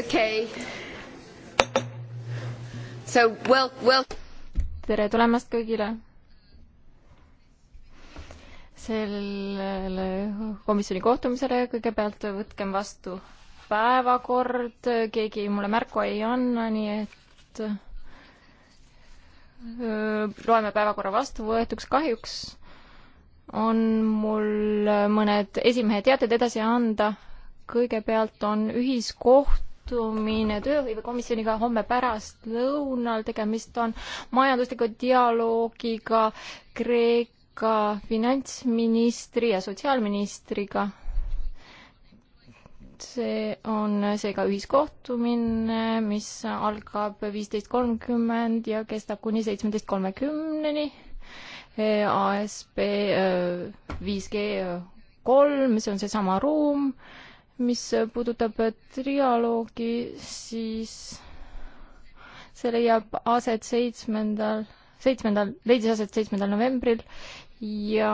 okei okay.. So well, well. tere tulemast kõigile. sellele komisjoni kohtumisele kõigepealt võtkem vastu päevakord, keegi mulle märku ei anna, nii et loeme päevakorra vastuvõetuks, kahjuks on mul mõned esimehe teated edasi anda. kõigepealt on ühiskoht kohtumine tööhõivekomisjoniga homme pärastlõunal, tegemist on majandusliku dialoogiga Kreeka finantsministri ja sotsiaalministriga. see on seega ühiskohtumine, mis algab viisteist kolmkümmend ja kestab kuni seitsmeteist kolmekümneni. ASB 5G äh, kolm, see on seesama ruum mis puudutab trialoogi, siis see leiab aset seitsmendal, seitsmendal, leidis aset seitsmendal novembril ja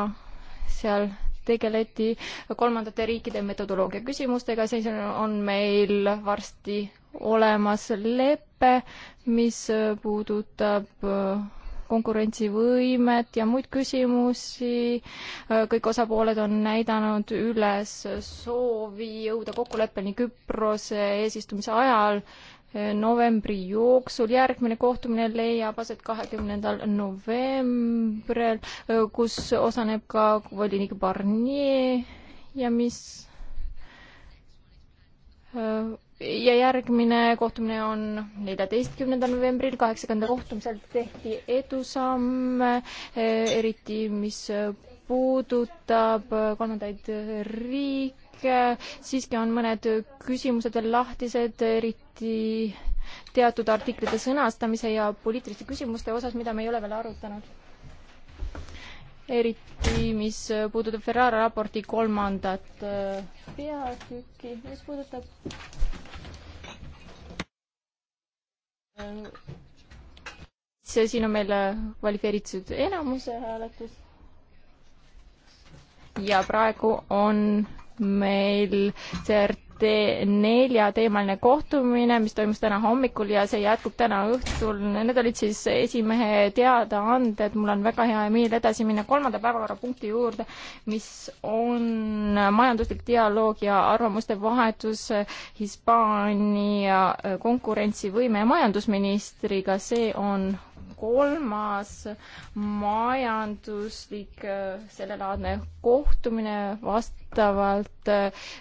seal tegeleti kolmandate riikide metodoloogia küsimustega, siis on meil varsti olemas lepe, mis puudutab konkurentsivõimet ja muid küsimusi. Äh, kõik osapooled on näidanud üles soovi jõuda kokkuleppeni Küprose eesistumise ajal äh, novembri jooksul. järgmine kohtumine leiab aset kahekümnendal novembril, äh, kus osaneb ka volinik Barnier ja mis ja järgmine kohtumine on neljateistkümnendal novembril, kaheksakümnendal kohtumisel tehti edusamm, eriti mis puudutab kolmandaid riike, siiski on mõned küsimused veel lahtised, eriti teatud artiklite sõnastamise ja poliitiliste küsimuste osas, mida me ei ole veel arutanud. eriti, mis puudutab Ferrara raporti kolmandat äh, peatükki, mis puudutab see siin on meil äh, kvalifitseeritud enamuse hääletus. ja praegu on meil see te nelja teemaline kohtumine, mis toimus täna hommikul ja see jätkub täna õhtul. Need olid siis esimehe teadaanded. mul on väga hea meel edasi minna kolmanda päevakorrapunkti juurde, mis on majanduslik dialoog ja arvamuste vahetus Hispaania konkurentsivõime ja majandusministriga. see on kolmas majanduslik äh, sellelaadne kohtumine vast-, vastavalt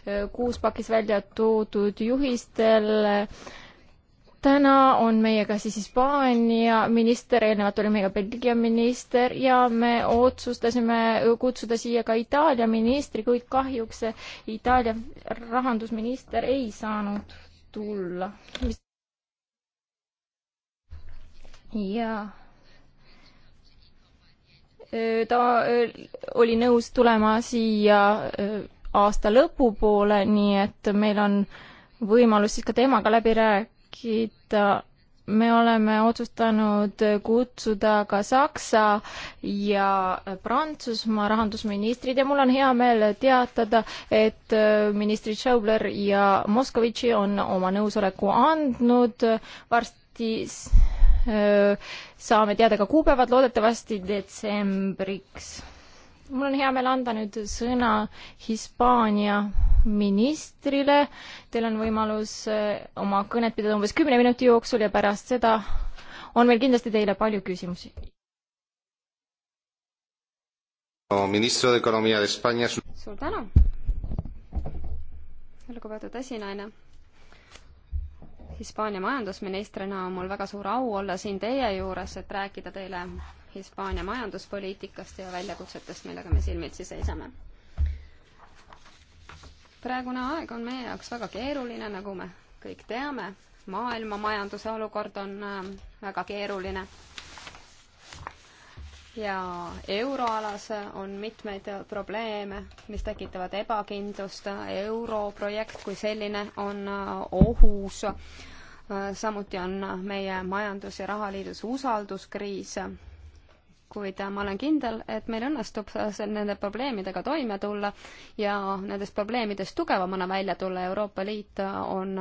eh, kuus pakis välja toodud juhistel. täna on meiega siis Hispaania minister, eelnevalt oli meiega Belgia minister ja me otsustasime kutsuda siia ka Itaalia ministri, kuid kahjuks Itaalia rahandusminister ei saanud tulla. jaa ta oli nõus tulema siia aasta lõpupoole, nii et meil on võimalus siis ka temaga läbi rääkida. me oleme otsustanud kutsuda ka Saksa ja Prantsusmaa rahandusministrid ja mul on hea meel teatada, et ministrid Schäuble ja Moskovitši on oma nõusoleku andnud varsti saame teada ka kuupäevad, loodetavasti detsembriks. mul on hea meel anda nüüd sõna Hispaania ministrile. Teil on võimalus oma kõnet pidada umbes kümne minuti jooksul ja pärast seda on meil kindlasti teile palju küsimusi. ministro de Economía de España. suur tänu, lugupeetud esinaine Hispaania majandusministrina on mul väga suur au olla siin teie juures, et rääkida teile Hispaania majanduspoliitikast ja väljakutsetest, millega me silmitsi seisame. praegune aeg on meie jaoks väga keeruline, nagu me kõik teame, maailma majanduse olukord on äh, väga keeruline ja euroalas on mitmeid probleeme, mis tekitavad ebakindlust, europrojekt kui selline on ohus, samuti on meie majandus- ja rahaliidus usalduskriis kuid ma olen kindel, et meil õnnestub nende probleemidega toime tulla ja nendest probleemidest tugevamana välja tulla. Euroopa Liit on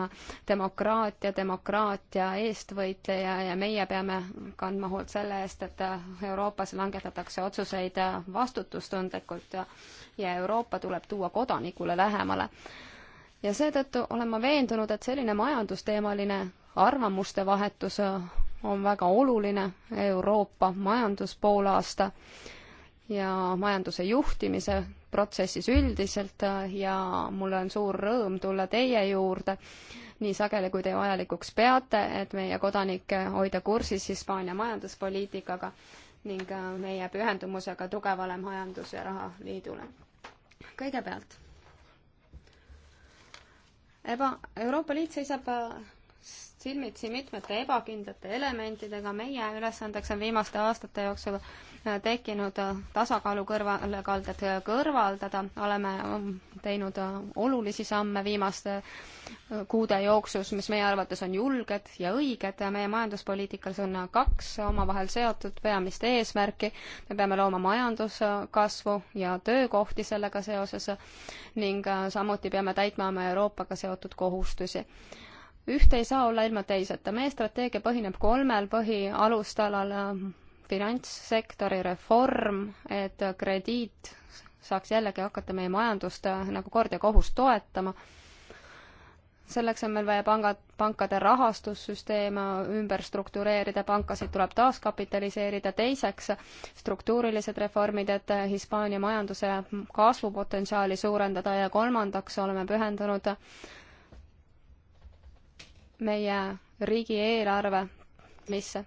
demokraatia, demokraatia eestvõitleja ja meie peame kandma hoolt selle eest, et Euroopas langetatakse otsuseid vastutustundlikult ja, ja Euroopa tuleb tuua kodanikule lähemale ja seetõttu olen ma veendunud, et selline majandusteemaline arvamuste vahetus on väga oluline Euroopa majanduspoolaasta ja majanduse juhtimise protsessis üldiselt äh, ja mul on suur rõõm tulla teie juurde nii sageli, kui te vajalikuks peate, et meie kodanikke hoida kursis Hispaania majanduspoliitikaga ning äh, meie pühendumusega tugevale majandus- ja rahaliidule. kõigepealt. Eba, Euroopa Liit seisab äh, silmitsi mitmete ebakindlate elementidega, meie ülesandeks on viimaste aastate jooksul äh, tekkinud äh, tasakaalu kõrvalekalded äh, kõrvaldada, oleme ähm, teinud olulisi samme viimaste kuude jooksus, mis meie arvates on julged ja õiged, meie majanduspoliitikas on kaks omavahel seotud peamist eesmärki, me peame looma majanduskasvu ja töökohti sellega seoses ning samuti peame täitma oma Euroopaga seotud kohustusi ühte ei saa olla ilma teiseta. meie strateegia põhineb kolmel põhialustalal. finantssektori reform, et krediit saaks jällegi hakata meie majandust äh, nagu kord ja kohus toetama. selleks on meil vaja pangad, pankade rahastussüsteeme ümber struktureerida, pankasid tuleb taaskapitaliseerida. teiseks, struktuurilised reformid, et äh, Hispaania majanduse kasvupotentsiaali suurendada ja kolmandaks oleme pühendunud meie riigieelarve misse.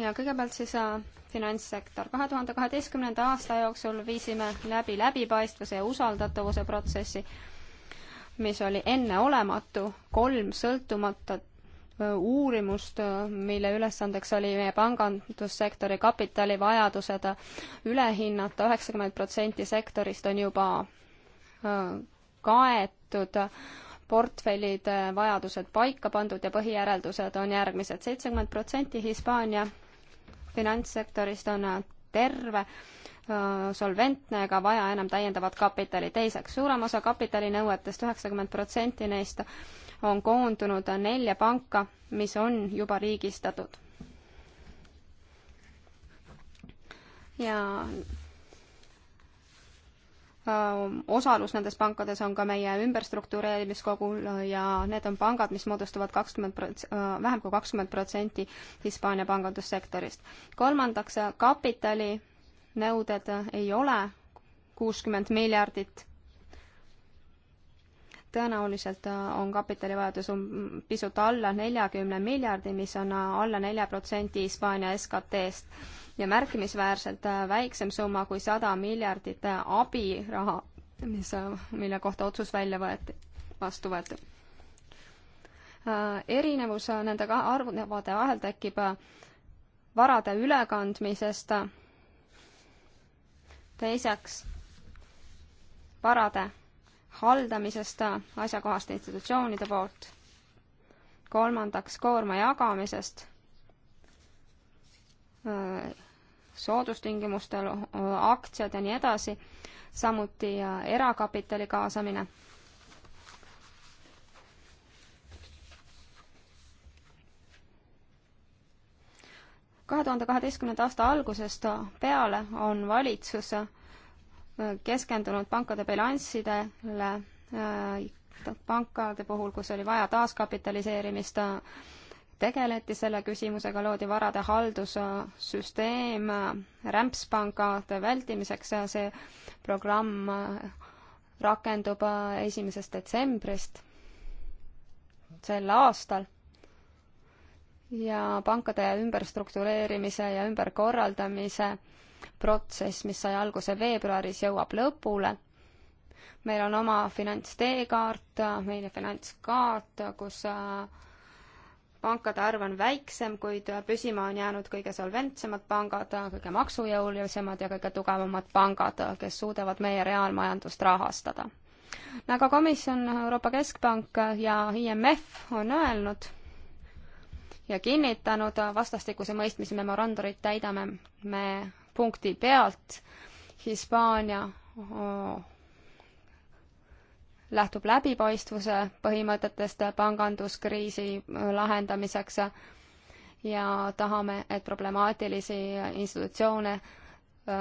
ja kõigepealt siis äh, finantssektor. kahe tuhande kaheteistkümnenda aasta jooksul viisime läbi läbipaistvuse ja usaldatavuse protsessi, mis oli enneolematu, kolm sõltumatut äh, uurimust, äh, mille ülesandeks oli meie pangandussektori kapitalivajadused üle hinnata, üheksakümmend protsenti sektorist on juba kaetud portfellid, äh, vajadused paika pandud ja põhijäreldused on järgmised. seitsekümmend protsenti Hispaania finantssektorist on äh, terve, äh, solventne ega vaja enam täiendavat kapitali. teiseks, suurem osa kapitalinõuetest, üheksakümmend protsenti neist, on koondunud nelja panka, mis on juba riigistatud. ja osalus nendes pankades on ka meie ümberstruktureerimiskogul ja need on pangad, mis moodustavad kakskümmend prots-, äh, vähem kui kakskümmend protsenti Hispaania pangandussektorist. kolmandaks, kapitalinõuded ei ole kuuskümmend miljardit. tõenäoliselt äh, on kapitalivajadus um-, pisut alla neljakümne miljardi, mis on äh, alla nelja protsendi Hispaania SKT-st ja märkimisväärselt äh, väiksem summa kui sada miljardit äh, abiraha, mis, äh, mille kohta otsus välja võeti, vastu võeti. erinevus nende kahe arvude vahel tekib varade ülekandmisest, teiseks varade haldamisest asjakohaste institutsioonide poolt, kolmandaks koorma jagamisest soodustingimustel aktsiad ja nii edasi, samuti erakapitali kaasamine. kahe tuhande kaheteistkümnenda aasta algusest peale on valitsus keskendunud pankade bilanssidele, pankade puhul, kus oli vaja taaskapitaliseerimist tegeleti selle küsimusega, loodi varade haldussüsteem rämpspangade vältimiseks ja see programm rakendub esimesest detsembrist sel aastal ja pankade ümberstruktureerimise ja ümberkorraldamise protsess, mis sai alguse veebruaris, jõuab lõpule. meil on oma finantsteekaart, meile finantskaart, kus äh, pankade arv on väiksem, kuid püsima on jäänud kõige solventsemad pangad, kõige maksujõulisemad ja kõige tugevamad pangad, kes suudavad meie reaalmajandust rahastada. nagu komisjon, Euroopa Keskpank ja IMF on öelnud ja kinnitanud vastastikuse mõistmise memorandumit täidame me punkti pealt Hispaania lähtub läbipaistvuse põhimõtetest panganduskriisi äh, lahendamiseks ja tahame, et problemaatilisi institutsioone äh,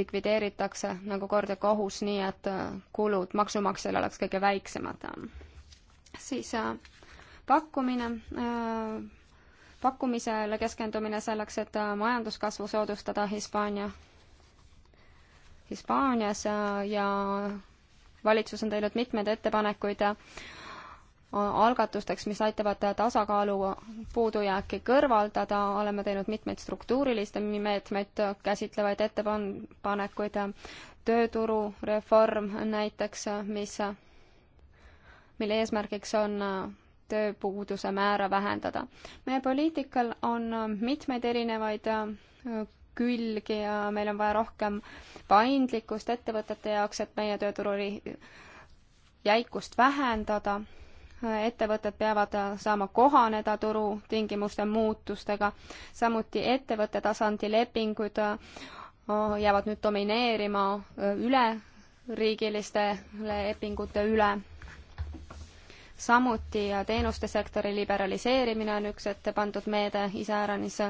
likvideeritakse nagu kord ja kohus, nii et äh, kulud maksumaksjale oleks kõige väiksemad. siis pakkumine, pakkumisele keskendumine selleks, et majanduskasvu soodustada Hispaania, Hispaanias ja valitsus on teinud mitmeid ettepanekuid algatusteks, mis aitavad tasakaalu puudujääki kõrvaldada, oleme teinud mitmeid struktuuriliste meetmeid käsitlevaid ettepanekuid, tööturureform näiteks, mis, mille eesmärgiks on tööpuuduse määra vähendada. meie poliitikal on mitmeid erinevaid külgi ja meil on vaja rohkem paindlikkust ettevõtete jaoks, et meie tööturu jäikust vähendada. ettevõtted peavad saama kohaneda turu tingimuste muutustega, samuti ettevõtte tasandi lepingud äh, jäävad nüüd domineerima äh, üleriigiliste lepingute üle samuti äh, teenuste sektori liberaliseerimine on üks ette pandud meede iseäranis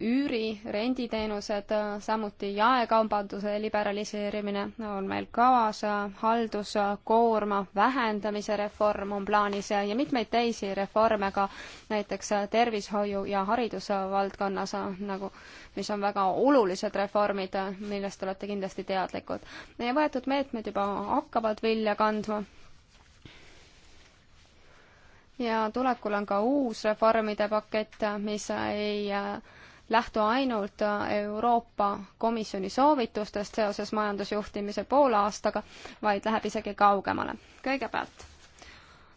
üüri, renditeenused, samuti jaekaubanduse liberaliseerimine on meil kavas, halduskoorma vähendamise reform on plaanis ja mitmeid teisi reforme ka näiteks tervishoiu ja haridusvaldkonnas, nagu, mis on väga olulised reformid, millest olete kindlasti teadlikud. meie võetud meetmed juba hakkavad vilja kandma ja tulekul on ka uus reformide pakett, mis ei äh, lähtu ainult äh, Euroopa Komisjoni soovitustest seoses majandusjuhtimise poolaastaga, vaid läheb isegi kaugemale. kõigepealt,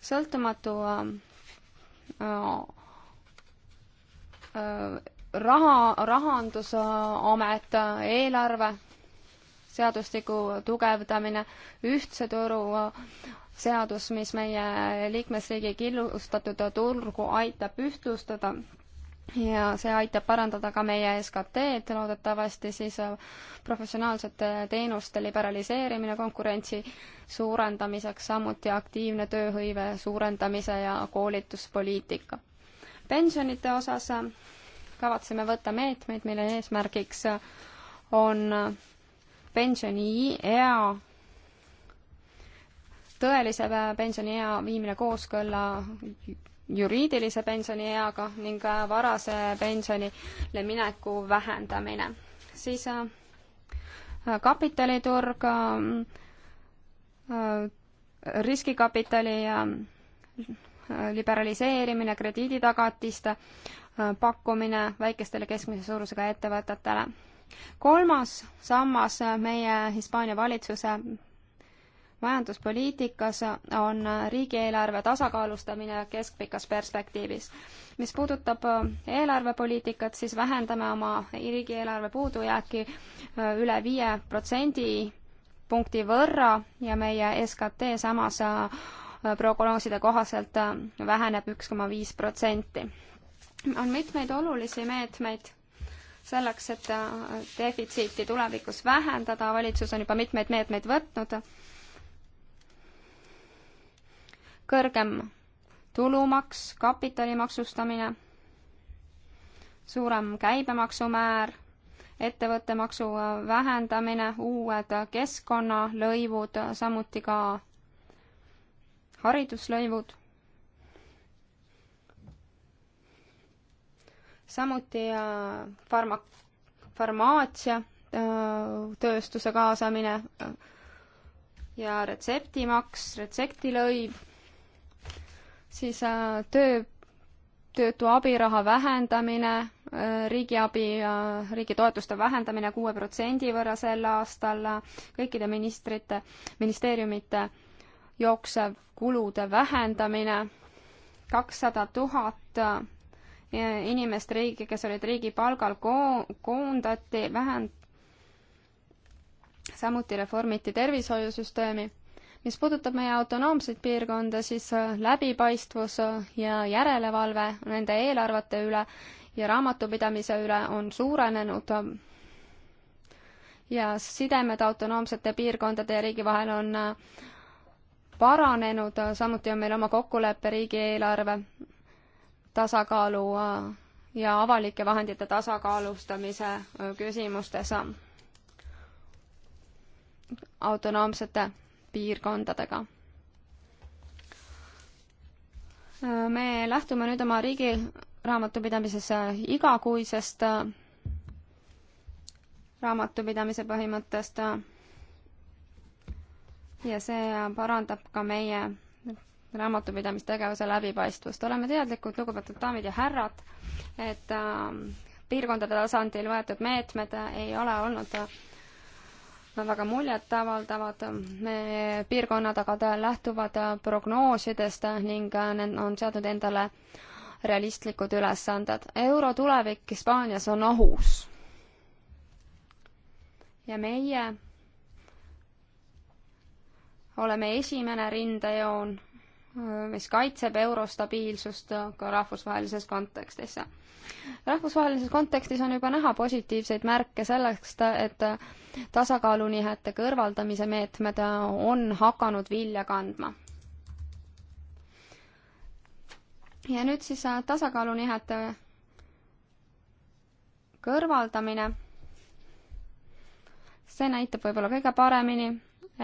sõltumatu äh, äh, raha, rahandusamet, eelarve, seadustiku tugevdamine, ühtse turu seadus, mis meie liikmesriigi killustatud turgu aitab ühtlustada ja see aitab parandada ka meie SKT-d loodetavasti, siis äh, professionaalsete teenuste liberaliseerimine konkurentsi suurendamiseks, samuti aktiivne tööhõive suurendamise ja koolituspoliitika. pensionite osas äh, kavatseme võtta meetmeid, mille eesmärgiks äh, on pensioniea tõelise pensioniea viimine kooskõlla juriidilise pensionieaga ning varase pensionile mineku vähendamine. siis äh, kapitaliturg, äh, äh, riskikapitali liberaliseerimine, krediiditagatiste pakkumine väikestele keskmise suurusega ettevõtetele. kolmas sammas meie Hispaania valitsuse majanduspoliitikas on riigieelarve tasakaalustamine keskpikas perspektiivis. mis puudutab äh, eelarvepoliitikat, siis vähendame oma riigieelarve puudujääki äh, üle viie protsendi punkti võrra ja meie SKT samas äh, prognooside kohaselt väheneb üks koma viis protsenti. on mitmeid olulisi meetmeid selleks, et defitsiiti tulevikus vähendada, valitsus on juba mitmeid meetmeid võtnud kõrgem tulumaks, kapitali maksustamine, suurem käibemaksumäär, ettevõtte maksu äh, vähendamine, uued keskkonnalõivud, samuti ka hariduslõivud. samuti äh, farma-, farmaatsia äh, tööstuse kaasamine ja retseptimaks, retseptilõiv siis äh, töö, töötu abiraha vähendamine, äh, riigiabi ja riigi toetuste vähendamine kuue protsendi võrra sel aastal, kõikide ministrite, ministeeriumite jooksev kulude vähendamine, kakssada tuhat äh, inimest riigi, kes olid riigi palgal, ko-, koondati, vähend-, samuti reformiti tervishoiusüsteemi mis puudutab meie autonoomseid piirkonda, siis äh, läbipaistvus äh, ja järelevalve nende eelarvete üle ja raamatupidamise üle on suurenenud äh, ja sidemed autonoomsete piirkondade ja riigi vahel on paranenud, samuti on meil oma kokkulepe riigieelarve tasakaalu ja avalike vahendite tasakaalustamise küsimustes autonoomsete piirkondadega. me lähtume nüüd oma riigi raamatupidamises igakuisest raamatupidamise põhimõttest ja see parandab ka meie raamatupidamistegevuse läbipaistvust. oleme teadlikud, lugupeetud daamid ja härrad, et ähm, piirkondade tasandil võetud meetmed ei ole olnud väga muljetavaldavad. me piirkonnad aga lähtuvad prognoosidest ning on seadnud endale realistlikud ülesanded. euro tulevik Hispaanias on ohus. ja meie oleme esimene rindejoon, mis kaitseb euro stabiilsust ka rahvusvahelises kontekstis rahvusvahelises kontekstis on juba näha positiivseid märke sellest, et tasakaalunihete kõrvaldamise meetmed on hakanud vilja kandma. ja nüüd siis äh, tasakaalunihete kõrvaldamine. see näitab võib-olla kõige paremini,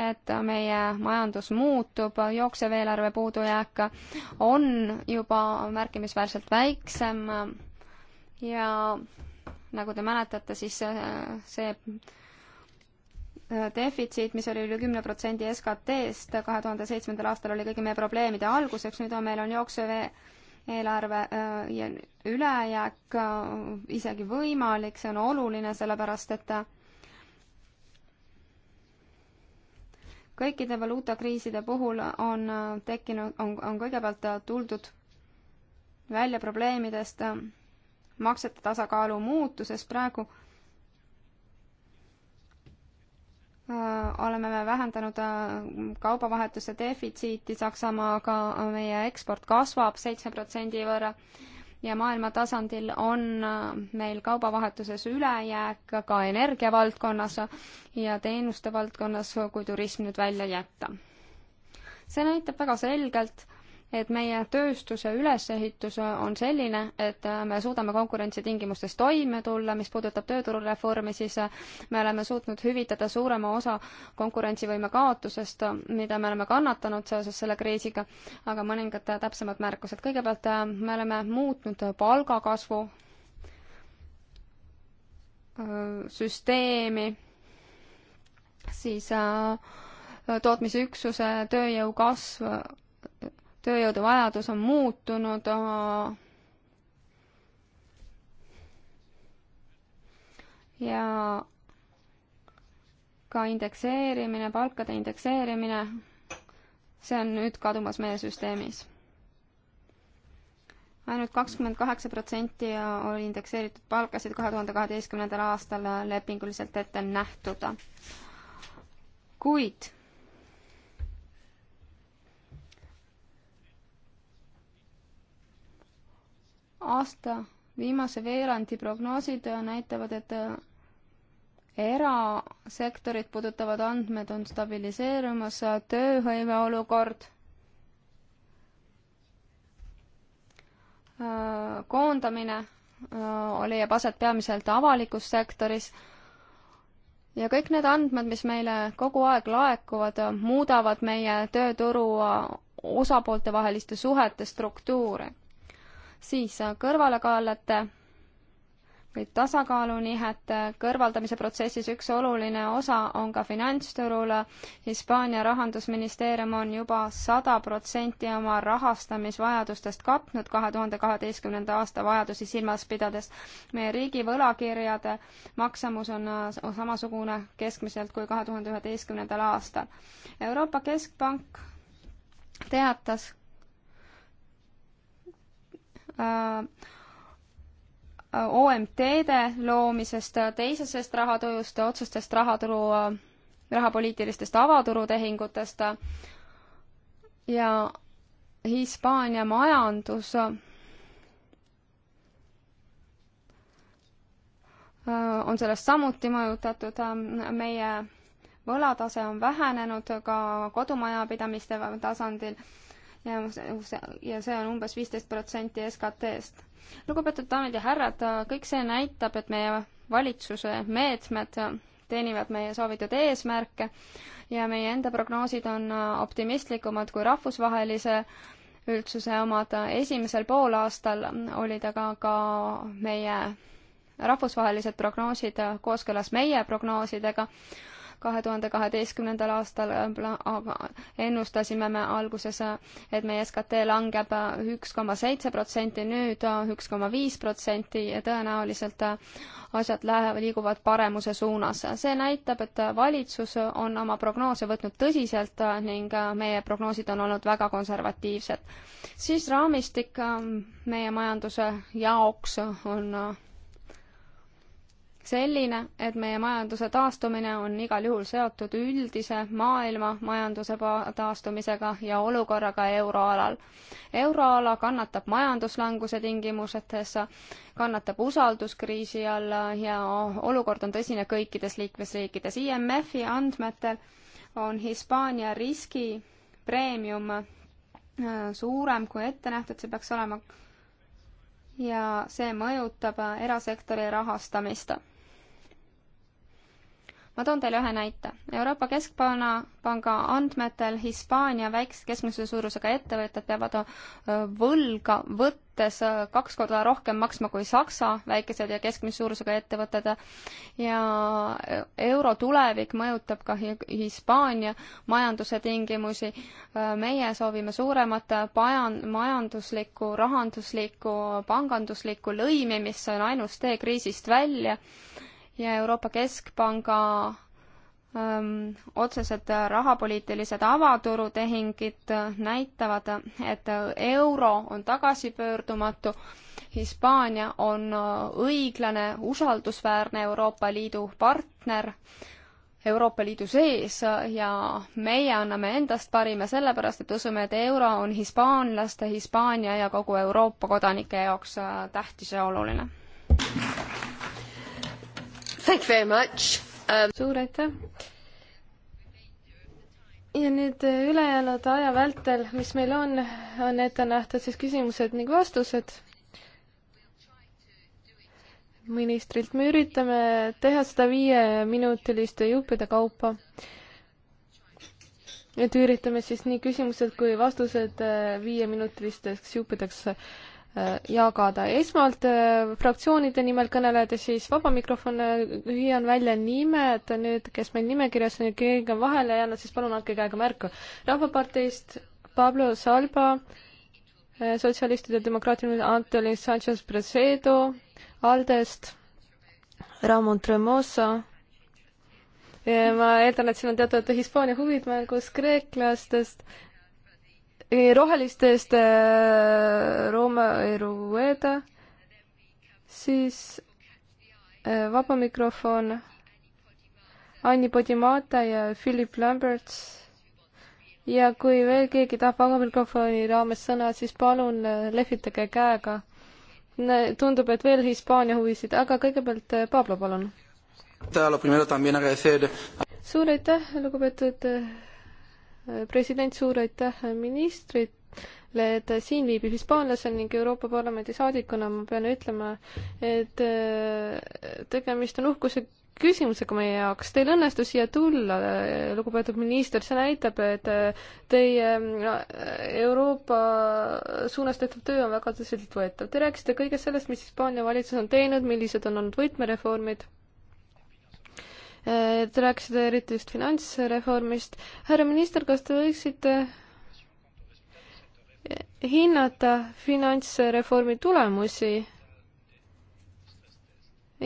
et meie majandus muutub, jooksev eelarve puudujääk on juba märkimisväärselt väiksem ja nagu te mäletate, siis äh, see äh, defitsiit, mis oli üle kümne protsendi SKT-st kahe tuhande seitsmendal aastal, oli kõigi meie probleemide alguseks, nüüd on meil on jooksev eelarve äh, ülejääk isegi võimalik, see on oluline, sellepärast et kõikide valuutakriiside puhul on tekkinud, on, on kõigepealt tuldud välja probleemidest maksete tasakaalu muutuses praegu äh, oleme me vähendanud äh, kaubavahetuse defitsiiti Saksamaaga, meie eksport kasvab seitsme protsendi võrra ja maailma tasandil on äh, meil kaubavahetuses ülejääk ka energiavaldkonnas ja teenuste valdkonnas, kui turism nüüd välja jätta. see näitab väga selgelt, et meie tööstuse ülesehitus on selline, et me suudame konkurentsitingimustes toime tulla, mis puudutab tööturureformi, siis me oleme suutnud hüvitada suurema osa konkurentsivõime kaotusest, mida me oleme kannatanud seoses selle kriisiga, aga mõningad täpsemad märkused. kõigepealt me oleme muutnud palgakasvu äh, süsteemi, siis äh, tootmisüksuse tööjõu kasv tööjõudu vajadus on muutunud. ja ka indekseerimine, palkade indekseerimine, see on nüüd kadumas meie süsteemis ainult kakskümmend kaheksa protsenti oli indekseeritud palkasid kahe tuhande kaheteistkümnendal aastal lepinguliselt ette nähtud. kuid aasta viimase veerandi prognoosid näitavad, et äh, erasektorit puudutavad andmed on stabiliseerumas, äh, tööhõive olukord, äh, koondamine leiab aset peamiselt avalikus sektoris ja kõik need andmed, mis meile kogu aeg laekuvad, muudavad meie tööturu osapoolte vaheliste suhete struktuuri siis kõrvalekallete või tasakaalunihete kõrvaldamise protsessis üks oluline osa on ka finantsturul. Hispaania rahandusministeerium on juba sada protsenti oma rahastamisvajadustest katnud kahe tuhande kaheteistkümnenda aasta vajadusi silmas pidades. meie riigi võlakirjade maksamus on samasugune keskmiselt kui kahe tuhande üheteistkümnendal aastal. Euroopa Keskpank teatas Äh, äh, OMT-de loomisest, teisesest rahatujust, otsustest rahaturu, äh, rahapoliitilistest avaturutehingutest ja Hispaania majandus on sellest samuti mõjutatud, meie võlatase on vähenenud ka kodumajapidamiste tasandil ja see, nagu ja see on umbes viisteist protsenti SKT-st. lugupeetud daamid ja härrad, kõik see näitab, et meie valitsuse meetmed teenivad meie soovitud eesmärke ja meie enda prognoosid on optimistlikumad kui rahvusvahelise üldsuse omad. esimesel poolaastal olid aga ka meie rahvusvahelised prognoosid kooskõlas meie prognoosidega kahe tuhande kaheteistkümnendal aastal äh, ennustasime me alguses, äh, et meie SKT langeb äh, üks koma seitse protsenti, nüüd üks koma viis protsenti ja tõenäoliselt asjad lähevad, liiguvad paremuse suunas. see näitab, et valitsus on oma prognoose võtnud tõsiselt ning meie prognoosid on olnud väga konservatiivsed. siis raamistik meie majanduse jaoks on selline, et meie majanduse taastumine on igal juhul seotud üldise maailma majanduse taastumisega ja olukorraga euroalal. euroala kannatab majanduslanguse tingimustes, kannatab usalduskriisi all ja olukord on tõsine kõikides liikmesriikides. IMF-i andmetel on Hispaania riskipreemium äh, suurem kui ette nähtud, see peaks olema ja see mõjutab erasektori rahastamist ma toon teile ühe näite. Euroopa Keskpanga panga andmetel Hispaania väikse keskmise suurusega ettevõtted peavad võlga võttes kaks korda rohkem maksma kui Saksa väikesed ja keskmise suurusega ettevõtted ja euro tulevik mõjutab ka Hispaania majanduse tingimusi. meie soovime suuremat pajan-, majanduslikku, rahanduslikku, panganduslikku lõimi, mis on ainus tee kriisist välja ja Euroopa Keskpanga öö, ähm, otsesed rahapoliitilised avaturutehingid näitavad, et euro on tagasipöördumatu. Hispaania on õiglane, usaldusväärne Euroopa Liidu partner Euroopa Liidu sees ja meie anname endast parima sellepärast, et usume, et euro on hispaanlaste, Hispaania ja kogu Euroopa kodanike jaoks tähtis ja oluline. Thank you very much um.... suur aitäh. ja nüüd äh, ülejäänud aja vältel, mis meil on, on ette nähtud siis küsimused ning vastused ministrilt. me üritame teha seda viieminutiliste juppide kaupa. et üritame siis nii küsimused kui vastused äh, viieminutilisteks juppideks Äh, jagada. esmalt äh, fraktsioonide nimel kõneleda, siis vaba mikrofon, äh, hüüan välja nimed nüüd, kes meil nimekirjas on ja keegi on vahele jäänud, siis palun andke käega märku. rahvaparteist Pablo Salba, sotsialistide demokraatide Antoni Sanchez Presedo, Aldest Ramon Tremosa. ma eeldan, et siin on teatud Hispaania huvid mängus kreeklastest rohelistest äh, Rooma Erueda, siis äh, vaba mikrofon Anni Podimata ja Philip Lamberts. ja kui veel keegi tahab vaba mikrofoni raames sõna, siis palun äh, lehvitage käega. tundub, et veel Hispaania huvisid, aga kõigepealt Pablo, palun. suur aitäh, lugupeetud president, suur aitäh ministrile, et siin viibib hispaanlasel ning Euroopa Parlamendi saadikuna ma pean ütlema, et äh, tegemist on uhkuse küsimusega meie jaoks. Teil õnnestus siia tulla, lugupeetud minister, see näitab, et äh, teie äh, Euroopa suunas tehtav töö on väga tõsiseltvõetav. Te rääkisite kõigest sellest, mis Hispaania valitsus on teinud, millised on olnud võtmereformid Äh, te rääkisite eriti just finantsreformist. härra minister, kas te võiksite hinnata finantsreformi tulemusi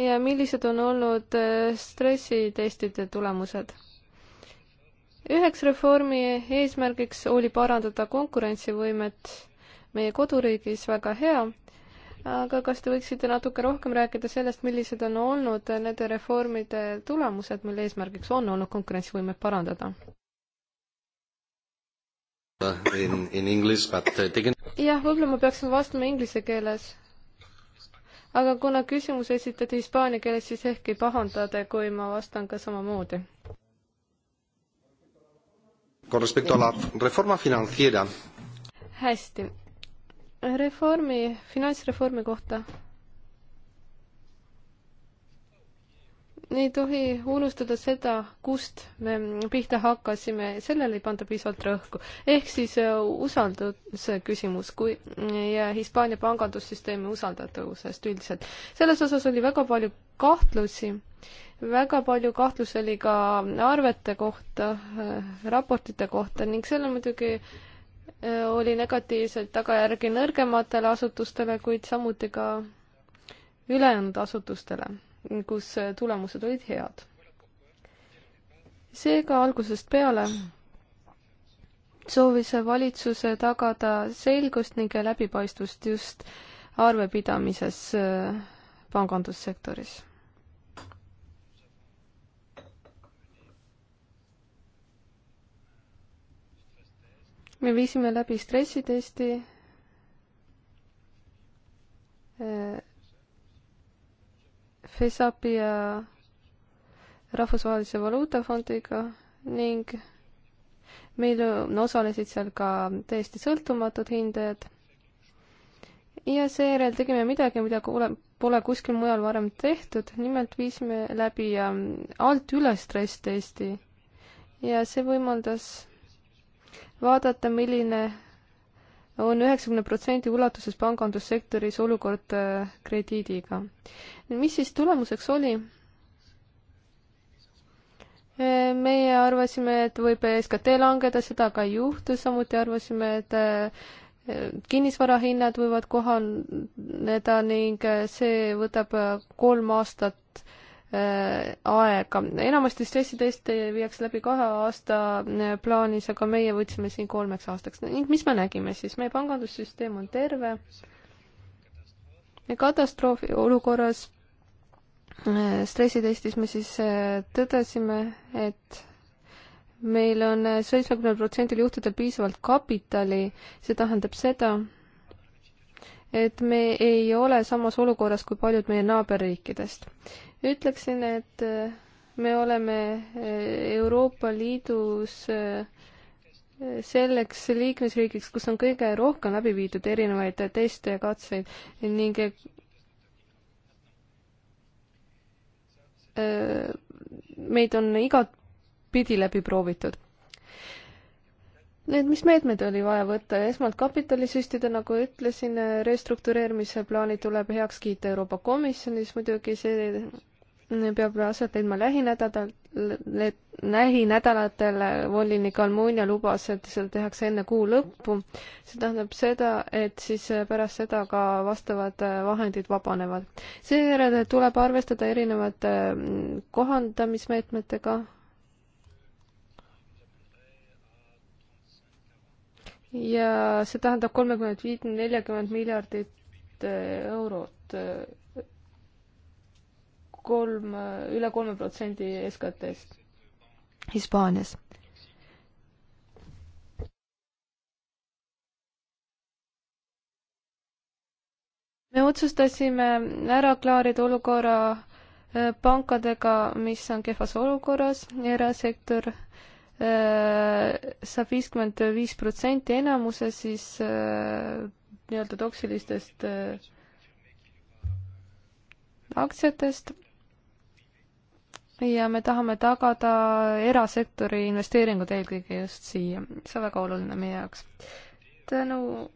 ja millised on olnud äh, stressitestide tulemused? üheks reformi eesmärgiks oli parandada konkurentsivõimet meie koduriigis, väga hea aga kas te võiksite natuke rohkem rääkida sellest, millised on olnud nende reformide tulemused, mille eesmärgiks on olnud konkurentsivõimet parandada? Uh, jah, võib-olla ma peaksin vastama inglise keeles. aga kuna küsimus esitati hispaania keeles, siis ehk ei pahandada, kui ma vastan ka samamoodi. hästi reformi, finantsreformi kohta. ei tohi unustada seda, kust me pihta hakkasime, sellele ei panda piisavalt rõhku. ehk siis äh, usalduse küsimus, kui ja Hispaania pangandussüsteemi usaldatavusest üldiselt. selles osas oli väga palju kahtlusi, väga palju kahtlusi oli ka arvete kohta, äh, raportite kohta ning selle muidugi äh, Äh, oli negatiivseid tagajärgi nõrgematele asutustele, kuid samuti ka ülejäänud asutustele, kus äh, tulemused olid head. seega algusest peale soovis valitsus tagada selgust ning läbipaistvust just arvepidamises äh, pangandussektoris me viisime läbi stressitesti äh, FESAP-i ja Rahvusvahelise Valuutafondiga ning meil osalesid seal ka täiesti sõltumatud hindajad. ja seejärel tegime midagi, mida pole kuskil mujal varem tehtud, nimelt viisime läbi ähm, alt üles stress testi ja see võimaldas vaadata, milline on üheksakümne protsendi ulatuses pangandussektoris olukord äh, krediidiga. mis siis tulemuseks oli? Äh, meie arvasime, et võib SKT langeda, seda aga ei juhtu, samuti arvasime, et äh, kinnisvarahinnad võivad kohaneda ning see võtab kolm aastat Äh, aega. enamasti stressiteste viiakse läbi kahe aasta äh, plaanis, aga meie võtsime siin kolmeks aastaks. ning mis me nägime siis? meie pangandussüsteem on terve. katastroofi olukorras äh, stressitestis me siis tõdesime, et meil on seitsmekümnel protsendil juhtudel piisavalt kapitali, see tähendab seda, et me ei ole samas olukorras kui paljud meie naaberriikidest ütleksin, et äh, me oleme äh, Euroopa Liidus äh, selleks liikmesriigiks, kus on kõige rohkem läbi viidud erinevaid teste ja katseid ning meid on igatpidi läbi proovitud. Need, mis meetmed oli vaja võtta, esmalt kapitali süstida, nagu ütlesin, restruktureerimise plaani tuleb heaks kiita Euroopa Komisjonis muidugi, see peab aset leidma lähinädalal, lähinädalatel volinik Almunia lubas, et seda tehakse enne kuu lõppu. see tähendab seda, et siis pärast seda ka vastavad vahendid vabanevad. seejärel tuleb arvestada erinevate mm, kohandamismeetmetega. ja see tähendab kolmekümmet viit, neljakümmet miljardit äh, eurot äh, kolm, üle kolme protsendi SKT-st Hispaanias. me otsustasime ära klaarida olukorra äh, pankadega, mis on kehvas olukorras, erasektor äh, saab viiskümmend viis protsenti enamuse siis äh, nii-öelda toksilistest äh, aktsiatest ja me tahame tagada erasektori investeeringud eelkõige just siia. see on väga oluline meie jaoks. tänu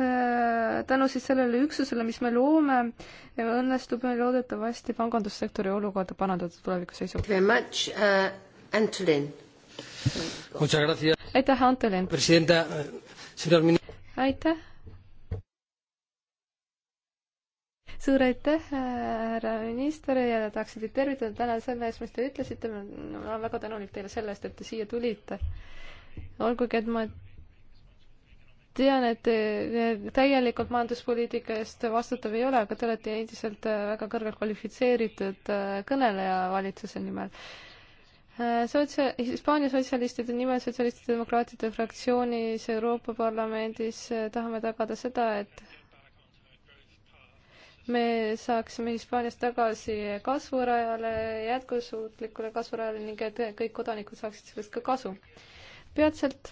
äh, tänu siis sellele üksusele, mis me loome, õnnestub meil loodetavasti pangandussektori olukorda parandada tuleviku seisukohalt. Uh, aitäh, Antolin! aitäh! suur aitäh, härra minister ja tahaksin teid tervitada täna selle eest, mis te ütlesite. ma olen väga tänulik teile selle eest, et te siia tulite. olgugi, et ma tean, et te täielikult majanduspoliitika eest vastutav ei ole, aga te olete endiselt väga kõrgelt kvalifitseeritud äh, kõneleja valitsuse nimel. Äh, sotsia-, Hispaania sotsialistide nimel, sotsialistide demokraatide fraktsioonis Euroopa Parlamendis äh, tahame tagada seda, et me saaksime Hispaanias tagasi kasvurajale, jätkusuutlikule kasvurajale ning et kõik kodanikud saaksid sellest ka kasu. peatselt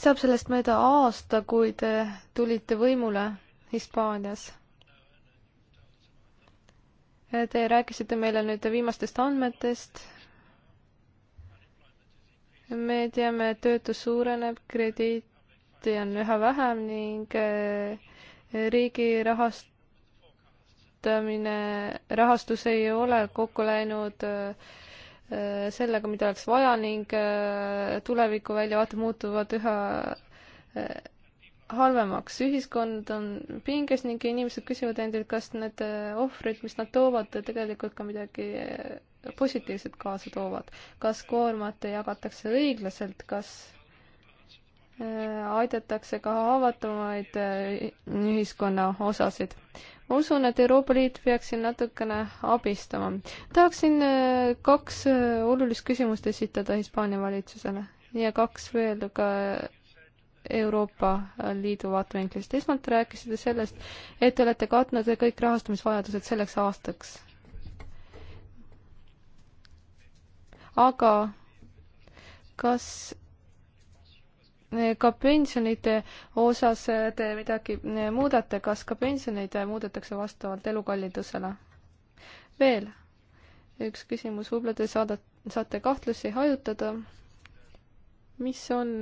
saab sellest mööda aasta, kui te tulite võimule Hispaanias. Te rääkisite meile nüüd viimastest andmetest. me teame, et töötus suureneb, krediiti on üha vähem ning eh, riigi rahast kasutamine, rahastus ei ole kokku läinud äh, sellega, mida oleks vaja ning äh, tuleviku väljavaated muutuvad üha äh, halvemaks. ühiskond on pinges ning inimesed küsivad endilt, kas need ohvrid, mis nad toovad, tegelikult ka midagi positiivset kaasa toovad. kas koormat jagatakse õiglaselt, kas aidatakse ka haavatavaid ühiskonna osasid ma usun, et Euroopa Liit peaks siin natukene abistama. tahaksin äh, kaks äh, olulist küsimust esitada Hispaania valitsusele ja kaks veel ka Euroopa Liidu vaatevinklist. esmalt rääkisite sellest, et te olete katnud kõik rahastamisvajadused selleks aastaks. aga kas ka pensionite osas te midagi muudate, kas ka pensioneid muudetakse vastavalt elukallidusele? veel üks küsimus, võib-olla te saada, saate kahtlusi hajutada. mis on,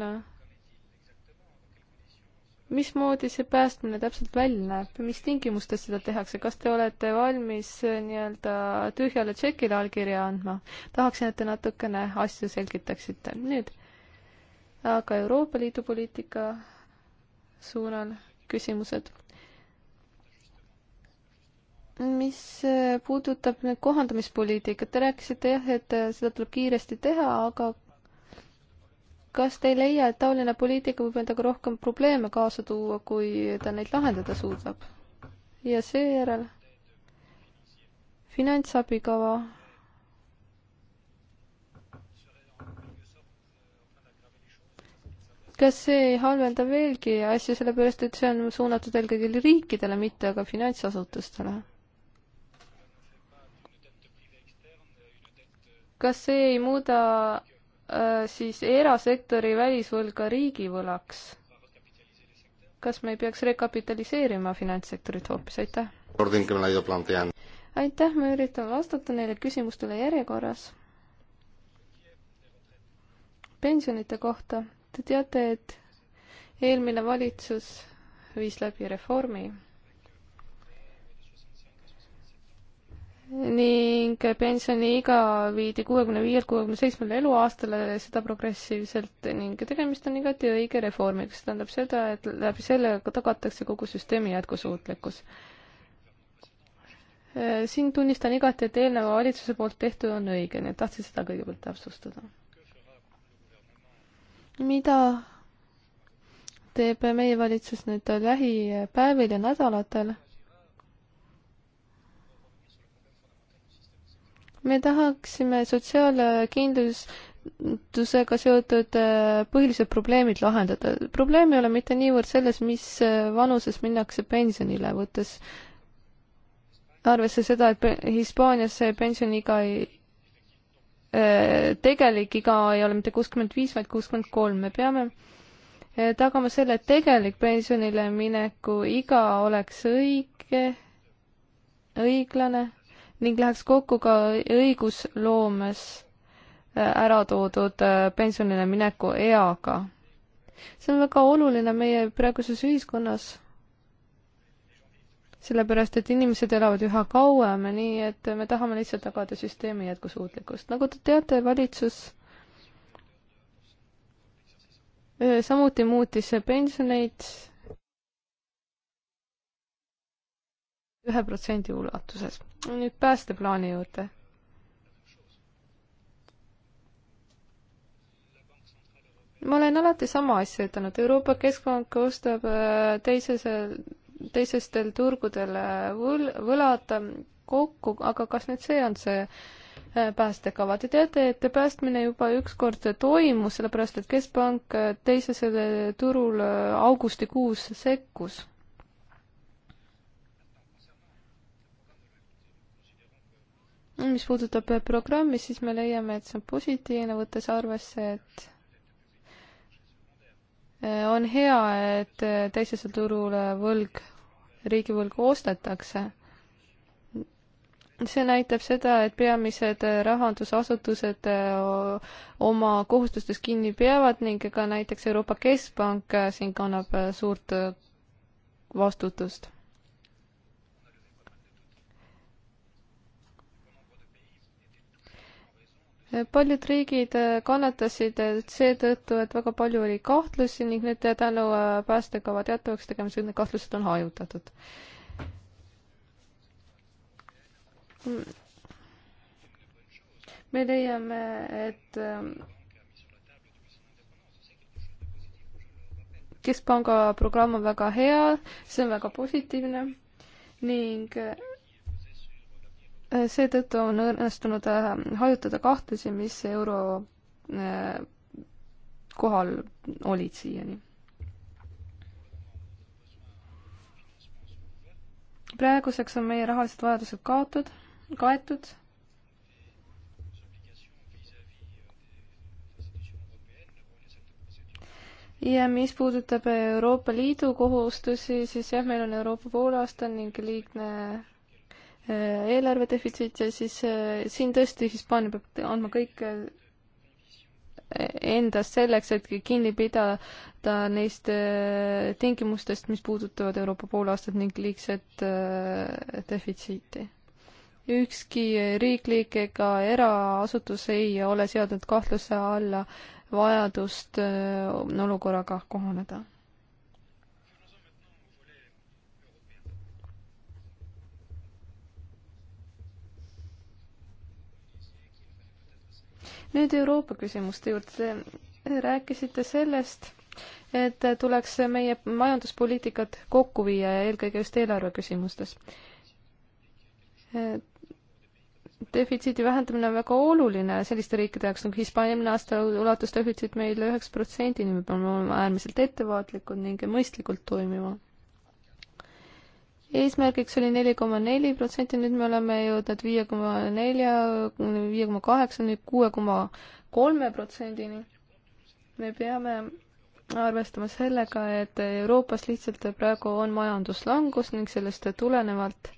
mismoodi see päästmine täpselt välja näeb, mis tingimustes seda tehakse, kas te olete valmis nii-öelda tühjale tšekile allkirja andma? tahaksin, et te natukene asju selgitaksite. nüüd aga Euroopa Liidu poliitika suunal küsimused. mis puudutab nüüd kohandamispoliitikat, te rääkisite jah, et seda tuleb kiiresti teha, aga kas te ei leia, et taoline poliitika võib endaga rohkem probleeme kaasa tuua, kui ta neid lahendada suudab? ja seejärel finantsabikava kas see ei halvenda veelgi asju, sellepärast et see on suunatud eelkõige riikidele, mitte aga finantsasutustele? kas see ei muuda äh, siis erasektori välisvõlga riigivõlaks? kas me ei peaks rekapitaliseerima finantssektorit hoopis, aitäh! aitäh, ma üritan vastata neile küsimustele järjekorras. pensionite kohta Te teate, et eelmine valitsus viis läbi reformi ning pensioniiga viidi kuuekümne viielt kuuekümne seitsmele eluaastale, seda progressiivselt ning tegemist on igati õige reformiga, see tähendab seda, et läbi selle tagatakse kogu süsteemi jätkusuutlikkus siin tunnistan igati, et eelneva valitsuse poolt tehtud on õige, nii et tahtsin seda kõigepealt täpsustada mida teeb meie valitsus nüüd lähipäevil ja nädalatel? me tahaksime sotsiaalkindlustusega seotud äh, põhilised probleemid lahendada. probleem ei ole mitte niivõrd selles, mis äh, vanuses minnakse pensionile, võttes arvesse seda, et Hispaanias see pensioniiga ei Äh, tegelik iga ei ole mitte kuuskümmend viis, vaid kuuskümmend kolm, me peame äh, tagama selle, et tegelik pensionile mineku iga oleks õige, õiglane ning läheks kokku ka õigusloomes äh, ära toodud pensionile mineku eaga. see on väga oluline meie praeguses ühiskonnas sellepärast et inimesed elavad üha kauem, nii et me tahame lihtsalt tagada süsteemi jätkusuutlikkust. nagu te teate, valitsus samuti muutis pensioneid ühe protsendi ulatuses. nüüd päästeplaani juurde. ma olen alati sama asja ütelnud, Euroopa Keskpank ostab teises teisestel turgudel äh, võl-, võlad äh, kokku, aga kas nüüd see on see äh, päästekava, te teate, et päästmine juba ükskord toimus, sellepärast et Keskpank teisesele turul augustikuus sekkus mis puudutab programmi, siis me leiame, et see on positiivne, võttes arvesse, et on hea, et teisesel turul võlg riigivõlgu ostetakse. see näitab seda, et peamised rahandusasutused eh, oma kohustustest kinni peavad ning ka näiteks Euroopa Keskpank eh, siin kannab eh, suurt vastutust. paljud riigid äh, kannatasid äh, seetõttu, et väga palju oli kahtlusi ning nüüd äh, tänu päästekava teatavaks tegemisele need kahtlused on hajutatud. me leiame, et ähm, keskpanga programm on väga hea, see on väga positiivne ning seetõttu on õnnestunud äh, hajutada kahtlusi, mis euro äh, kohal olid siiani. praeguseks on meie rahalised vajadused kaotud, kaetud ja mis puudutab Euroopa Liidu kohustusi, siis jah, meil on Euroopa poolaasta ning liigne Äh, eelarve defitsiit ja siis äh, siin tõesti Hispaania peab andma kõik äh, endast selleks, et kinni pidada neist tingimustest, mis puudutavad Euroopa poolaastat ning liigset defitsiiti. ükski riiklik ega eraasutus ei ole seadnud kahtluse alla vajadust olukorraga kohaneda nüüd Euroopa küsimuste juurde. Te rääkisite sellest, et tuleks meie majanduspoliitikat kokku viia ja eelkõige just eelarve küsimustes. defitsiidi vähendamine on väga oluline selliste riikide jaoks nagu Hispaania eelmine aasta ulatus defitsiit meil üheks protsendini, me peame olema äärmiselt ettevaatlikud ning mõistlikult toimima eesmärgiks oli neli koma neli protsenti, nüüd me oleme jõudnud viie koma nelja, viie koma kaheksani, kuue koma kolme protsendini. me peame arvestama sellega, et Euroopas lihtsalt praegu on majanduslangus ning sellest tulenevalt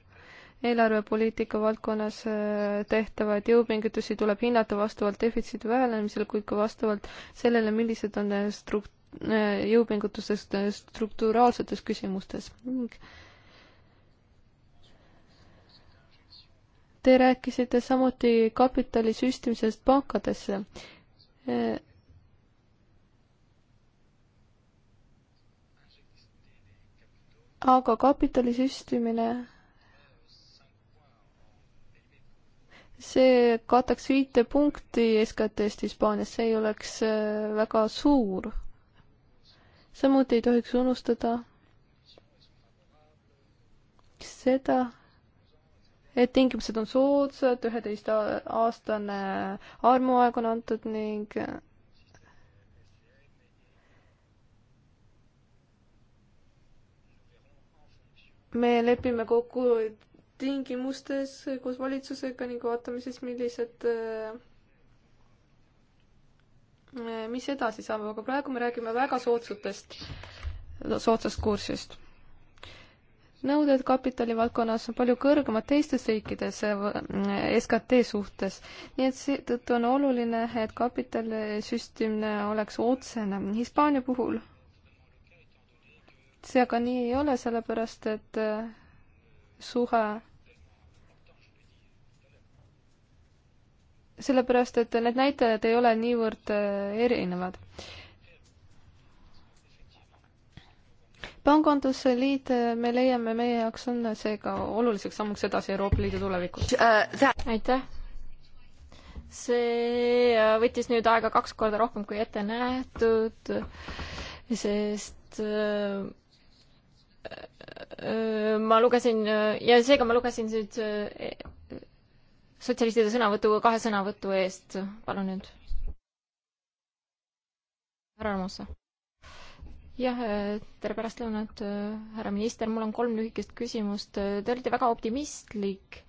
eelarvepoliitika valdkonnas äh, tehtavaid jõupingutusi tuleb hinnata vastavalt defitsiidi vähenemisele, kuid ka vastavalt sellele, millised on struk-, äh, jõupingutusest äh, strukturaalsetes küsimustes. Te rääkisite samuti kapitali süstimisest pankadesse. aga kapitali süstimine, see kataks viite punkti SKT-st Hispaanias, see ei oleks äh, väga suur. samuti ei tohiks unustada seda, et tingimused on soodsad, üheteistaastane armuaeg on antud ning me lepime kokku tingimustes koos valitsusega ning vaatame siis, millised, mis edasi saab, aga praegu me räägime väga soodsatest, soodsast kursist nõuded kapitali valdkonnas on palju kõrgemad teistes riikides äh, SKT suhtes. nii et seetõttu on oluline, et kapitali süstimine oleks otsene. Hispaania puhul see aga nii ei ole, sellepärast et äh, suhe sellepärast, et need näitajad ei ole niivõrd äh, erinevad pangandusliit, me leiame, meie jaoks on seega oluliseks sammuks edasi Euroopa Liidu tulevikus uh,. aitäh! see äh, võttis nüüd aega kaks korda rohkem kui ette nähtud, sest äh, ma lugesin ja seega ma lugesin nüüd sotsialistide sõnavõtu kahe sõnavõtu eest. palun nüüd. härra Ramosa jah, äh, tere pärastlõunat, äh, härra minister, mul on kolm lühikest küsimust. Äh, te olite väga optimistlik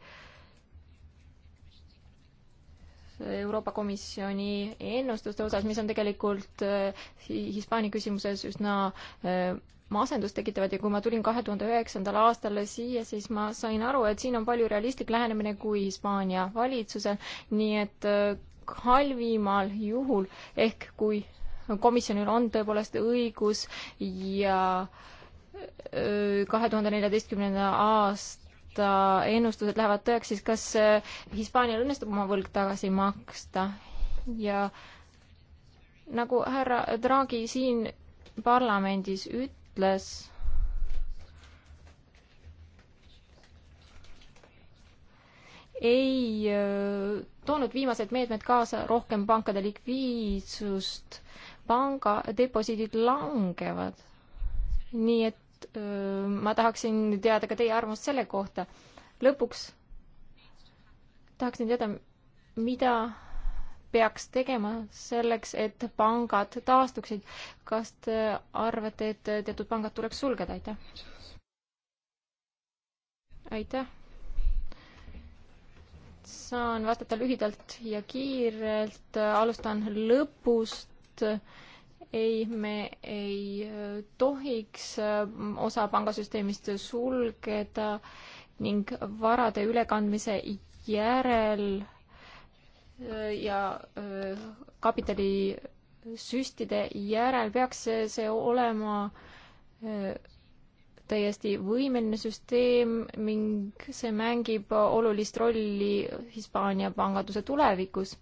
Euroopa Komisjoni ennustuste osas, mis on tegelikult Hispaania küsimuses üsna masendust tekitavad ja kui ma tulin kahe tuhande üheksandal aastal siia, siis ma sain aru, et siin on palju realistlik lähenemine kui Hispaania valitsusel, nii et halvimal juhul ehk kui komisjonil on tõepoolest õigus ja kahe tuhande neljateistkümnenda aasta ennustused lähevad tõeks, siis kas Hispaanial õnnestub oma võlg tagasi maksta ja nagu härra Draghi siin parlamendis ütles, ei toonud viimased meetmed kaasa rohkem pankade likviidsust panga deposiidid langevad. nii et öö, ma tahaksin teada ka teie arvamust selle kohta. lõpuks tahaksin teada, mida peaks tegema selleks, et pangad taastuksid. kas te arvate, et teatud pangad tuleks sulgeda, aitäh? aitäh. saan vastata lühidalt ja kiirelt, alustan lõpust et ei, me ei äh, tohiks äh, osa pangasüsteemist sulgeda ning varade ülekandmise järel äh, ja kapitalisüstide järel peaks see, see olema täiesti võimeline süsteem ning see mängib olulist rolli Hispaania panganduse tulevikus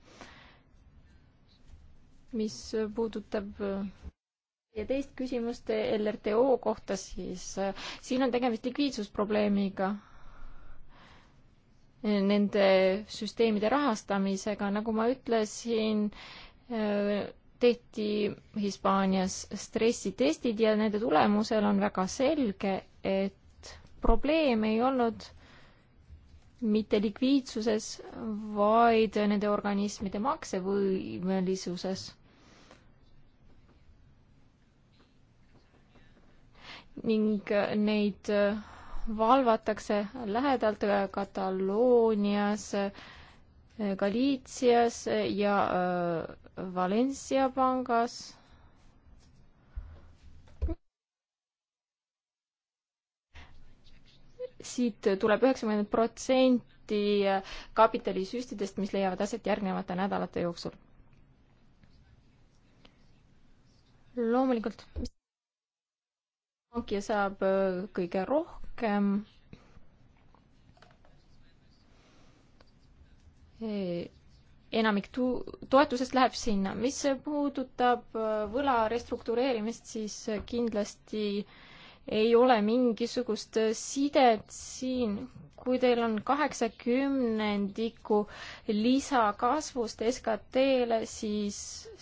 mis puudutab ja äh, teist küsimust LRTO kohta, siis äh, siin on tegemist likviidsusprobleemiga. Nende süsteemide rahastamisega, nagu ma ütlesin, äh, tehti Hispaanias stressitestid ja nende tulemusel on väga selge, et probleem ei olnud mitte likviidsuses, vaid nende organismide maksevõimelisuses ning neid äh, valvatakse lähedalt äh, Kataloonias, äh, Galiitsias ja Valencia pangas siit tuleb üheksakümmend protsenti kapitalisüstidest, mis leiavad aset järgnevate nädalate jooksul. loomulikult. Nokia saab äh, kõige rohkem. enamik tu-, toetusest läheb sinna. mis puudutab äh, võla restruktureerimist, siis kindlasti äh, ei ole mingisugust äh, sidet siin, kui teil on kaheksakümnendiku lisakasvust SKT-le, siis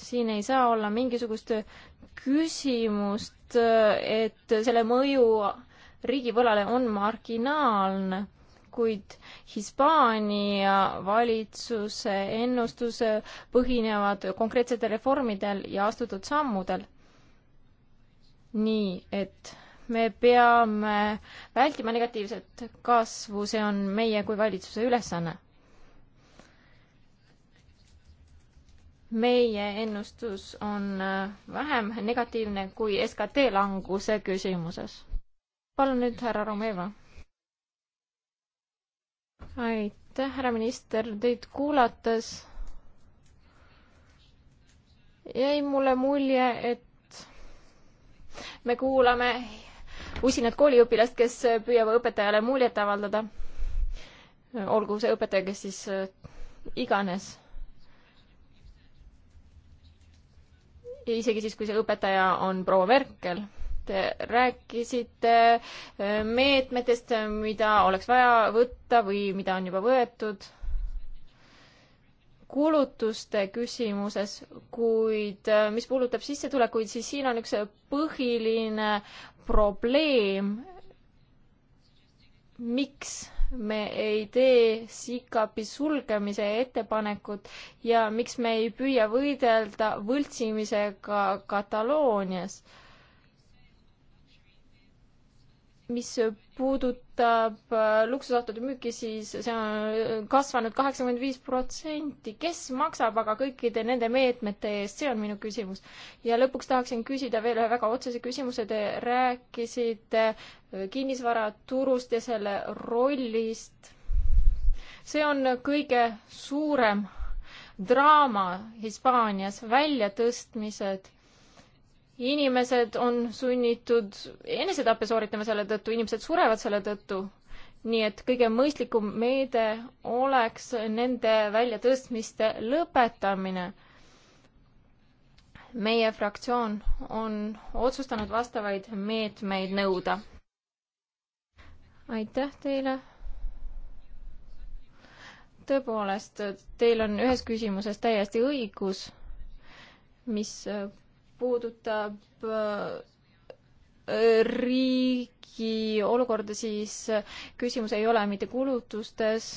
siin ei saa olla mingisugust küsimust, äh, et selle mõju riigivõlale on marginaalne, kuid Hispaania valitsuse ennustus põhinevad konkreetsetel reformidel ja astutud sammudel. nii et me peame vältima negatiivset kasvu, see on meie kui valitsuse ülesanne. meie ennustus on äh, vähem negatiivne kui SKT languse küsimuses. palun nüüd härra Romeva. aitäh, härra minister, teid kuulates jäi mulle mulje, et me kuulame usinat kooliõpilast, kes püüab õpetajale muljet avaldada. olgu see õpetaja, kes siis äh, iganes. isegi siis, kui see õpetaja on proua Merkel Te rääkisite äh, meetmetest, mida oleks vaja võtta või mida on juba võetud kulutuste küsimuses, kuid äh, mis puudutab sissetulekuid, siis siin on üks põhiline probleem, miks me ei tee SICAP-i sulgemise ettepanekut ja miks me ei püüa võidelda võltsimisega Kataloonias, mis puudutab äh, luksusautode müüki, siis see on äh, kasvanud kaheksakümmend viis protsenti. kes maksab aga kõikide nende meetmete eest, see on minu küsimus. ja lõpuks tahaksin küsida veel ühe väga otsese küsimuse. Te rääkisite äh, kinnisvaraturust ja selle rollist. see on kõige suurem draama Hispaanias, väljatõstmised inimesed on sunnitud enesetappe sooritama selle tõttu, inimesed surevad selle tõttu. nii et kõige mõistlikum meede oleks nende väljatõstmiste lõpetamine. meie fraktsioon on otsustanud vastavaid meetmeid nõuda. aitäh teile tõepoolest, teil on ühes küsimuses täiesti õigus, mis puudutab äh, riigi olukorda, siis äh, küsimus ei ole mitte kulutustes,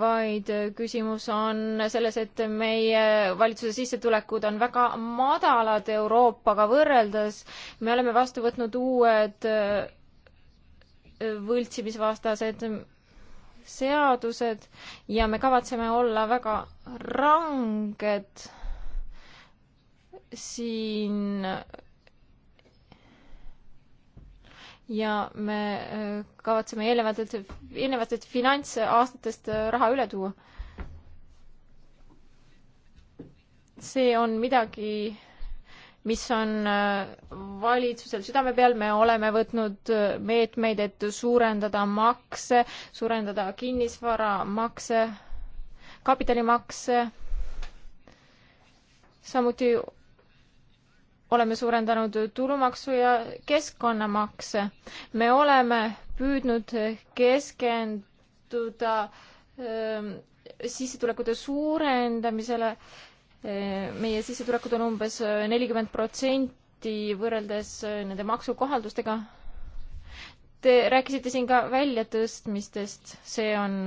vaid äh, küsimus on selles, et meie valitsuse sissetulekud on väga madalad Euroopaga võrreldes. me oleme vastu võtnud uued võltsimisvastased seadused ja me kavatseme olla väga ranged siin ja me äh, kavatseme eelnevatelt, eelnevatelt finantsaastatest äh, raha üle tuua. see on midagi, mis on äh, valitsusel südame peal, me oleme võtnud meetmeid, et suurendada makse, suurendada kinnisvaramakse, kapitalimakse, samuti oleme suurendanud tulumaksu ja keskkonnamakse. me oleme püüdnud keskenduda äh, sissetulekute suurendamisele äh,. meie sissetulekud on umbes äh, nelikümmend protsenti võrreldes äh, nende maksukohaldustega. Te rääkisite siin ka väljatõstmistest, see on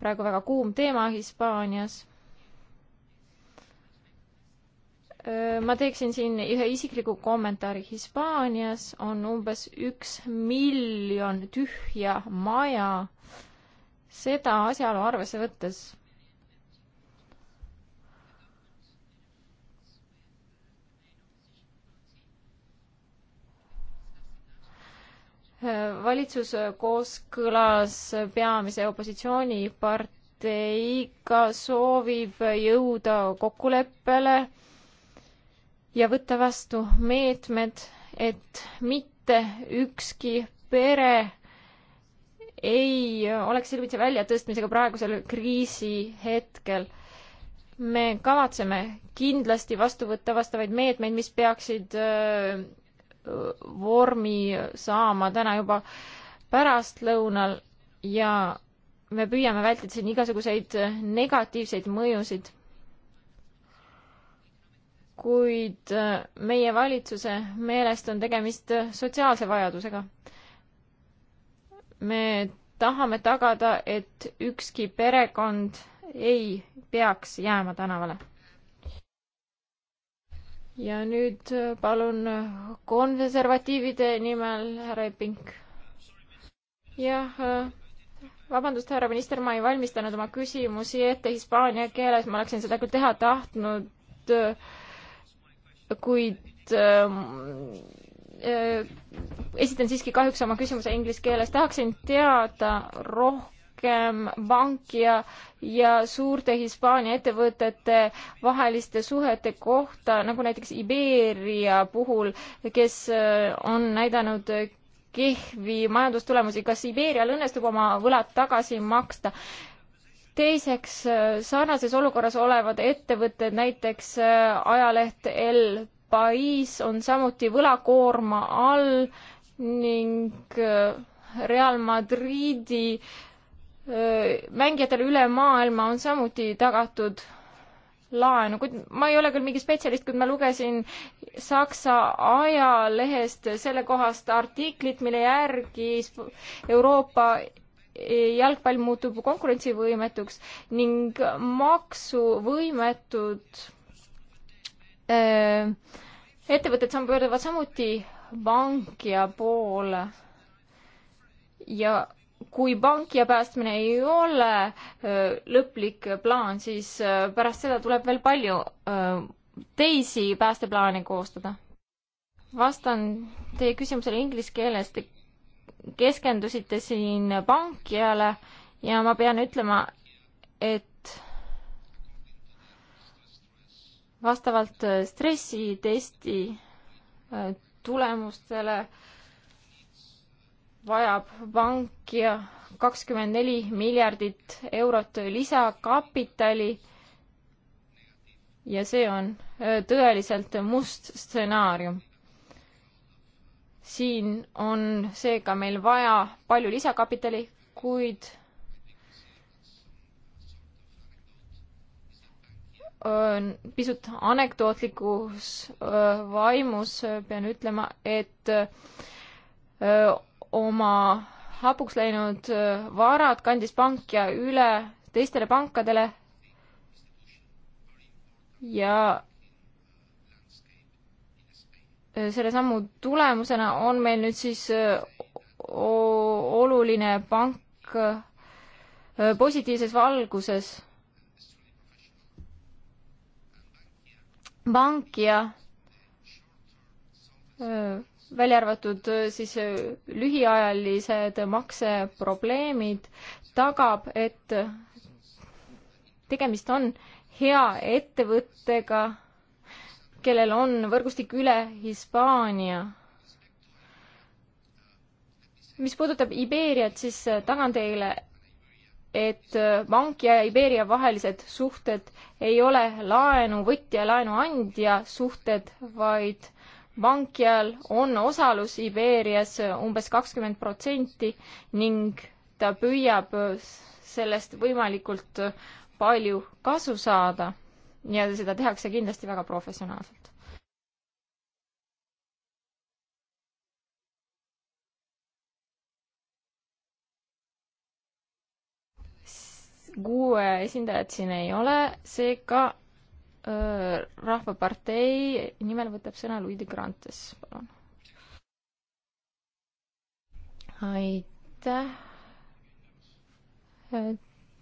praegu väga kuum teema Hispaanias Äh, ma teeksin siin ühe isikliku kommentaari. Hispaanias on umbes üks miljon tühja maja. seda asjaolu arvesse võttes äh, valitsus kooskõlas peamise opositsiooniparteiga soovib jõuda kokkuleppele ja võtta vastu meetmed, et mitte ükski pere ei oleks silmitsi väljatõstmisega praegusel kriisi hetkel. me kavatseme kindlasti vastu võtta vastavaid meetmeid, mis peaksid vormi saama täna juba pärastlõunal ja me püüame vältida siin igasuguseid negatiivseid mõjusid kuid äh, meie valitsuse meelest on tegemist äh, sotsiaalse vajadusega. me tahame tagada, et ükski perekond ei peaks jääma tänavale. ja nüüd äh, palun konservatiivide nimel härra Epping. jah vabandust, härra minister, ma ei valmistanud oma küsimusi ette hispaania keeles, ma oleksin seda küll teha tahtnud kuid ähm, äh, esitan siiski kahjuks oma küsimuse inglise keeles. tahaksin teada rohkem Bankia ja suurte Hispaania ettevõtete vaheliste suhete kohta, nagu näiteks Iberia puhul, kes äh, on näidanud kehvi majandustulemusi. kas Iberial õnnestub oma võlad tagasi maksta? teiseks, äh, sarnases olukorras olevad ettevõtted, näiteks äh, ajaleht El Pais on samuti võlakoorma all ning äh, Real Madridi mängijatele üle maailma on samuti tagatud laenu, kuid ma ei ole küll mingi spetsialist, kuid ma lugesin Saksa ajalehest sellekohast artiklit, mille järgi Euroopa jalgpall muutub konkurentsivõimetuks ning maksuvõimetud äh, ettevõtted sam-, pöörduvad samuti vangja poole. ja kui vangja päästmine ei ole äh, lõplik plaan, siis äh, pärast seda tuleb veel palju teisi päästeplaane koostada. vastan teie küsimusele inglise keeles. Te keskendusite siin pankijale ja ma pean ütlema, et vastavalt stressitesti äh, tulemustele vajab pankija kakskümmend neli miljardit eurot lisakapitali ja see on äh, tõeliselt must stsenaarium siin on seega meil vaja palju lisakapitali, kuid pisut anekdootlikus vaimus pean ütlema, et oma hapuks läinud varad kandis pank ja üle teistele pankadele ja Äh, selle sammu tulemusena on meil nüüd siis äh, oluline pank äh, positiivses valguses. pank ja välja arvatud siis lühiajalised makseprobleemid, tagab, et tegemist on hea ettevõttega kellel on võrgustik üle Hispaania. mis puudutab Iberiat, siis äh, tagan teile, et äh, vank ja Iberia vahelised suhted ei ole laenuvõtja ja laenuandja suhted, vaid vankjal on osalus Iberias äh, umbes kakskümmend protsenti ning ta püüab sellest võimalikult palju kasu saada ja seda tehakse kindlasti väga professionaalselt. kuue esindajat siin ei ole, seega Rahvapartei nimel võtab sõna Louis de Grantes, palun. aitäh.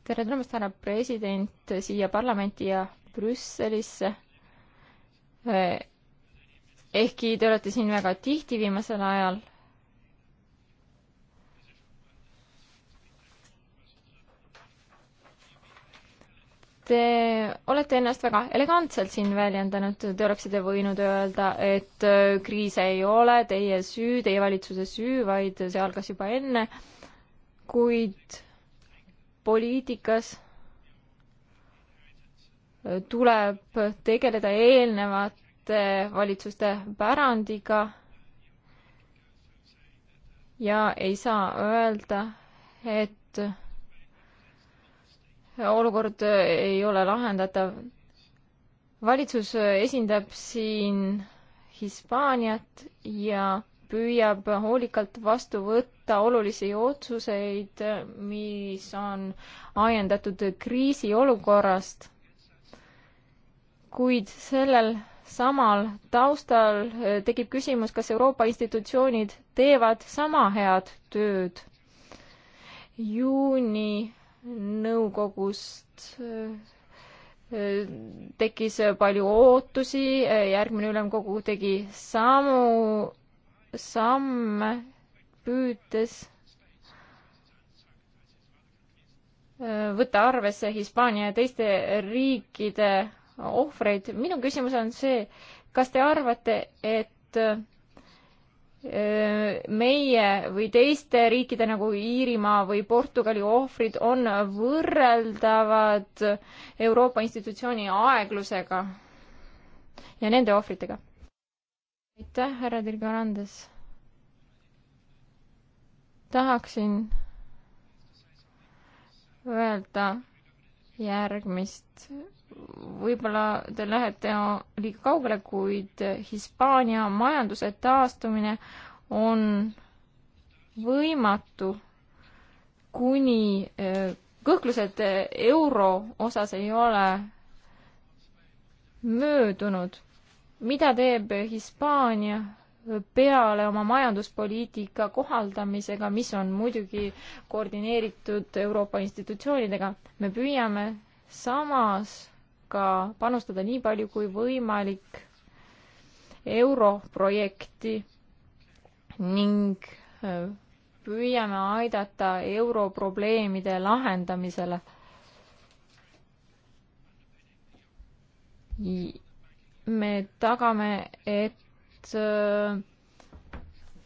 tere tulemast, härra president, siia parlamenti ja Brüsselisse. ehkki te olete siin väga tihti viimasel ajal. Te olete ennast väga elegantselt siin väljendanud, te oleksite võinud öelda, et äh, kriise ei ole teie süü, teie valitsuse süü, vaid see algas juba enne, kuid poliitikas tuleb tegeleda eelnevate valitsuste pärandiga ja ei saa öelda, et olukord ei ole lahendatav. valitsus esindab siin Hispaaniat ja püüab hoolikalt vastu võtta olulisi otsuseid, mis on ajendatud kriisiolukorrast kuid sellel samal taustal äh, tekib küsimus, kas Euroopa institutsioonid teevad sama head tööd. juuni nõukogust äh, äh, tekkis palju ootusi, järgmine ülemkogu tegi samu samme, püüdes võtta arvesse Hispaania ja teiste riikide ohvreid. minu küsimus on see, kas te arvate, et äh, meie või teiste riikide nagu Iirimaa või Portugali ohvrid on võrreldavad Euroopa institutsiooni aeglusega ja nende ohvritega? aitäh, härra Dirgarandes. tahaksin öelda järgmist võib-olla te lähete liiga kaugele, kuid Hispaania majanduse taastumine on võimatu, kuni eh, kõhklused eh, euro osas ei ole möödunud. mida teeb Hispaania peale oma majanduspoliitika kohaldamisega, mis on muidugi koordineeritud Euroopa institutsioonidega, me püüame samas aga panustada nii palju kui võimalik europrojekti ning äh, püüame aidata europrobleemide lahendamisele. me tagame, et äh,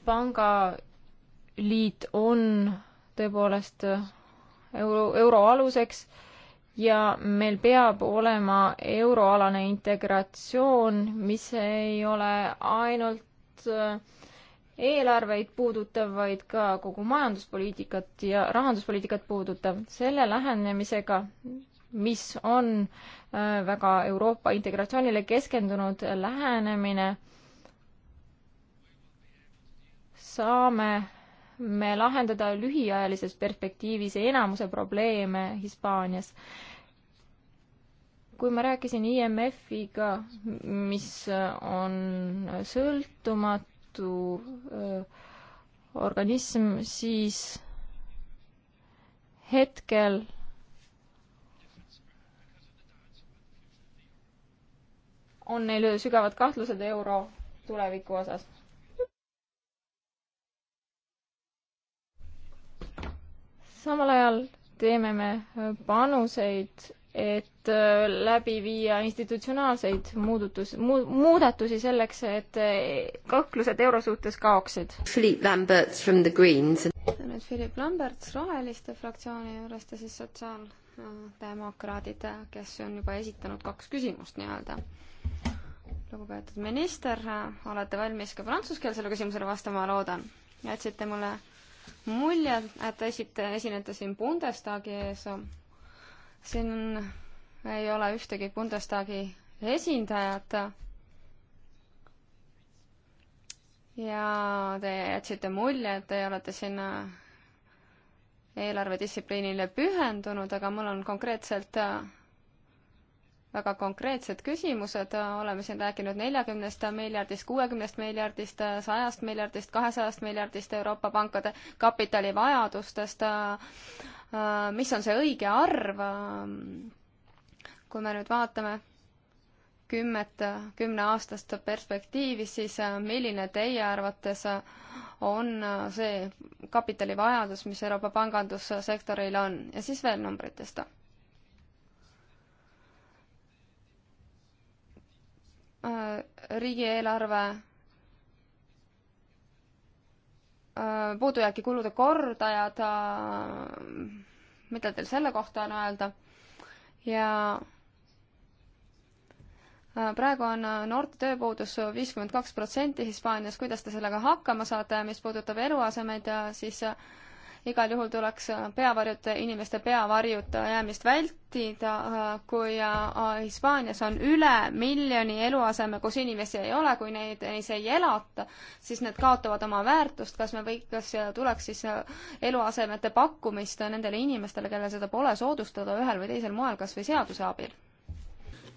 pangaliit on tõepoolest äh, euro, euro aluseks ja meil peab olema euroalane integratsioon, mis ei ole ainult äh, eelarveid puudutav, vaid ka kogu majanduspoliitikat ja rahanduspoliitikat puudutav. selle lähenemisega, mis on äh, väga Euroopa integratsioonile keskendunud lähenemine, saame me lahendada lühiajalises perspektiivis enamuse probleeme Hispaanias. kui ma rääkisin IMF-iga, mis on sõltumatu öö, organism, siis hetkel on neil sügavad kahtlused euro tuleviku osas samal ajal teeme me äh, panuseid, et äh, läbi viia institutsionaalseid muudatus mu,, muudatusi selleks, et äh, kõhklused euro suhtes kaoksid. Philip Lamberts from the Greens. nüüd Philip Lamberts Roheliste fraktsiooni juurest ja siis sotsiaaldemokraadid, kes on juba esitanud kaks küsimust nii-öelda. lugupeetud minister, olete valmis ka prantsuskeelsele küsimusele vastama, loodan. jätsite mulle mulje, et esit-, esinete siin Bundestagi ees. siin ei ole ühtegi Bundestagi esindajat. ja te jätsite mulje, et te olete siin eelarvedistsipliinile pühendunud, aga mul on konkreetselt väga konkreetsed küsimused, oleme siin rääkinud neljakümnest miljardist, kuuekümnest miljardist, sajast miljardist, kahesajast miljardist Euroopa pankade kapitalivajadustest, mis on see õige arv, kui me nüüd vaatame kümmet, kümneaastast perspektiivi, siis milline teie arvates on see kapitalivajadus, mis Euroopa pangandussektoril on ja siis veel numbritest Äh, riigieelarve äh, puudujääki kulude kordajad, äh, mida teil selle kohta on öelda? ja praegu on noorte tööpuudus viiskümmend kaks protsenti Hispaanias, kuidas te sellega hakkama saate, mis puudutab eluasemeid, siis äh, igal juhul tuleks äh, peavarjute, inimeste peavarjuta äh, jäämist vältida, äh, kui Hispaanias on üle miljoni eluaseme, kus inimesi ei ole, kui neid neis ei elata, siis need kaotavad oma väärtust, kas me või, kas tuleks siis eluasemete pakkumist nendele inimestele, kellel seda pole, soodustada ühel või teisel moel, kas või seaduse abil?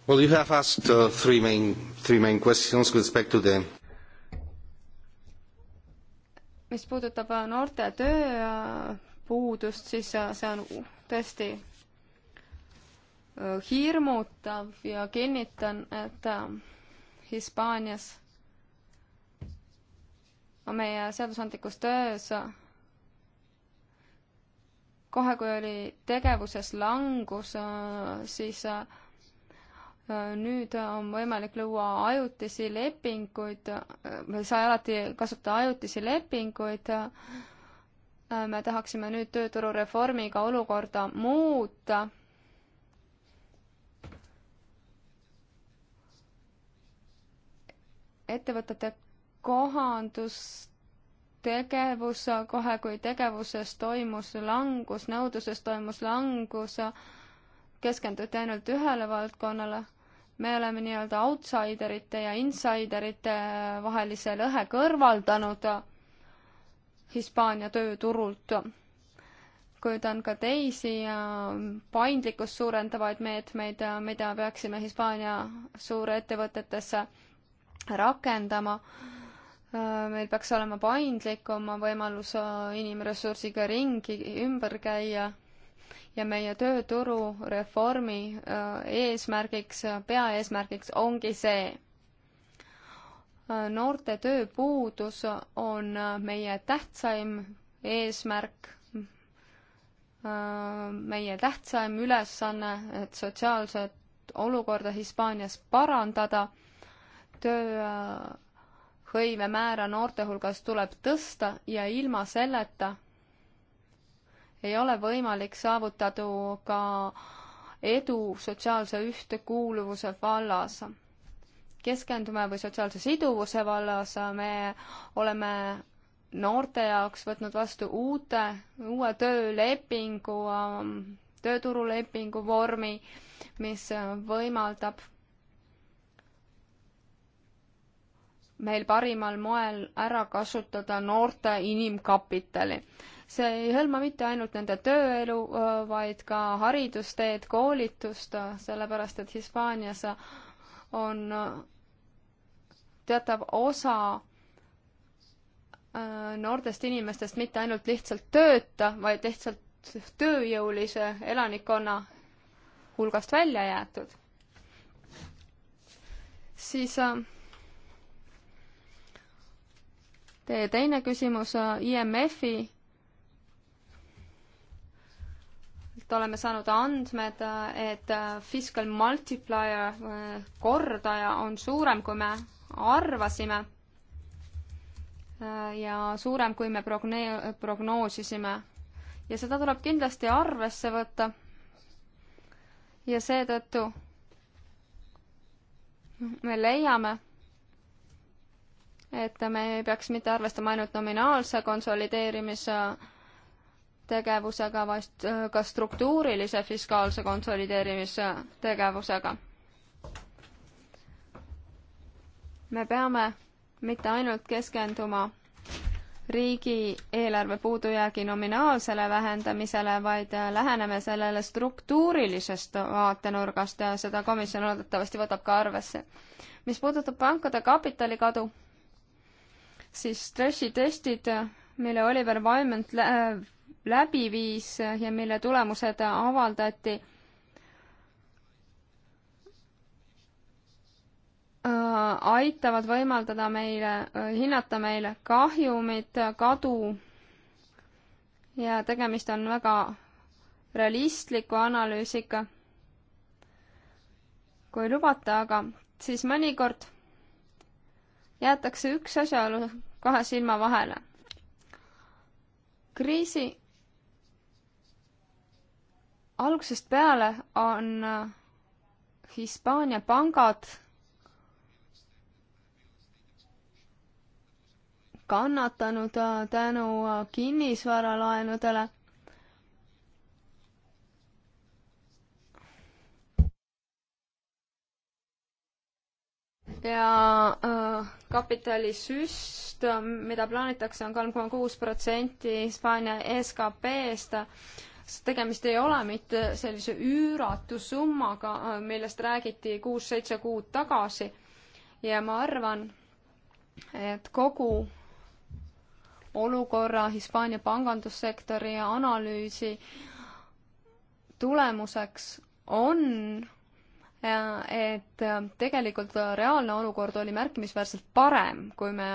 Well, you have asked uh, three main, three main questions with respect to the mis puudutab äh, noorte tööpuudust, siis äh, see on tõesti äh, hirmutav ja kinnitan, et Hispaanias meie seadusandlikus töös kohe, kui oli tegevuses langus, siis nüüd on võimalik luua ajutisi lepinguid, sai alati kasutada ajutisi lepinguid. me tahaksime nüüd tööturureformiga olukorda muuta. ettevõtete kohandustegevus, kohe kui tegevuses toimus langus, nõudluses toimus langus, keskenduti ainult ühele valdkonnale me oleme nii-öelda outsiderite ja insiderite vahelise lõhe kõrvaldanud Hispaania tööturult, kuid on ka teisi äh, paindlikkust suurendavaid meetmeid, äh, mida peaksime Hispaania suurettevõtetesse rakendama. Äh, meil peaks olema paindlikum võimalus inimressursiga ringi ümber käia ja meie tööturu reformi äh, eesmärgiks, äh, peaeesmärgiks ongi see. Äh, noorte tööpuudus on meie tähtsaim eesmärk, meie tähtsaim ülesanne, et sotsiaalset olukorda Hispaanias parandada, tööhõive määra noorte hulgas tuleb tõsta ja ilma selleta ei ole võimalik saavutada ka edu sotsiaalse ühtekuuluvuse vallas keskendume või sotsiaalse siduvuse vallas me oleme noorte jaoks võtnud vastu uute, uue töölepingu, tööturulepingu vormi, mis võimaldab meil parimal moel ära kasutada noorte inimkapitali see ei hõlma mitte ainult nende tööelu, vaid ka haridusteed, koolitust, sellepärast et Hispaanias on teatav osa noortest inimestest mitte ainult lihtsalt tööta, vaid lihtsalt tööjõulise elanikkonna hulgast välja jäetud. siis teie teine küsimus IMF-i et oleme saanud andmed, et fiscal multiplier, kordaja on suurem, kui me arvasime ja suurem, kui me progne-, prognoosisime. ja seda tuleb kindlasti arvesse võtta ja seetõttu me leiame, et me ei peaks mitte arvestama ainult nominaalse konsolideerimise tegevusega, vaid äh, ka struktuurilise fiskaalse konsolideerimise tegevusega. me peame mitte ainult keskenduma riigieelarve puudujäägi nominaalsele vähendamisele, vaid äh, läheneme sellele struktuurilisest vaatenurgast ja seda komisjon loodetavasti võtab ka arvesse. mis puudutab pankade kapitalikadu, siis stressitestid, mille Oliver Vaimont läbi viis ja mille tulemused avaldati äh, aitavad võimaldada meile, äh, hinnata meile kahjumit, kadu ja tegemist on väga realistliku analüüsiga. kui lubate, aga siis mõnikord jäetakse üks asjaolu kahe silma vahele. kriisi algusest peale on äh, Hispaania pangad kannatanud äh, tänu äh, kinnisvaralaenudele ja äh, kapitalisüst, mida plaanitakse on, on kolm koma kuus protsenti Hispaania SKP-st tegemist ei ole mitte sellise üüratu summaga, millest räägiti kuus-seitse kuud tagasi ja ma arvan, et kogu olukorra Hispaania pangandussektori analüüsi tulemuseks on, et tegelikult reaalne olukord oli märkimisväärselt parem, kui me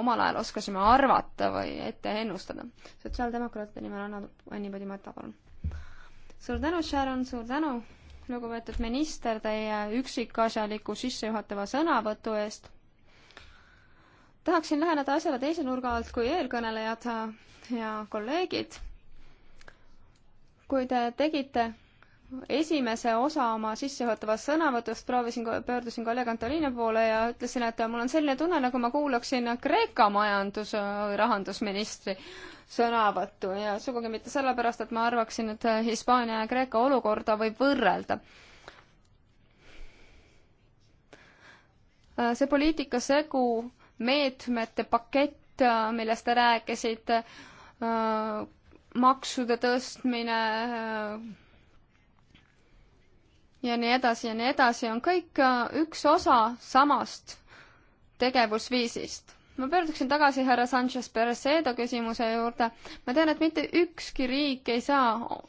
omal ajal oskasime arvata või ette ennustada. sotsiaaldemokraatide nimel Anna-Anni Padimata, palun suur tänu, Sharon, suur tänu, lugupeetud minister, teie üksikasjaliku sissejuhatava sõnavõtu eest. tahaksin läheneda asjale teise nurga alt kui eelkõnelejad ja kolleegid. kui te tegite esimese osa oma sissejuhatavast sõnavõtust proovisin, pöördusin kolleeg Antoliini poole ja ütlesin, et mul on selline tunne, nagu ma kuulaksin Kreeka majandus- või rahandusministri sõnavõttu ja sugugi mitte sellepärast, et ma arvaksin, et Hispaania ja Kreeka olukorda võib võrrelda. see poliitika segu, meetmete pakett, millest te rääkisite, maksude tõstmine ja nii edasi ja nii edasi, on kõik üks osa samast tegevusviisist ma pöörduksin tagasi härra Sanchez Percedo küsimuse juurde. ma tean, et mitte ükski riik ei saa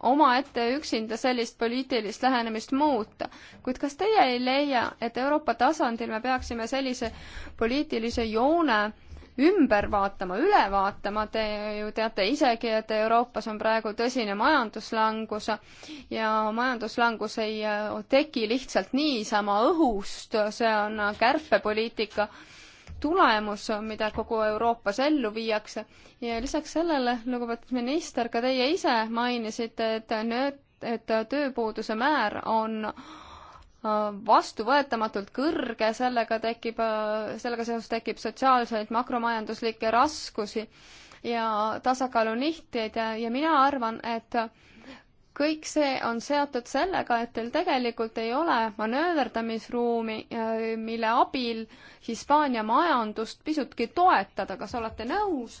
omaette üksinda sellist poliitilist lähenemist muuta, kuid kas teie ei leia, et Euroopa tasandil me peaksime sellise poliitilise joone ümber vaatama, üle vaatama, te ju teate isegi, et Euroopas on praegu tõsine majanduslangus ja majanduslangus ei teki lihtsalt niisama õhust, see on kärpepoliitika äh, tulemus, mida kogu Euroopas ellu viiakse. ja lisaks sellele, lugupeetud minister, ka teie ise mainisite, et nööt, et tööpuuduse määr on äh, vastuvõetamatult kõrge, sellega tekib, äh, sellega seoses tekib sotsiaalseid makromajanduslikke raskusi ja tasakaalunihkeid ja, ja mina arvan, et kõik see on seotud sellega, et teil tegelikult ei ole manööverdamisruumi, äh, mille abil Hispaania majandust pisutki toetada, kas olete nõus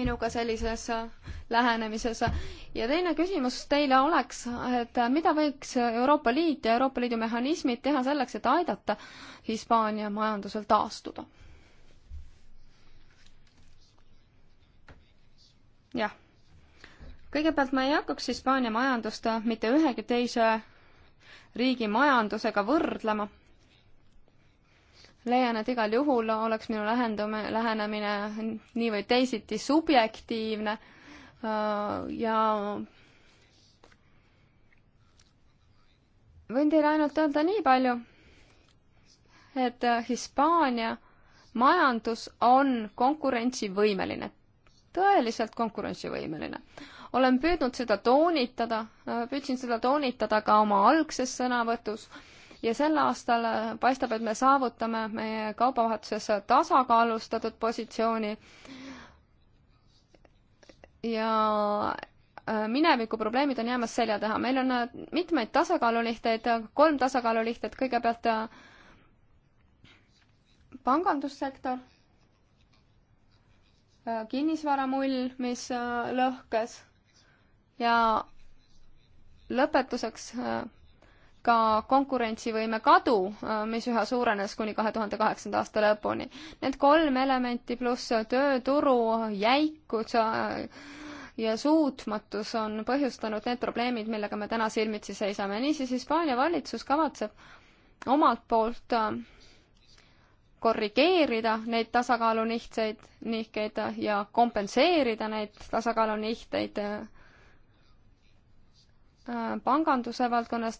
minuga sellises äh, lähenemises? ja teine küsimus teile oleks, et äh, mida võiks Euroopa Liit ja Euroopa Liidu mehhanismid teha selleks, et aidata Hispaania majandusel taastuda? jah kõigepealt ma ei hakkaks Hispaania majandust äh, mitte ühegi teise riigi majandusega võrdlema. leian, et igal juhul oleks minu lähendume, lähenemine nii või teisiti subjektiivne äh, ja võin teile ainult öelda nii palju, et äh, Hispaania majandus on konkurentsivõimeline, tõeliselt konkurentsivõimeline olen püüdnud seda toonitada, äh, püüdsin seda toonitada ka oma algses sõnavõtus ja sel aastal äh, paistab, et me saavutame meie kaubavahetuses tasakaalustatud positsiooni. ja äh, mineviku probleemid on jäämas selja taha, meil on mitmeid tasakaalulihteid, kolm tasakaalulihtet, kõigepealt pangandussektor, kinnisvaramull, mis lõhkes ja lõpetuseks äh, ka konkurentsivõime kadu, äh, mis üha suurenes kuni kahe tuhande kaheksanda aasta lõpuni. Need kolm elementi pluss tööturu jäikus äh, ja suutmatus on põhjustanud need probleemid, millega me täna silmitsi seisame. niisiis, Hispaania valitsus kavatseb omalt poolt korrigeerida neid tasakaalunihkeid, nihkeid ja kompenseerida neid tasakaalunihkeid panganduse valdkonnas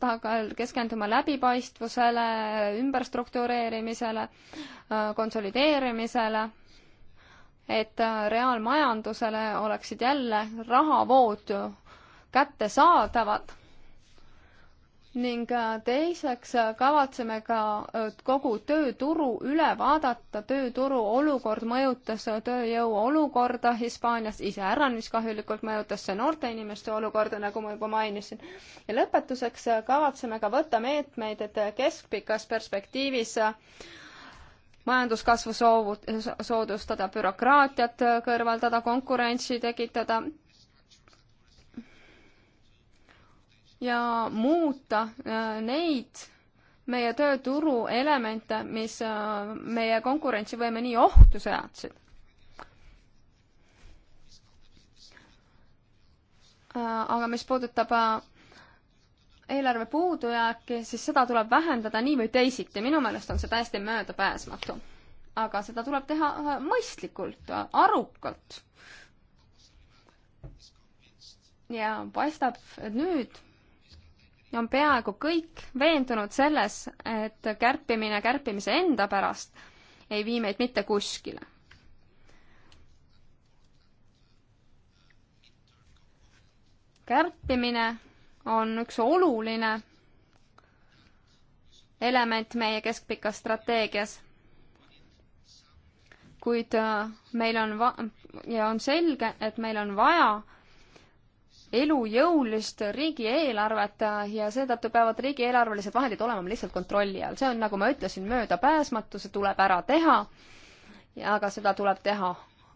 keskenduma läbipaistvusele, ümberstruktureerimisele, konsolideerimisele, et reaalmajandusele oleksid jälle rahavood kättesaadavad ning äh, teiseks äh, kavatseme ka äh, kogu tööturu üle vaadata, tööturu olukord mõjutas tööjõu olukorda Hispaanias, iseäranis kahjulikult mõjutas see noorte inimeste olukorda, nagu ma juba mainisin. ja lõpetuseks kavatseme ka võtta meetmeid, et keskpikas perspektiivis majanduskasvu soovud, soodustada, bürokraatiat kõrvaldada, konkurentsi tekitada ja muuta äh, neid meie tööturu elemente, mis äh, meie konkurentsivõime nii ohtu seadsid. Äh, aga mis puudutab eelarve puudujääki, siis seda tuleb vähendada nii või teisiti, minu meelest on see täiesti möödapääsmatu. aga seda tuleb teha mõistlikult, arukalt. ja paistab, et nüüd on peaaegu kõik veendunud selles, et kärpimine kärpimise enda pärast ei vii meid mitte kuskile. kärpimine on üks oluline element meie keskpikas strateegias. kuid äh, meil on va-, ja on selge, et meil on vaja elujõulist riigieelarvet ja seetõttu peavad riigieelarvelised vahendid olema lihtsalt kontrolli all. see on, nagu ma ütlesin, möödapääsmatu, see tuleb ära teha, aga seda tuleb teha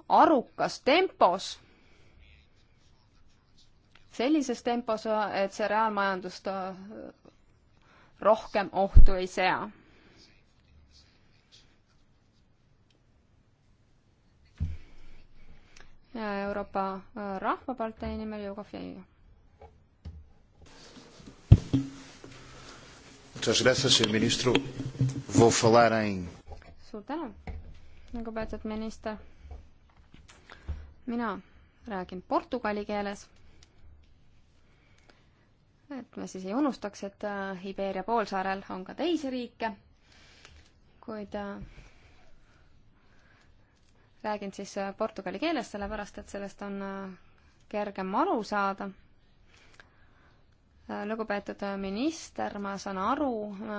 arukas tempos, sellises tempos, et see reaalmajandust rohkem ohtu ei sea Euroopa äh, Rahvapartei nimel Jugo Feio. suur tänu, lugupeetud minister. mina räägin portugali keeles. et me siis ei unustaks, et äh, Iberia poolsaarel on ka teisi riike, kuid äh, räägin siis äh, portugali keeles, sellepärast et sellest on äh, kergem aru saada. Äh, lugupeetud minister, ma saan aru,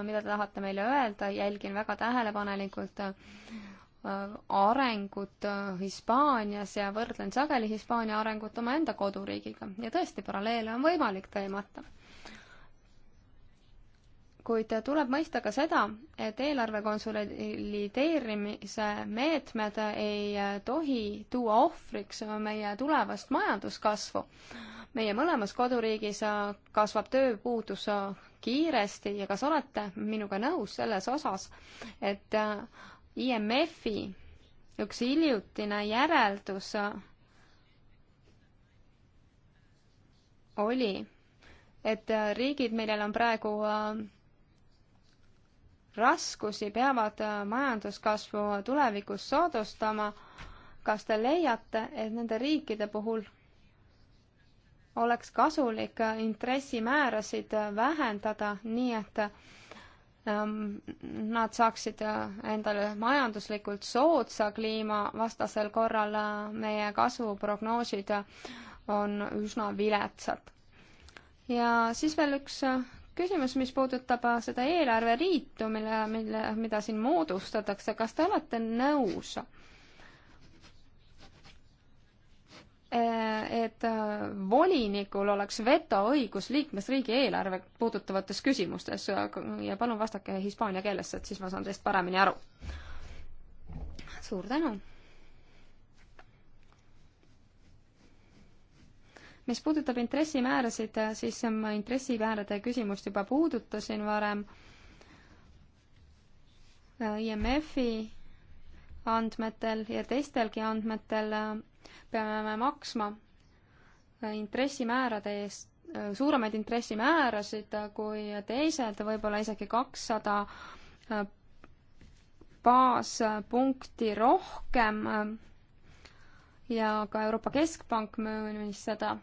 mida te tahate meile öelda, jälgin väga tähelepanelikult arengut Hispaanias ja võrdlen sageli Hispaania arengut omaenda koduriigiga ja tõesti, paralleele on võimalik tõmmata kuid tuleb mõista ka seda, et eelarve konsolideerimise meetmed ei tohi tuua ohvriks meie tulevast majanduskasvu. meie mõlemas koduriigis kasvab tööpuudus kiiresti ja kas olete minuga nõus selles osas, et IMF-i üks hiljutine järeldus oli, et riigid, millel on praegu äh, raskusi peavad äh, majanduskasvu tulevikus soodustama. kas te leiate, et nende riikide puhul oleks kasulik äh, intressimäärasid äh, vähendada, nii et ähm, nad saaksid endale majanduslikult soodsa kliima, vastasel korral meie kasvuprognoosid on üsna viletsad. ja siis veel üks küsimus, mis puudutab äh, seda eelarveliitu, mille, mille, mida siin moodustatakse, kas te olete nõus, äh, et äh, volinikul oleks vetoõigus liikmesriigi eelarve puudutavates küsimustes ja palun vastake hispaania keeles, et siis ma saan teist paremini aru. suur tänu mis puudutab intressimäärasid, siis ma intressimäärade küsimust juba puudutasin varem. IMF-i andmetel ja teistelgi andmetel peame me maksma intressimäärade eest, suuremaid intressimäärasid kui teised, võib-olla isegi kakssada baaspunkti rohkem ja ka Euroopa Keskpank möönis seda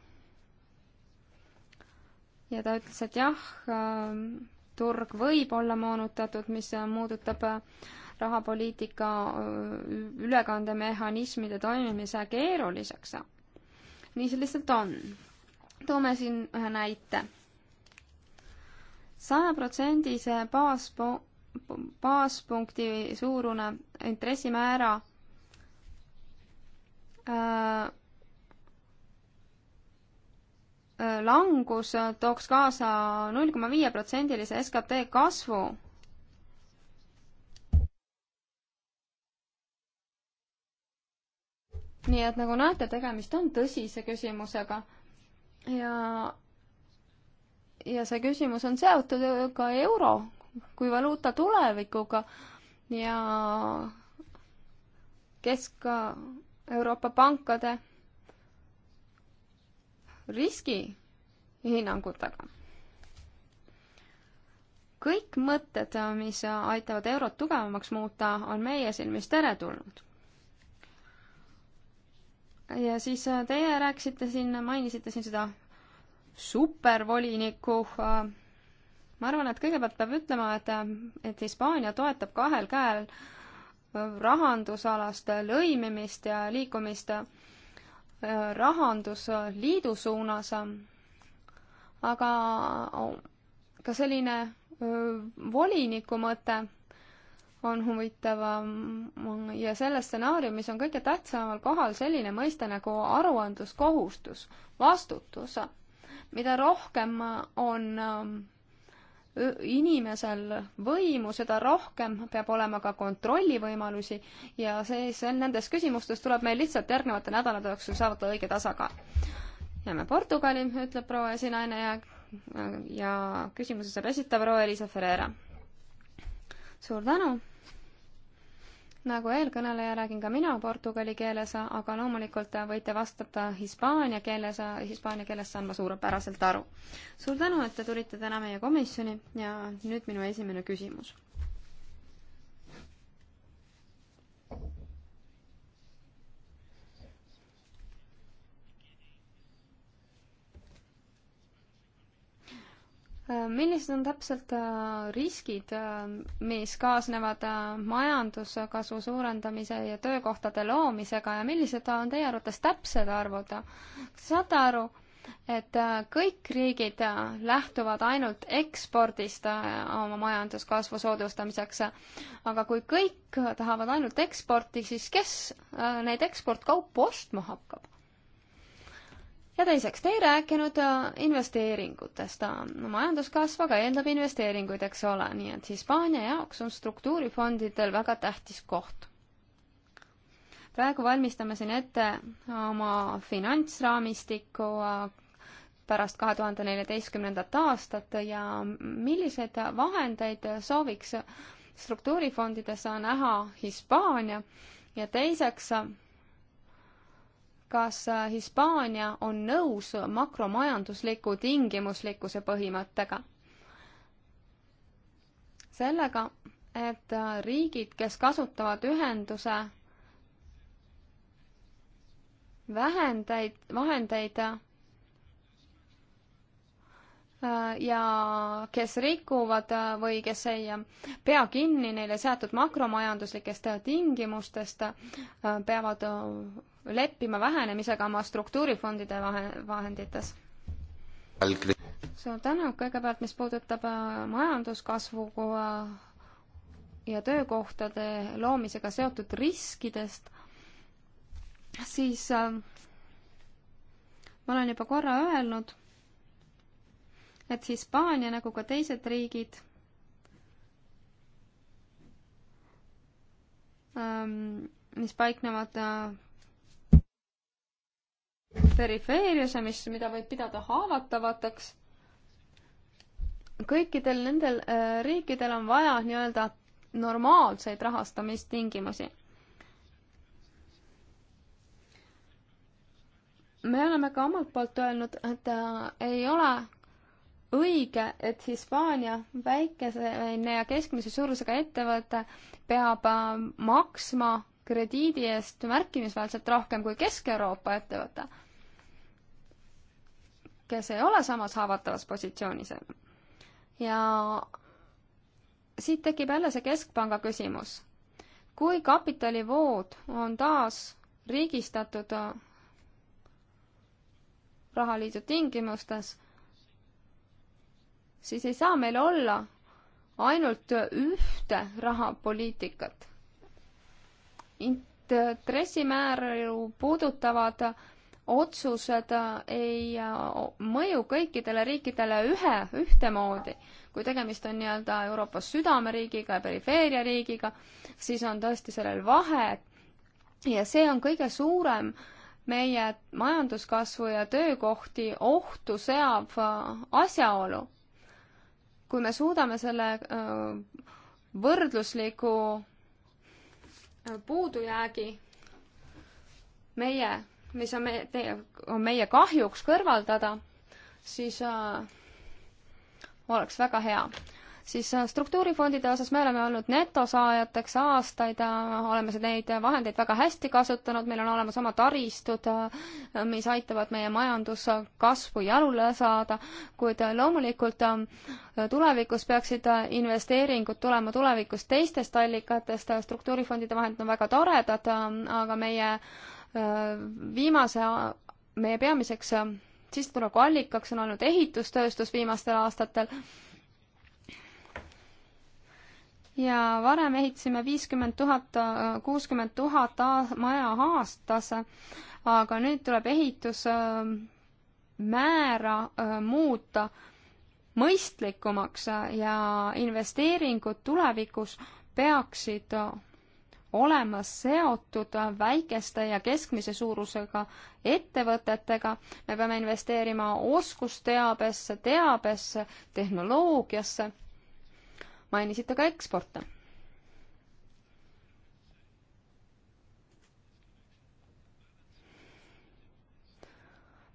ja ta ütles, et jah, äh, turg võib olla moonutatud, mis äh, muudutab äh, rahapoliitika ülekandemehhanismide toimimise keeruliseks. nii see lihtsalt on. toome siin ühe näite. sajaprotsendise baas, baaspunkti suurune intressimäära äh, langus tooks kaasa null koma viie protsendilise SKT kasvu nii et nagu näete, tegemist on tõsise küsimusega. ja, ja see küsimus on seotud ka euro kui valuuta tulevikuga ja Kesk-Euroopa pankade riskihinnangutega. kõik mõtted, mis aitavad eurot tugevamaks muuta, on meie silmis teretulnud. ja siis äh, teie rääkisite siin, mainisite siin seda supervoliniku ma arvan, et kõigepealt peab ütlema, et, et Hispaania toetab kahel käel rahandusalast lõimimist ja liikumist äh, rahandusliidu suunas, aga ka selline voliniku mõte on huvitav mm, ja selles stsenaariumis on kõige tähtsamal kohal selline mõiste nagu aruandluskohustus, vastutus. mida rohkem on inimesel võimu, seda rohkem peab olema ka kontrollivõimalusi ja see, see, nendes küsimustes tuleb meil lihtsalt järgnevate nädalate jooksul saavutada õige tasakaal. jääme Portugali, ütleb proua esinaine ja, ja küsimuse saab esitav proua Elisa Ferreira. suur tänu! nagu eelkõneleja, räägin ka mina portugali keeles, aga loomulikult võite vastata hispaania keeles, hispaania keeles saan ma suurepäraselt aru. suur tänu, et te tulite täna meie komisjoni ja nüüd minu esimene küsimus Äh, millised on täpselt äh, riskid, äh, mis kaasnevad majanduskasvu suurendamise ja töökohtade loomisega ja millised on teie arvates täpsed arvud? kas te saate aru, et kõik riigid lähtuvad ainult ekspordist oma majanduskasvu soodustamiseks, aga kui kõik tahavad ainult eksporti, siis kes neid eksportkaupu ostma hakkab? ja teiseks, te ei rääkinud äh, investeeringutest. majanduskasv aga eeldab investeeringuid, eks ole, nii et Hispaania jaoks on struktuurifondidel väga tähtis koht. praegu valmistame siin ette oma finantsraamistikku äh, pärast kahe tuhande neljateistkümnendat aastat ja milliseid vahendeid sooviks struktuurifondides näha Hispaania ja teiseks kas äh, Hispaania on nõus makromajandusliku tingimuslikkuse põhimõttega? sellega, et äh, riigid, kes kasutavad ühenduse vähendeid, vahendeid äh, ja kes rikuvad või kes ei pea kinni neile seatud makromajanduslikest tingimustest, peavad leppima vähenemisega oma struktuurifondide vahendites? suur tänu, kõigepealt mis puudutab äh, majanduskasvu äh, ja töökohtade loomisega seotud riskidest, siis äh, ma olen juba korra öelnud, et Hispaania nagu ka teised riigid ähm, mis paiknevad perifeeriasse, mis, mida võib pidada haavatavateks. kõikidel nendel äh, riikidel on vaja nii-öelda normaalseid rahastamistingimusi. me oleme ka omalt poolt öelnud, et äh, ei ole õige, et Hispaania väikese ja keskmise suurusega ettevõte peab äh, maksma krediidi eest märkimisväärselt rohkem kui Kesk-Euroopa ettevõte, kes ei ole samas haavatavas positsioonis. ja siit tekib jälle see keskpanga küsimus. kui kapitalivood on taas riigistatud rahaliidu tingimustes, siis ei saa meil olla ainult ühte rahapoliitikat intressimääru puudutavad otsused ei mõju kõikidele riikidele ühe, ühtemoodi. kui tegemist on nii-öelda Euroopa südameriigiga ja perifeeriariigiga, siis on tõesti sellel vahe ja see on kõige suurem meie majanduskasvu ja töökohti ohtu seav asjaolu. kui me suudame selle äh, võrdlusliku puudujäägi meie, mis on meie, teie, on meie kahjuks kõrvaldada, siis äh, oleks väga hea siis äh, struktuurifondide osas me oleme olnud netosaajateks aastaid, äh, oleme neid vahendeid väga hästi kasutanud, meil on olemas oma taristud, äh, mis aitavad meie majanduskasvu jalule saada, kuid loomulikult tulevikus peaksid investeeringud tulema tulevikus teistest allikatest, struktuurifondide vahendid on väga toredad, aga meie viimase, meie peamiseks sissetulekuallikaks on olnud ehitustööstus viimastel aastatel ja varem ehitasime viiskümmend tuhat, kuuskümmend tuhat maja aastas, aga nüüd tuleb ehitusmäära äh, muuta mõistlikumaks ja investeeringud tulevikus peaksid olema seotud väikeste ja keskmise suurusega ettevõtetega. me peame investeerima oskusteabesse, teabesse, tehnoloogiasse mainisite ka eksporte.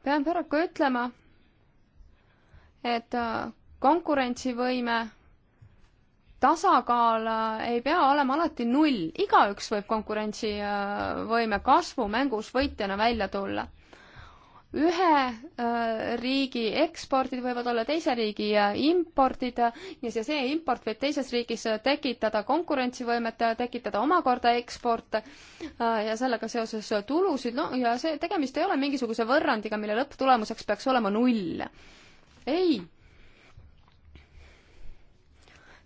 pean paraku ütlema, et äh, konkurentsivõime tasakaal äh, ei pea olema alati null, igaüks võib konkurentsivõime kasvu mängus võitjana välja tulla ühe äh, riigi ekspordid võivad olla teise riigi impordid ja see import võib teises riigis tekitada konkurentsivõimet, tekitada omakorda eksporte äh, ja sellega seoses tulusid, no ja see, tegemist ei ole mingisuguse võrrandiga, mille lõpptulemuseks peaks olema null. ei.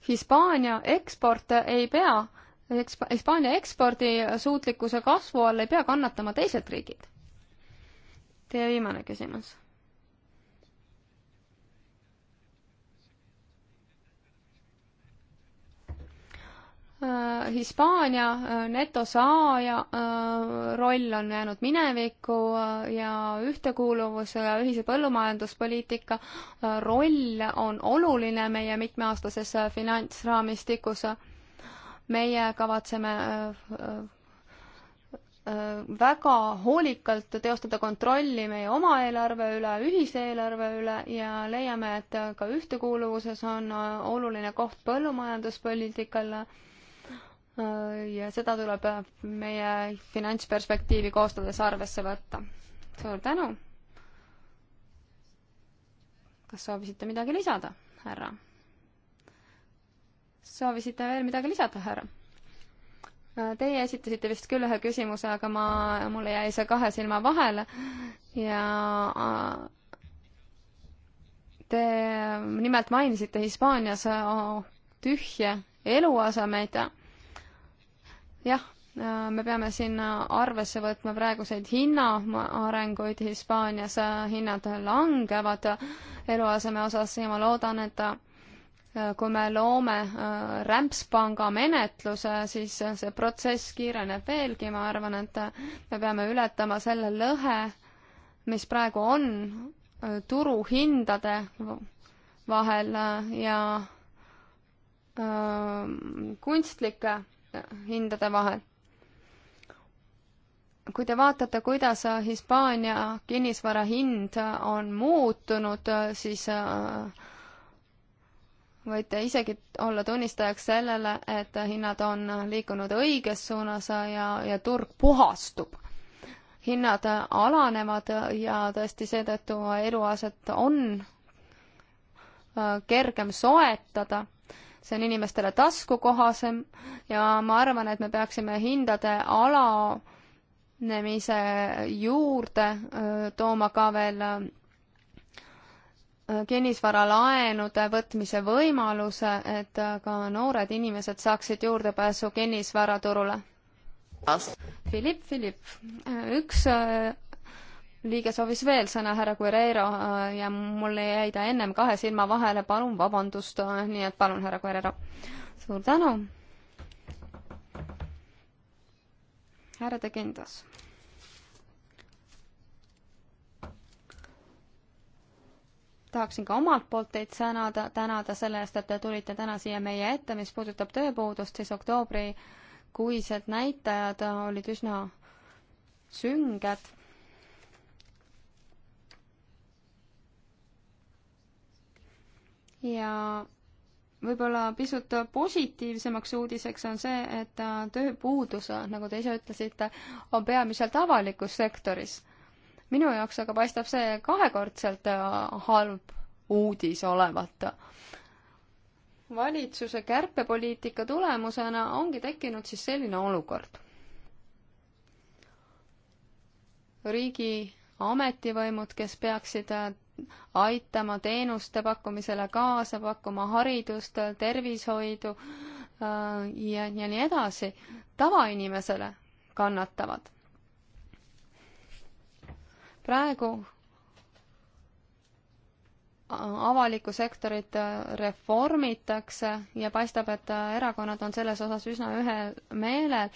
Hispaania eksporte ei pea, Hispaania ekspordisuutlikkuse kasvu all ei pea kannatama teised riigid Teie viimane küsimus. Äh, Hispaania äh, netosaaja äh, roll on jäänud minevikku ja ühtekuuluvuse ja ühise põllumajanduspoliitika roll on oluline meie mitmeaastases finantsraamistikus. meie kavatseme Äh, väga hoolikalt teostada kontrolli meie oma eelarve üle, ühise eelarve üle ja leiame, et ka ühtekuuluvuses on äh, oluline koht põllumajanduspoliitikale. Äh, ja seda tuleb meie finantsperspektiivi koostades arvesse võtta. suur tänu. kas soovisite midagi lisada, härra? soovisite veel midagi lisada, härra? Teie esitasite vist küll ühe küsimuse, aga ma, mulle jäi see kahe silma vahele ja te nimelt mainisite Hispaanias tühje eluasemeid. jah, me peame siin arvesse võtma praeguseid hinnaarenguid Hispaanias, hinnad langevad eluaseme osas ja ma loodan, et Äh, kui me loome äh, rämpspanga menetluse, siis äh, see protsess kiireneb veelgi, ma arvan, et me peame ületama selle lõhe, mis praegu on turuhindade vahel ja kunstlike hindade vahel. kui te vaatate, kuidas Hispaania kinnisvara hind on muutunud, siis äh, võite isegi olla tunnistajaks sellele, et hinnad on liikunud õiges suunas ja, ja turg puhastub. hinnad alanevad ja tõesti seetõttu eluaset on äh, kergem soetada, see on inimestele taskukohasem ja ma arvan, et me peaksime hindade alanemise juurde äh, tooma ka veel äh, kinnisvaralaenude võtmise võimaluse, et ka noored inimesed saaksid juurdepääsu kinnisvaraturule. Philipp, Philipp, üks äh, liige soovis veel sõna, härra Guerrero, äh, ja mul jäi ta ennem kahe silma vahele, palun vabandust, äh, nii et palun, härra Guerrero. suur tänu. härra De Kindas tahaksin ka omalt poolt teid tänada, tänada selle eest, et te tulite täna siia meie ette, mis puudutab tööpuudust, siis oktoobrikuised näitajad olid üsna sünged. ja võib-olla pisut positiivsemaks uudiseks on see, et tööpuudus, nagu te ise ütlesite, on peamiselt avalikus sektoris minu jaoks aga paistab see kahekordselt äh, halb uudis olevat valitsuse kärpepoliitika tulemusena ongi tekkinud siis selline olukord. riigi ametivõimud, kes peaksid äh, aitama teenuste pakkumisele kaasa, pakkuma haridust, tervishoidu äh, ja, ja nii edasi, tavainimesele kannatavad praegu avalikku sektorit äh, reformitakse ja paistab, et äh, erakonnad on selles osas üsna ühel meelel,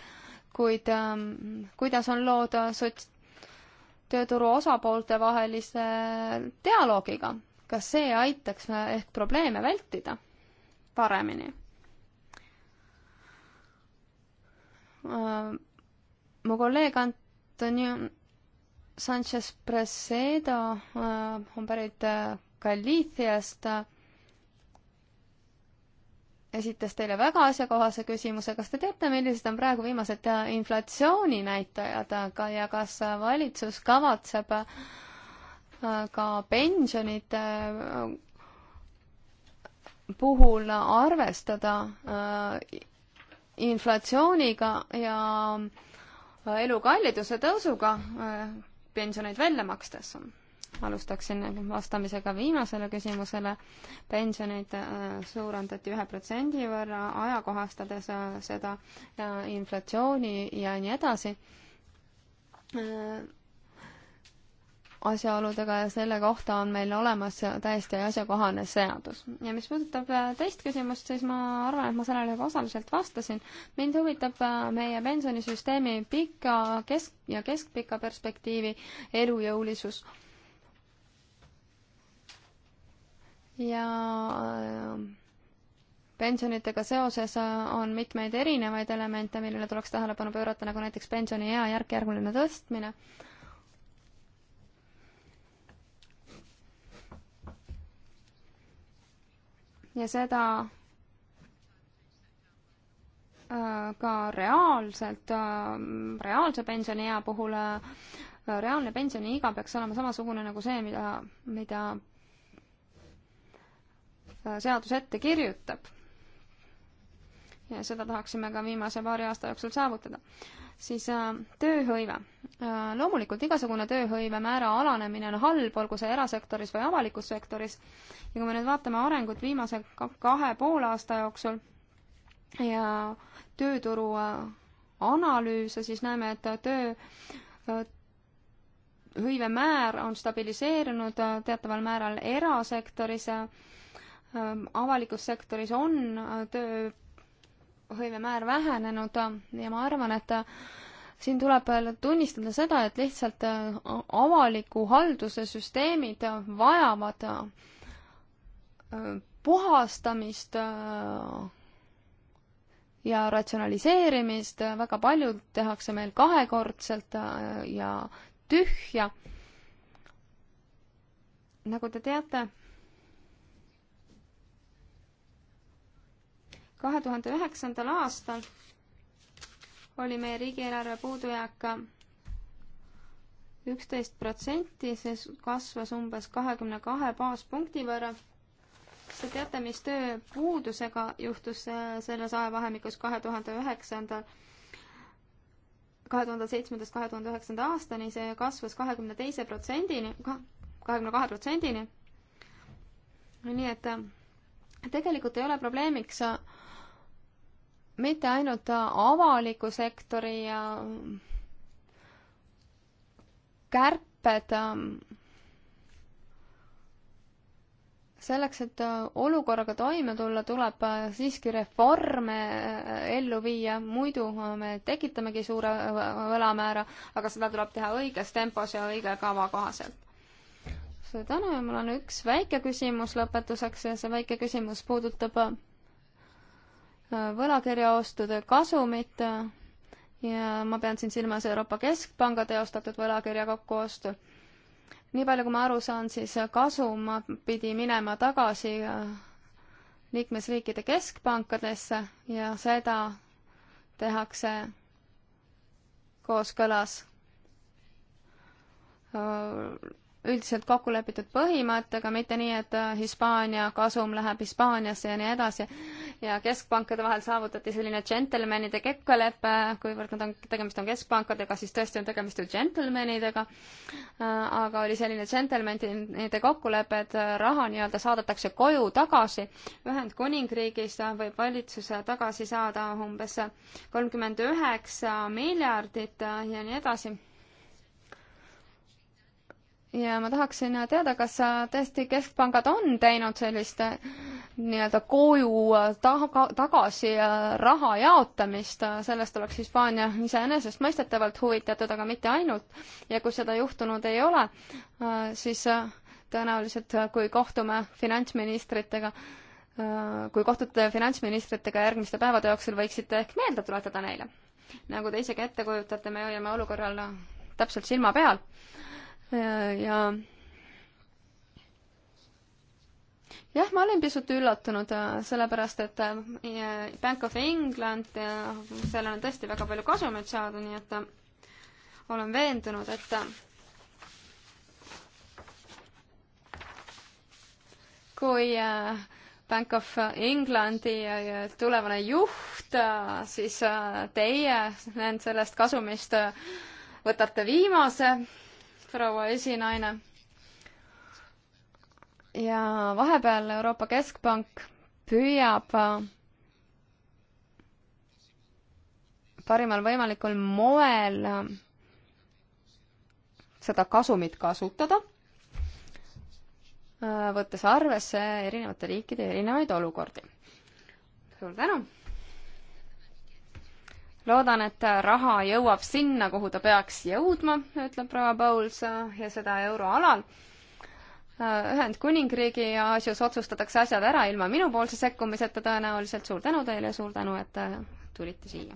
kuid ähm, kuidas on lood äh, sots-, tööturu osapoolte vahelise dialoogiga, kas see aitaks ehk probleeme vältida paremini? mu kolleeg Antoni Sanchez Presedo äh, on pärit äh, Galiciast äh, esitas teile väga asjakohase küsimuse, kas te teate, millised on praegu viimased inflatsiooninäitajad, aga ja kas valitsus kavatseb ka pensionite puhul arvestada inflatsiooniga ja elukalliduse tõusuga pensioneid välja makstes. alustaksin vastamisega viimasele küsimusele. pensioneid äh, suurendati ühe protsendi võrra, ajakohastades äh, seda inflatsiooni ja nii edasi äh, asjaoludega ja selle kohta on meil olemas täiesti asjakohane seadus. ja mis puudutab äh, teist küsimust, siis ma arvan, et ma sellele juba osaliselt vastasin. mind huvitab äh, meie pensionisüsteemi pika, kesk ja keskpika perspektiivi elujõulisus. ja äh, pensionitega seoses on mitmeid erinevaid elemente, millele tuleks tähelepanu pöörata, nagu näiteks pensioniea järk-järguline tõstmine ja seda äh, ka reaalselt, äh, reaalse pensioniea puhul, äh, reaalne pensioniiga peaks olema samasugune nagu see, mida, mida seadus ette kirjutab. ja seda tahaksime ka viimase paari aasta jooksul saavutada siis äh, tööhõive äh,. loomulikult igasugune tööhõive määra alanemine on halb, olgu see erasektoris või avalikus sektoris. ja kui me nüüd vaatame arengut viimase kahe poole aasta jooksul ja tööturu äh, analüüse, siis näeme, et töö äh, hõive määr on stabiliseerunud äh, teataval määral erasektoris äh,, äh avalikus sektoris on äh, töö hõivemäär vähenenud ja ma arvan, et siin tuleb tunnistada seda, et lihtsalt äh, avaliku halduse süsteemid vajavad äh, puhastamist äh, ja ratsionaliseerimist, väga palju tehakse meil kahekordselt ja tühja. nagu te teate kahe tuhande üheksandal aastal oli meie riigieelarve puudujääk üksteist protsenti, see kasvas umbes kahekümne kahe baaspunkti võrra. kas te teate, mis tööpuudusega juhtus äh, selles ajavahemikus kahe tuhande üheksandal, kahe tuhande seitsmendast kahe tuhande üheksanda aastani, see kasvas kahekümne teise protsendini, kahekümne kahe protsendini. nii et äh, tegelikult ei ole probleemiks äh, mitte ainult avaliku sektori äh, kärped äh, selleks, et äh, olukorraga toime tulla, tuleb siiski reforme ellu viia, muidu me tekitamegi suure võlamäära, aga seda tuleb teha õiges tempos ja õige kava kohaselt. suur tänu ja mul on üks väike küsimus lõpetuseks ja see väike küsimus puudutab Äh, võlakirjaostude kasumit äh, ja ma pean siin silmas Euroopa Keskpanga teostatud võlakirja kokkuostu. nii palju, kui ma aru saan, siis kasum pidi minema tagasi äh, liikmesriikide keskpankadesse ja seda tehakse kooskõlas üldiselt kokku lepitud põhimõttega, mitte nii, et Hispaania kasum läheb Hispaaniasse ja nii edasi ja keskpankade vahel saavutati selline džentelmenide kokkulepe, kuivõrd nad on, tegemist on keskpankadega, siis tõesti on tegemist ju džentelmenidega, aga oli selline džentelmenide kokkulepe, et raha nii-öelda saadetakse koju tagasi. Ühendkuningriigis võib valitsus tagasi saada umbes kolmkümmend üheksa miljardit ja nii edasi ja ma tahaksin teada, kas tõesti keskpangad on teinud sellist äh, nii-öelda koju äh, taga, tagasi äh, raha jaotamist, sellest oleks Hispaania iseenesestmõistetavalt huvitatud, aga mitte ainult. ja kui seda juhtunud ei ole, siis tõenäoliselt, kui kohtume finantsministritega, kui kohtute finantsministritega järgmiste päevade jooksul, võiksite ehk meelde tuletada neile. nagu te isegi ette kujutate, me olime olukorral täpselt silma peal ja jah, ma olin pisut üllatunud, äh, sellepärast et äh, Bank of England, sellel on tõesti väga palju kasumeid saada, nii et äh, olen veendunud, et kui Bank of Englandi tulevane juht, siis teie sellest kasumist võtate viimase proua esinaine. ja vahepeal Euroopa Keskpank püüab äh, parimal võimalikul moel äh, seda kasumit kasutada, äh, võttes arvesse erinevate riikide erinevaid olukordi. suur tänu! loodan, et raha jõuab sinna, kuhu ta peaks jõudma, ütleb proua Pauls ja seda euroalal. Ühendkuningriigi asjus otsustatakse asjad ära ilma minupoolse sekkumiseta tõenäoliselt. suur tänu teile, suur tänu, et tulite siia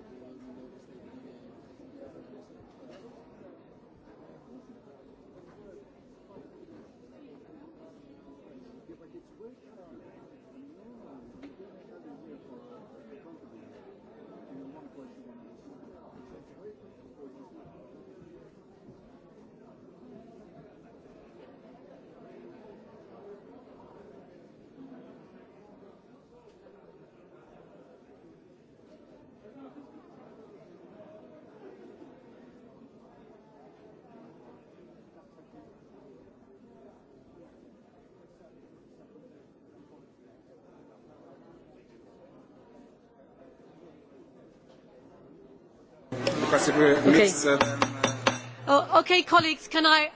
Oh, uh,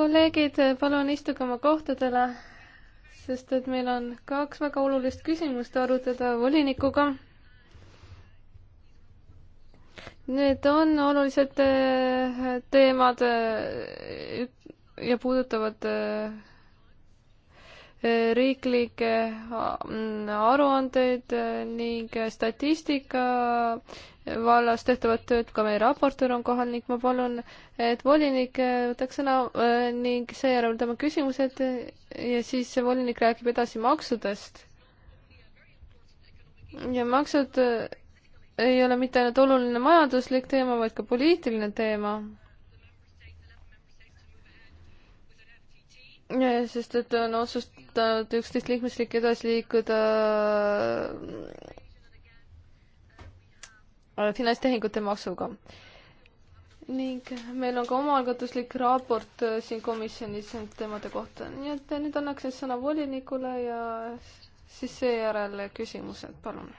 kolleegid, eh, palun istuge oma kohtadele, sest et meil on kaks väga olulist küsimust arutada volinikuga. Need on olulised eh, teemad eh, ja puudutavad riiklikke mm, aruandeid e, ning statistika vallas tehtavat tööd, ka meie raportöör on kohal ning ma palun, et volinik e, võtaks sõna e, ning seejärel tema küsimused ja siis volinik räägib edasi maksudest. ja maksud ei ole mitte ainult oluline majanduslik teema, vaid ka poliitiline teema sest et on otsustanud üksteist liikmesriiki edasi liikuda äh, finantstehingute maksuga. ning meil on ka omaalgatuslik raport äh, siin komisjonis nende teemade kohta, nii et nüüd annaksin sõna volinikule ja siis seejärel küsimused, palun.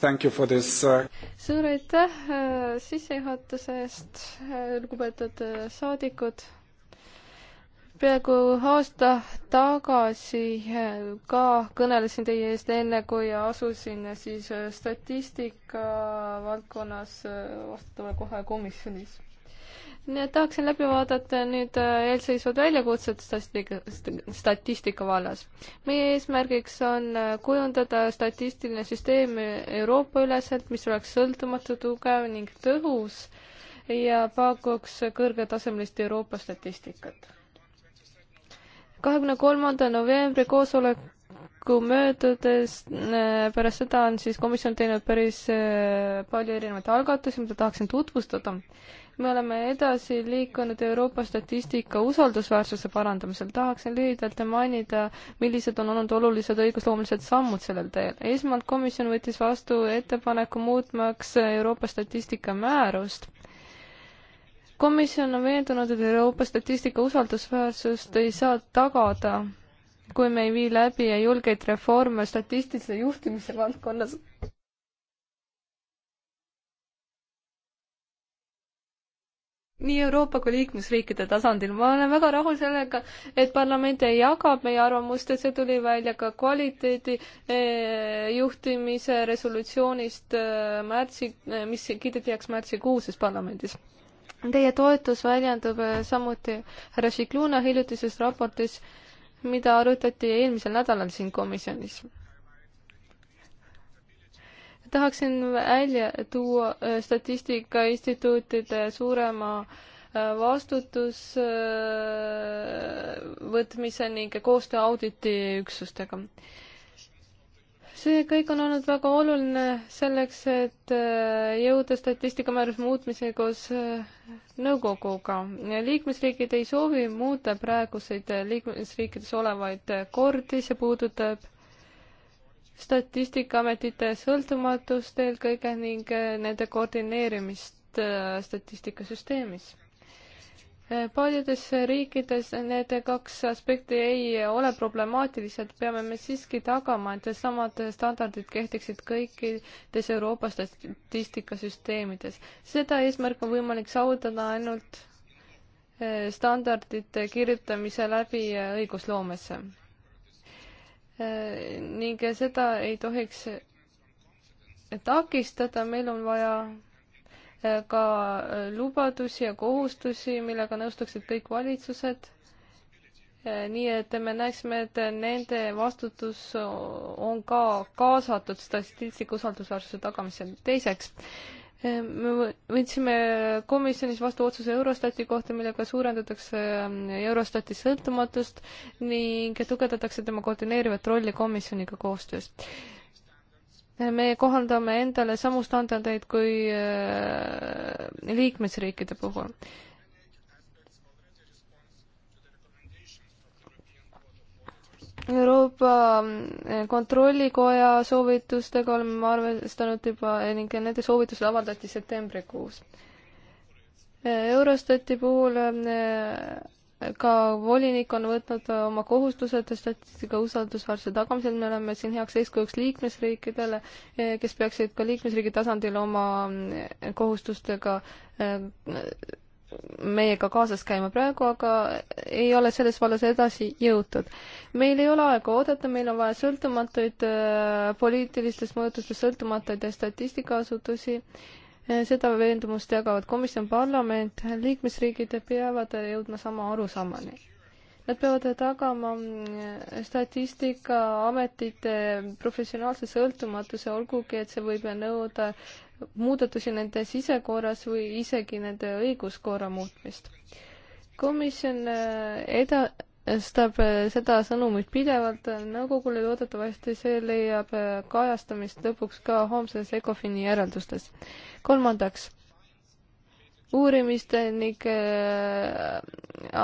Thank you for this uh... suur aitäh äh, sissejuhatuse eest, lugupeetud saadikud peaaegu aasta tagasi eh, ka kõnelesin teie eest enne, kui asusin eh, siis eh, statistika valdkonnas vastutavale kohale komisjonis. nii et tahaksin läbi vaadata nüüd eelseisvad väljakutsed statistika, statistika vallas. meie eesmärgiks on kujundada statistiline süsteem Euroopa üleselt, mis oleks sõltumatu, tugev ning tõhus ja pakuks kõrgetasemelist Euroopa statistikat kahekümne kolmanda novembri koosoleku möödudes, äh, pärast seda on siis komisjon teinud päris äh, palju erinevaid algatusi, mida tahaksin tutvustada. me oleme edasi liikunud Euroopa statistika usaldusväärsuse parandamisel. tahaksin lühidalt mainida, millised on olnud olulised õigusloomelised sammud sellel teel. esmalt komisjon võttis vastu ettepaneku muutmaks Euroopa statistika määrust komisjon on veendunud, et Euroopa statistika usaldusväärsust ei saa tagada, kui me ei vii läbi ja julgeid reforme statistilise juhtimise valdkonnas. nii Euroopa kui liikmesriikide tasandil. ma olen väga rahul sellega, et parlament jagab meie arvamust ja see tuli välja ka kvaliteedi eh, juhtimise resolutsioonist eh, märtsi, eh, mis kiideti heaks märtsikuuses parlamendis Teie toetus väljendub äh, samuti härra Šikluna hiljutises raportis, mida arutati eelmisel nädalal siin komisjonis. tahaksin välja tuua äh, statistika instituutide suurema äh, vastutusvõtmise ning koostöö auditi üksustega see kõik on olnud väga oluline selleks, et äh, jõuda statistikamääruse muutmiseni koos äh, nõukoguga. liikmesriigid ei soovi muuta praeguseid äh, liikmesriikides olevaid kordi, see puudutab statistikaametite sõltumatust eelkõige ning nende koordineerimist statistikasüsteemis paljudes riikides need kaks aspekti ei ole problemaatilised, peame me siiski tagama, et samad standardid kehtiksid kõikides Euroopa statistikasüsteemides. seda eesmärk on võimalik saavutada ainult eh, standardite kirjutamise läbi õigusloomesse. Eh, ning seda ei tohiks takistada, meil on vaja ka äh, lubadusi ja kohustusi, millega nõustuksid kõik valitsused. Äh, nii et me näeksime, et nende vastutus on ka kaasatud statistika usaldusväärsuse tagamisel. teiseks, äh, me võtsime komisjonis vastu otsuse Eurostati kohta, millega suurendatakse Eurostati sõltumatust ning tugevdatakse tema koordineerivat rolli komisjoniga koostöös me kohaldame endale samu standardeid kui äh, liikmesriikide puhul. Euroopa äh, Kontrollikoja soovitustega oleme arvestanud juba ning nende soovitused avaldati septembrikuus. Äh, Eurostati puhul ka volinik on võtnud äh, oma kohustused statistika usaldusväärsuse tagamisel, me oleme siin heaks eeskujuks liikmesriikidele, äh, kes peaksid ka liikmesriigi tasandil oma äh, kohustustega meiega kaasas käima praegu, aga ei ole selles vallas edasi jõutud. meil ei ole aega oodata, meil on vaja sõltumatuid poliitilistest mõjutustest sõltumatuid statistikasutusi Eh, seda veendumust jagavad komisjon, parlament, liikmesriigid peavad jõudma sama arusaamani. Nad peavad tagama mm, statistikaametite professionaalse sõltumatuse, olgugi et see võib nõuda muudatusi nende sisekorras või isegi nende õiguskorra muutmist. komisjon eh, eda-, edastab eh, seda sõnumit pidevalt nõukogule, loodetavasti see leiab eh, kajastamist lõpuks ka homses ECOFIN-i järeldustes. kolmandaks, uurimiste ning eh,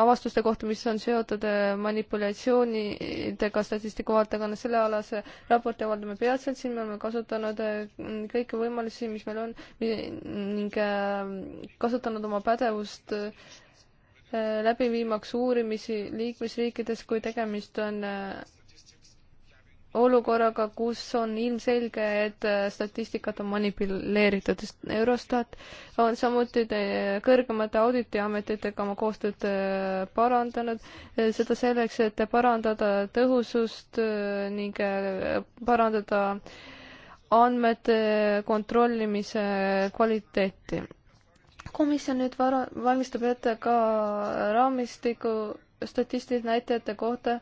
avastuste kohta, mis on seotud manipulatsioonidega statistiku vaatekonna sellealase raporti avaldame peatselt, siin me oleme kasutanud kõiki võimalusi, mis meil on ning kasutanud oma pädevust äh, Äh, läbi viimaks uurimisi liikmesriikides, kui tegemist on äh, olukorraga, kus on ilmselge, et äh, statistikat on manipuleeritud. Eurostat on samuti kõrgemate auditiametitega oma koostööd parandanud, seda selleks, et parandada tõhusust ning parandada andmete kontrollimise kvaliteeti komisjon nüüd vara-, valmistab ette ka raamistiku statistiliste näitajate kohta,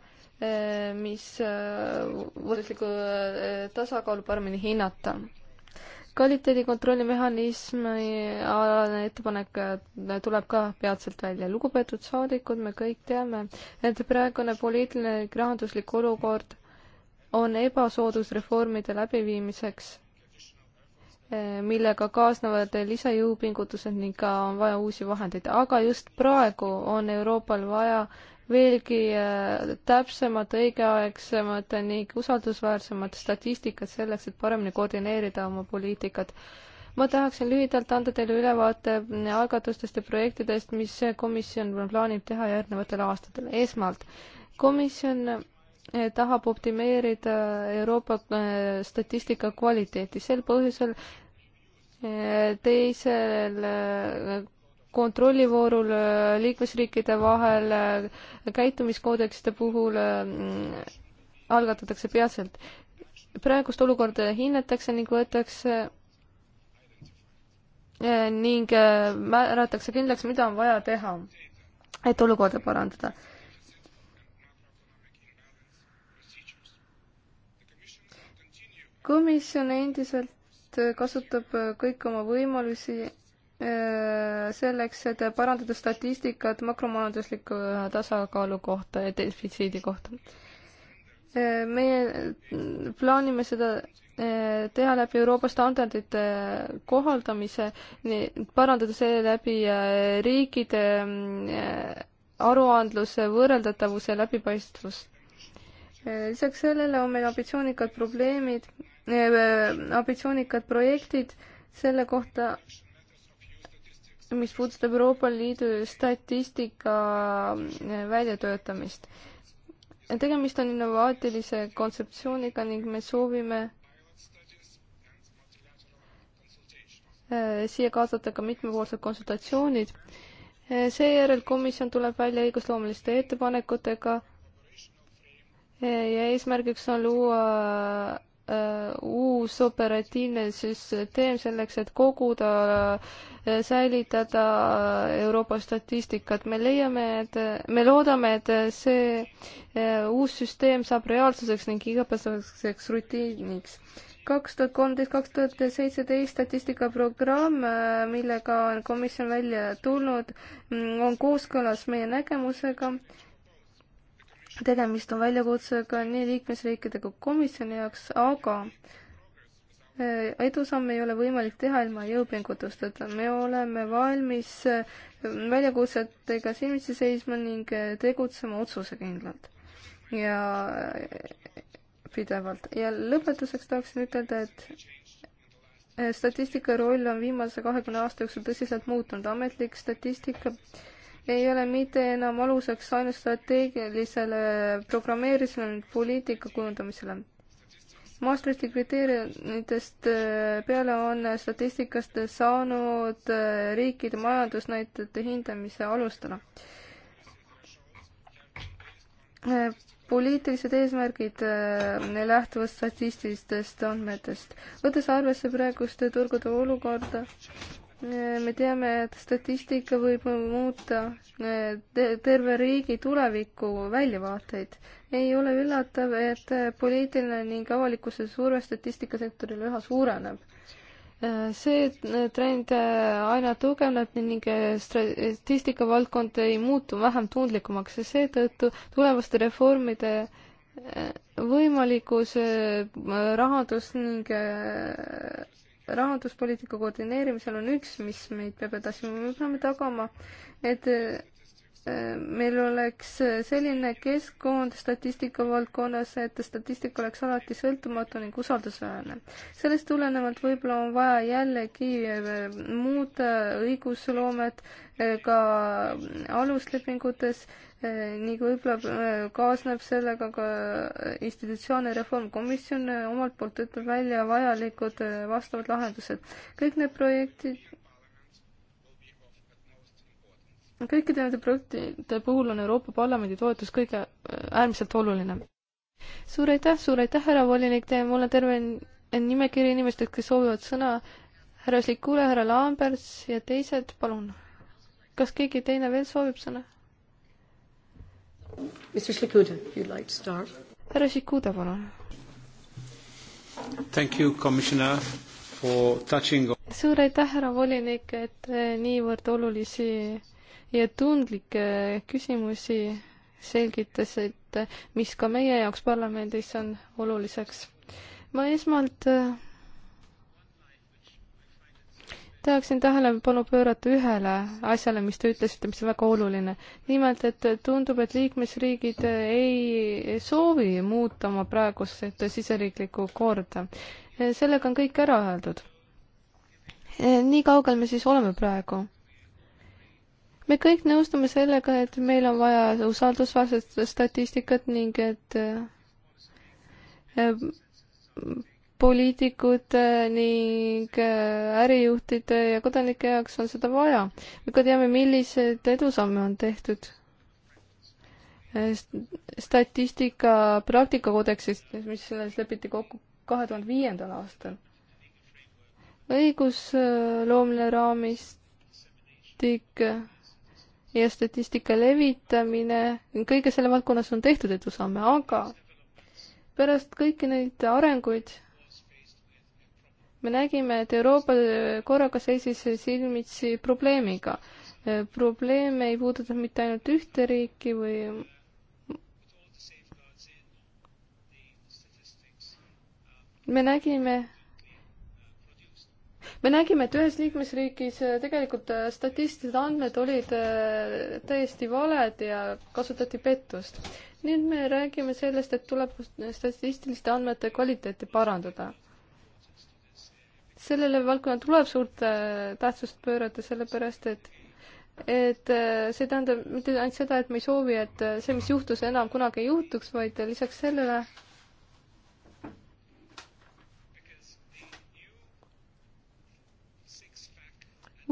eh, mis eh, võrdluslikku eh, tasakaalu paremini hinnata. kvaliteedikontrolli mehhanismi alane ettepanek tuleb ka peatselt välja. lugupeetud saadikud, me kõik teame, et praegune poliitiline ja rahanduslik olukord on ebasoodus reformide läbiviimiseks Eh, millega kaasnevad lisajõupingutused ning ka on vaja uusi vahendeid, aga just praegu on Euroopal vaja veelgi eh, täpsemat, õigeaegsemat ning usaldusväärsemat statistikat selleks, et paremini koordineerida oma poliitikat. ma tahaksin lühidalt anda teile ülevaate mm, algatustest ja projektidest, mis komisjon plaanib teha järgnevatel aastatel. esmalt, komisjon eh, tahab optimeerida Euroopa statistika kvaliteeti. sel põhjusel teisel äh, kontrollivoorul äh, liikmesriikide vahel äh, käitumiskoodeksite puhul algatatakse peatselt. praegust olukorda hinnatakse ning võetakse ning määratakse kindlaks, mida on vaja teha, et olukorda parandada. komisjon endiselt parlament kasutab kõiki oma võimalusi äh, selleks, et parandada statistikat makromajandusliku äh, tasakaalu kohta ja defitsiidi kohta. Äh, meie plaanime seda teha läbi Euroopa standardite kohaldamise, parandada seeläbi riikide aruandluse võrreldatavuse läbipaistvust. lisaks sellele on meil ambitsioonikad probleemid Äh, ambitsioonikad projektid selle kohta, mis puudutab Euroopa Liidu statistika äh, väljatöötamist. tegemist on innovaatilise kontseptsiooniga ning me soovime äh, siia kaasata ka mitmepoolsed konsultatsioonid. seejärel komisjon tuleb välja õigusloomeliste ettepanekutega ja eesmärgiks on luua Äh, uus operatiivne süsteem selleks, et koguda, äh, säilitada äh, Euroopa statistikat. me leiame, et, me loodame, et see uus süsteem saab reaalsuseks ning igapäevaseks rutiiniks kaks tuhat kolmteist, kaks tuhat seitseteist statistikaprogramm, millega on komisjon välja tulnud, mm, on kooskõlas meie nägemusega tegemist on väljakutsega nii liikmesriikide kui komisjoni jaoks, aga äh, edusamme ei ole võimalik teha ilma jõupingutusteta. me oleme valmis äh, väljakutsetega silmitsi seisma ning äh, tegutsema otsusekindlalt ja pidevalt. ja lõpetuseks tahaksin ütelda, et statistika roll on viimase kahekümne aasta jooksul tõsiselt muutunud. ametlik statistika äh, ei ole mitte enam aluseks ainult strateegilisele programmeerimisele, vaid poliitika kujundamisele. Maastrichti kriteeriumitest äh, peale on statistikast saanud äh, riikide majandusnäitajate hindamise alustala. Äh, poliitilised eesmärgid lähtuvad statistilistest andmetest. võttes arvesse praeguste turgude olukorda, me teame, et statistika võib muuta eh, terve riigi tuleviku väljavaateid. ei ole üllatav, et eh, poliitiline ning avalikkuse surve statistikasektorile üha suureneb. Eh, see trend aina tugevneb ning statistika valdkond ei muutu vähem tundlikumaks ja seetõttu tulevaste reformide võimalikkus rahandus ning rahanduspoliitika koordineerimisel on üks, mis meid peab edasi, me peame tagama, et äh, meil oleks selline keskkond statistika valdkonnas, et statistika oleks alati sõltumatu ning usaldusväärne. sellest tulenevalt võib-olla on vaja jällegi äh, muuta õigusloomet äh, ka aluslepingutes ning võib-olla äh, kaasneb sellega ka äh, institutsiooni reform. komisjon äh, omalt poolt ütleb välja vajalikud vastavad lahendused. kõik need projektid, kõikide nende projektide puhul on Euroopa Parlamendi toetus kõige äärmiselt oluline. suur aitäh, suur aitäh, härra volinik, teie, mul on terve nimekiri inimestest, kes soovivad sõna. härra Slikule, härra Lambers ja teised, palun. kas keegi teine veel soovib sõna? härra Šikuda, palun. suur aitäh, härra volinik, et eh, niivõrd olulisi ja tundlikke küsimusi selgitasite, mis ka meie jaoks parlamendis on oluliseks. ma esmalt eh, tahaksin tähelepanu pöörata ühele asjale, mis te ütlesite, mis on väga oluline. nimelt, et tundub, et liikmesriigid ei soovi muuta oma praegust siseriiklikku korda. sellega on kõik ära öeldud. nii kaugel me siis oleme praegu? me kõik nõustume sellega, et meil on vaja usaldusväärset statistikat ning et poliitikute äh, ning äh, ärijuhtide ja kodanike jaoks on seda vaja. me ka teame, milliseid edusamme on tehtud. Äh, statistika praktikakodeksist, mis selles lepiti kokku kahe tuhande viiendal aastal. õigusloomne raamistik ja statistika levitamine, kõige selle valdkonnas on tehtud edusamme, aga pärast kõiki neid arenguid me nägime, et Euroopa korraga seisis silmitsi probleemiga. probleem ei puuduta mitte ainult ühte riiki või me nägime, me nägime, et ühes liikmesriigis tegelikult statistilised andmed olid äh, täiesti valed ja kasutati pettust. nüüd me räägime sellest, et tuleb statistiliste andmete kvaliteeti parandada sellele valdkonnale tuleb suurt äh, tähtsust pöörata, sellepärast et et äh, see tähendab mitte ainult seda, et me ei soovi, et äh, see, mis juhtus, enam kunagi ei juhtuks, vaid lisaks sellele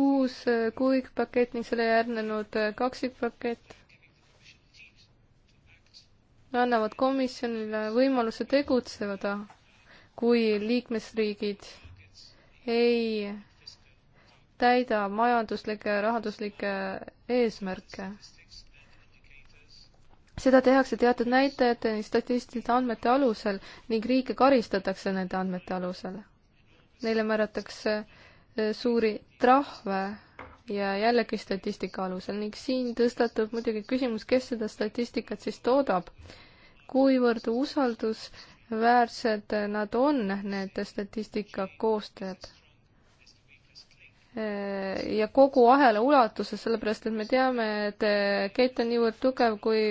uus kuuikpakett ning selle järgnenud kaksikpakett annavad komisjonile võimaluse tegutseda, kui liikmesriigid ei täida majanduslikke ja rahanduslikke eesmärke. seda tehakse teatud näitajate ja statistiliste andmete alusel ning riike karistatakse nende andmete alusel. Neile määratakse eh, suuri trahve ja jällegi statistika alusel ning siin tõstatub muidugi küsimus, kes seda statistikat siis toodab, kuivõrd usaldus äh, väärsed nad on, need statistika koostajad. ja kogu ahela ulatuses, sellepärast et me teame, et Keit on niivõrd tugev, kui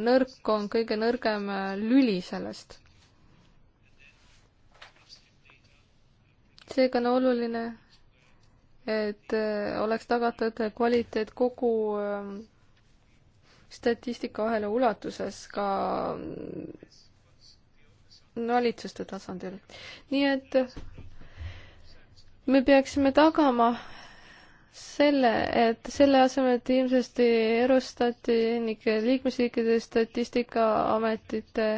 nõrk on kõige nõrgem lüli sellest. seega on oluline, et oleks tagatud kvaliteet kogu ähm, statistika ahela ulatuses ka valitsuste tasandil. nii et me peaksime tagama selle, et selle asemel, et ilmsesti Eurostati ning liikmesriikide statistikaametite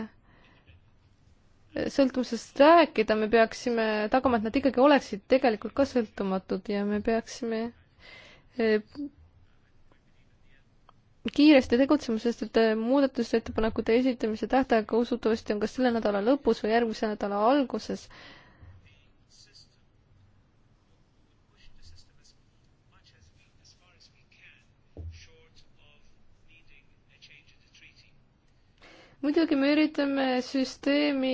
sõltuvusest rääkida, me peaksime tagama, et nad ikkagi oleksid tegelikult ka sõltumatud ja me peaksime kiiresti tegutsema, sest et äh, muudatusettepanekute esitamise tähtaeg usutavasti on kas selle nädala lõpus või järgmise nädala alguses muidugi me üritame süsteemi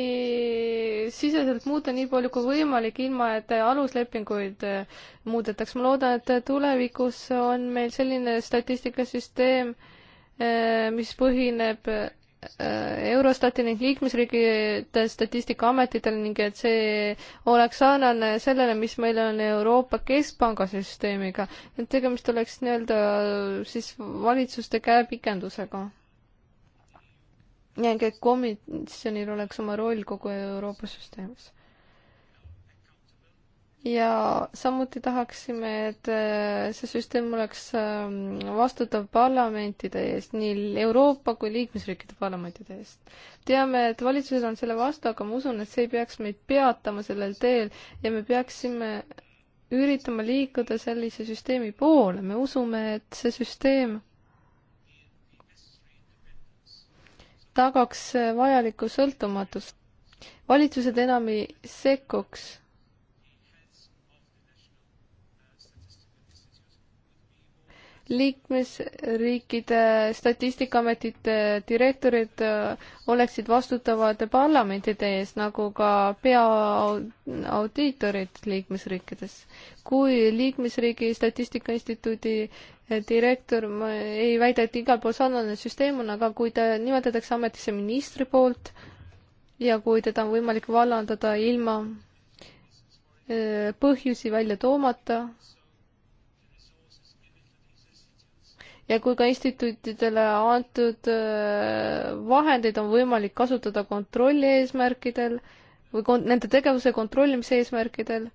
siseselt muuta nii palju kui võimalik, ilma et aluslepinguid äh, muudetaks. ma loodan, et tulevikus on meil selline statistikasüsteem, äh, mis põhineb äh, Eurostati ning liikmesriikide statistikaametitel ning et see oleks sarnane sellele, mis meil on Euroopa Keskpanga süsteemiga. et tegemist oleks nii-öelda siis valitsuste käepikendusega ning et komisjonil oleks oma roll kogu Euroopa süsteemis. ja samuti tahaksime, et äh, see süsteem oleks ähm, vastutav parlamentide eest, nii Euroopa kui liikmesriikide parlamentide eest. teame, et valitsused on selle vastu, aga ma usun, et see ei peaks meid peatama sellel teel ja me peaksime üritama liikuda sellise süsteemi poole, me usume, et see süsteem tagaks vajaliku sõltumatuse. valitsused enam ei sekkuks liikmesriikide statistikaametite direktorid äh, oleksid vastutavad parlamentide ees, nagu ka peaaudiitorid liikmesriikides. kui liikmesriigi statistikainstituudi äh, direktor, ma ei väida, et igal pool sarnane süsteem on, aga kui ta nimetatakse ametisse ministri poolt ja kui teda on võimalik vallandada ilma äh, põhjusi välja toomata, ja kui ka instituutidele antud äh, vahendeid on võimalik kasutada kontrolli eesmärkidel või kon-, nende tegevuse kontrollimise eesmärkidel,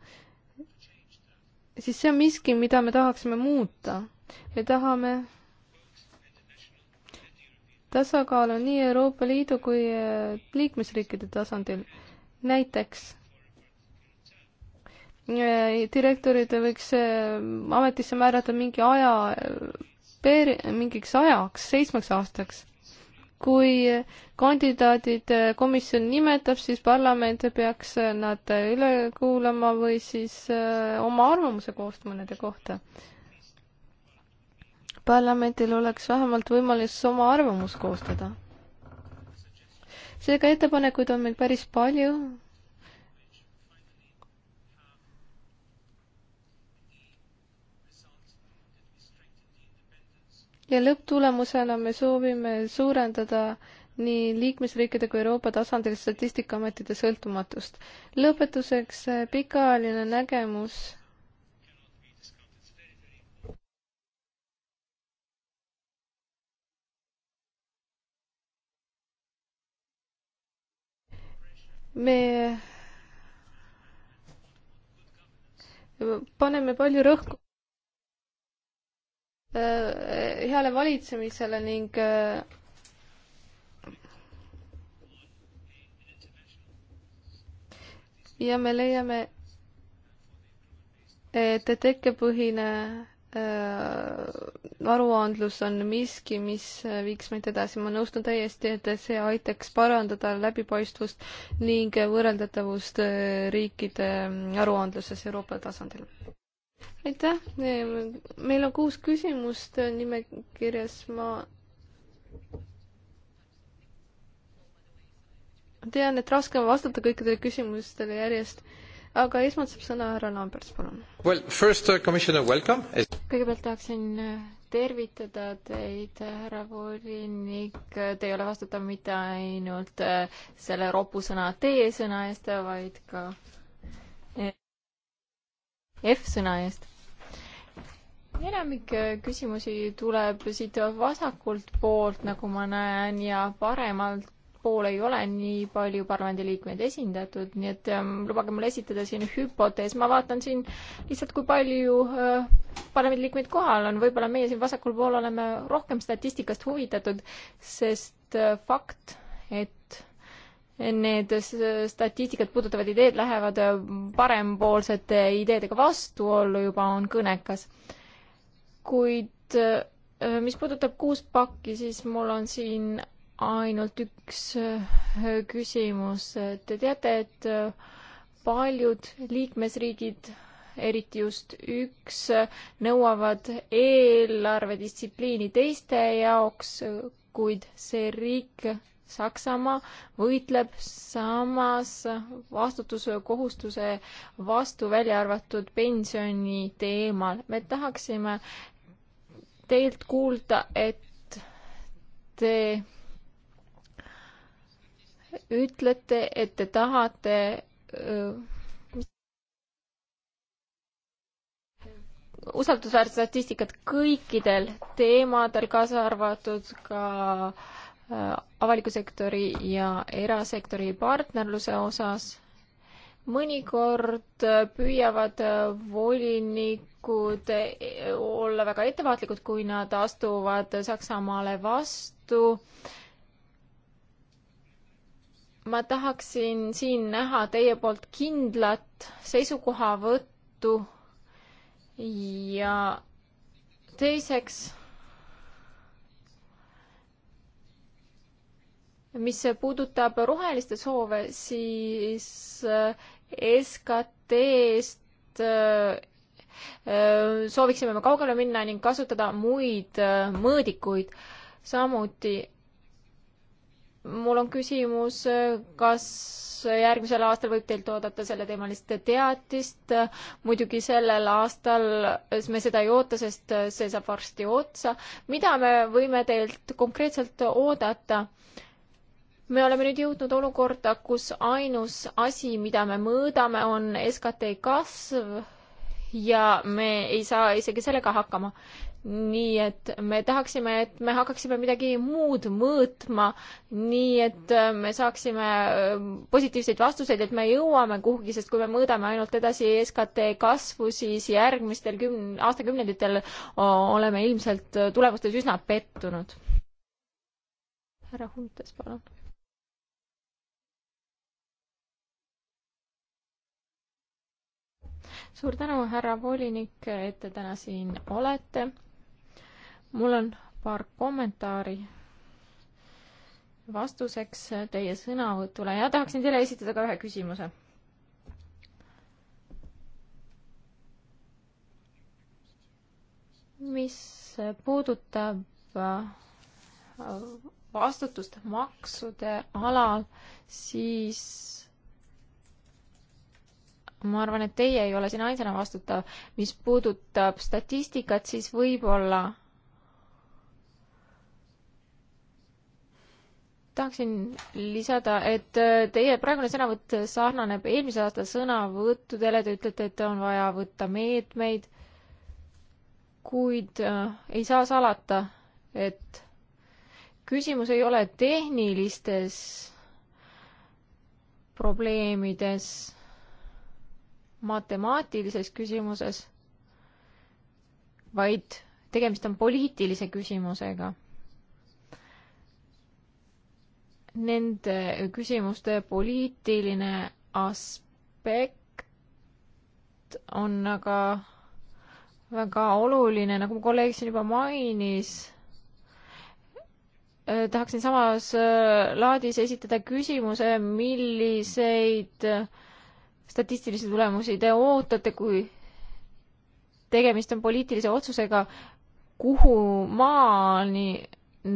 siis see on miski, mida me tahaksime muuta. me tahame tasakaalu nii Euroopa Liidu kui äh, liikmesriikide tasandil. näiteks äh, direktorid võiks ametisse määrata mingi aja peeri-, mingiks ajaks, seitsmeks aastaks. kui kandidaadid äh, komisjon nimetab, siis parlament peaks äh, nad üle kuulama või siis äh, oma arvamuse koostama nende kohta. parlamendil oleks vähemalt võimalus oma arvamus koostada. seega ettepanekuid on meil päris palju ja lõpptulemusena me soovime suurendada nii liikmesriikide kui Euroopa tasandil Statistikaametite sõltumatust. lõpetuseks eh, pikaajaline nägemus me paneme palju rõhku Äh, heale valitsemisele ning äh, ja me leiame, et tekkepõhine äh, aruandlus on miski, mis viiks meid edasi. ma nõustun täiesti, et see aitaks parandada läbipaistvust ning võrreldatavust riikide aruandluses Euroopa tasandil aitäh, meil on kuus küsimust nimekirjas, ma tean, et raske on vastata kõikidele küsimustele järjest, aga esmalt saab sõna härra Lamberts, palun well,. Uh, kõigepealt tahaksin uh, tervitada teid, härra volinik, te ei ole vastutav mitte ainult uh, selle ropusõna T-sõna eest, vaid ka F-sõna eest. enamik äh, küsimusi tuleb siit vasakult poolt, nagu ma näen, ja paremalt pool ei ole nii palju parlamendiliikmeid esindatud, nii et ähm, lubage mul esitada siin hüpotees, ma vaatan siin lihtsalt, kui palju äh, parlamendiliikmeid kohal on, võib-olla meie siin vasakul pool oleme rohkem statistikast huvitatud, sest äh, fakt, et need statistikat puudutavad ideed lähevad äh, parempoolsete ideedega vastuollu juba, on kõnekas. kuid äh, mis puudutab kuus pakki, siis mul on siin ainult üks äh, küsimus. Te teate, et paljud liikmesriigid eriti just üks, nõuavad eelarvedistsipliini teiste jaoks, kuid see riik Saksamaa võitleb samas vastutuskohustuse vastu, välja arvatud pensioni teemal. me tahaksime teilt kuulda, et te ütlete, et te tahate öö, usaldusväärset statistikat kõikidel teemadel, kaasa arvatud ka äh, Äh, avaliku sektori ja erasektori partnerluse osas. mõnikord püüavad volinikud olla väga ettevaatlikud, kui nad astuvad Saksamaale vastu. ma tahaksin siin näha teie poolt kindlat seisukohavõttu ja teiseks mis puudutab roheliste soove, siis äh, SKT-st äh, äh, sooviksime me kaugele minna ning kasutada muid mõõdikuid. samuti mul on küsimus, kas järgmisel aastal võib teilt oodata selleteemalist teatist. muidugi sellel aastal me seda ei oota, sest see saab varsti otsa. mida me võime teilt konkreetselt oodata? me oleme nüüd jõudnud olukorda, kus ainus asi, mida me mõõdame, on SKT kasv ja me ei saa isegi sellega hakkama. nii et me tahaksime, et me hakkaksime midagi muud mõõtma, nii et me saaksime äh, positiivseid vastuseid, et me jõuame kuhugi, sest kui me mõõdame ainult edasi SKT kasvu, siis järgmistel kümn-, aastakümnenditel oleme ilmselt tulemustes üsna pettunud. härra Huntes, palun suur tänu, härra volinik, et te täna siin olete. mul on paar kommentaari vastuseks teie sõnavõtule ja tahaksin teile esitada ka ühe küsimuse. mis puudutab äh, vastutust maksude alal, siis ma arvan, et teie ei ole siin ainsana vastutav. mis puudutab statistikat, siis võib-olla tahaksin lisada, et äh, teie praegune sõnavõtt sarnaneb eelmise aasta sõnavõttudele, te ütlete, et on vaja võtta meetmeid, kuid äh, ei saa salata, et küsimus ei ole tehnilistes probleemides matemaatilises küsimuses, vaid tegemist on poliitilise küsimusega. Nende küsimuste poliitiline aspekt on aga väga oluline, nagu mu kolleeg siin juba mainis äh, tahaksin samas äh, laadis esitada küsimuse, milliseid äh, statistilisi tulemusi te ootate, kui tegemist on poliitilise otsusega, kuhu maani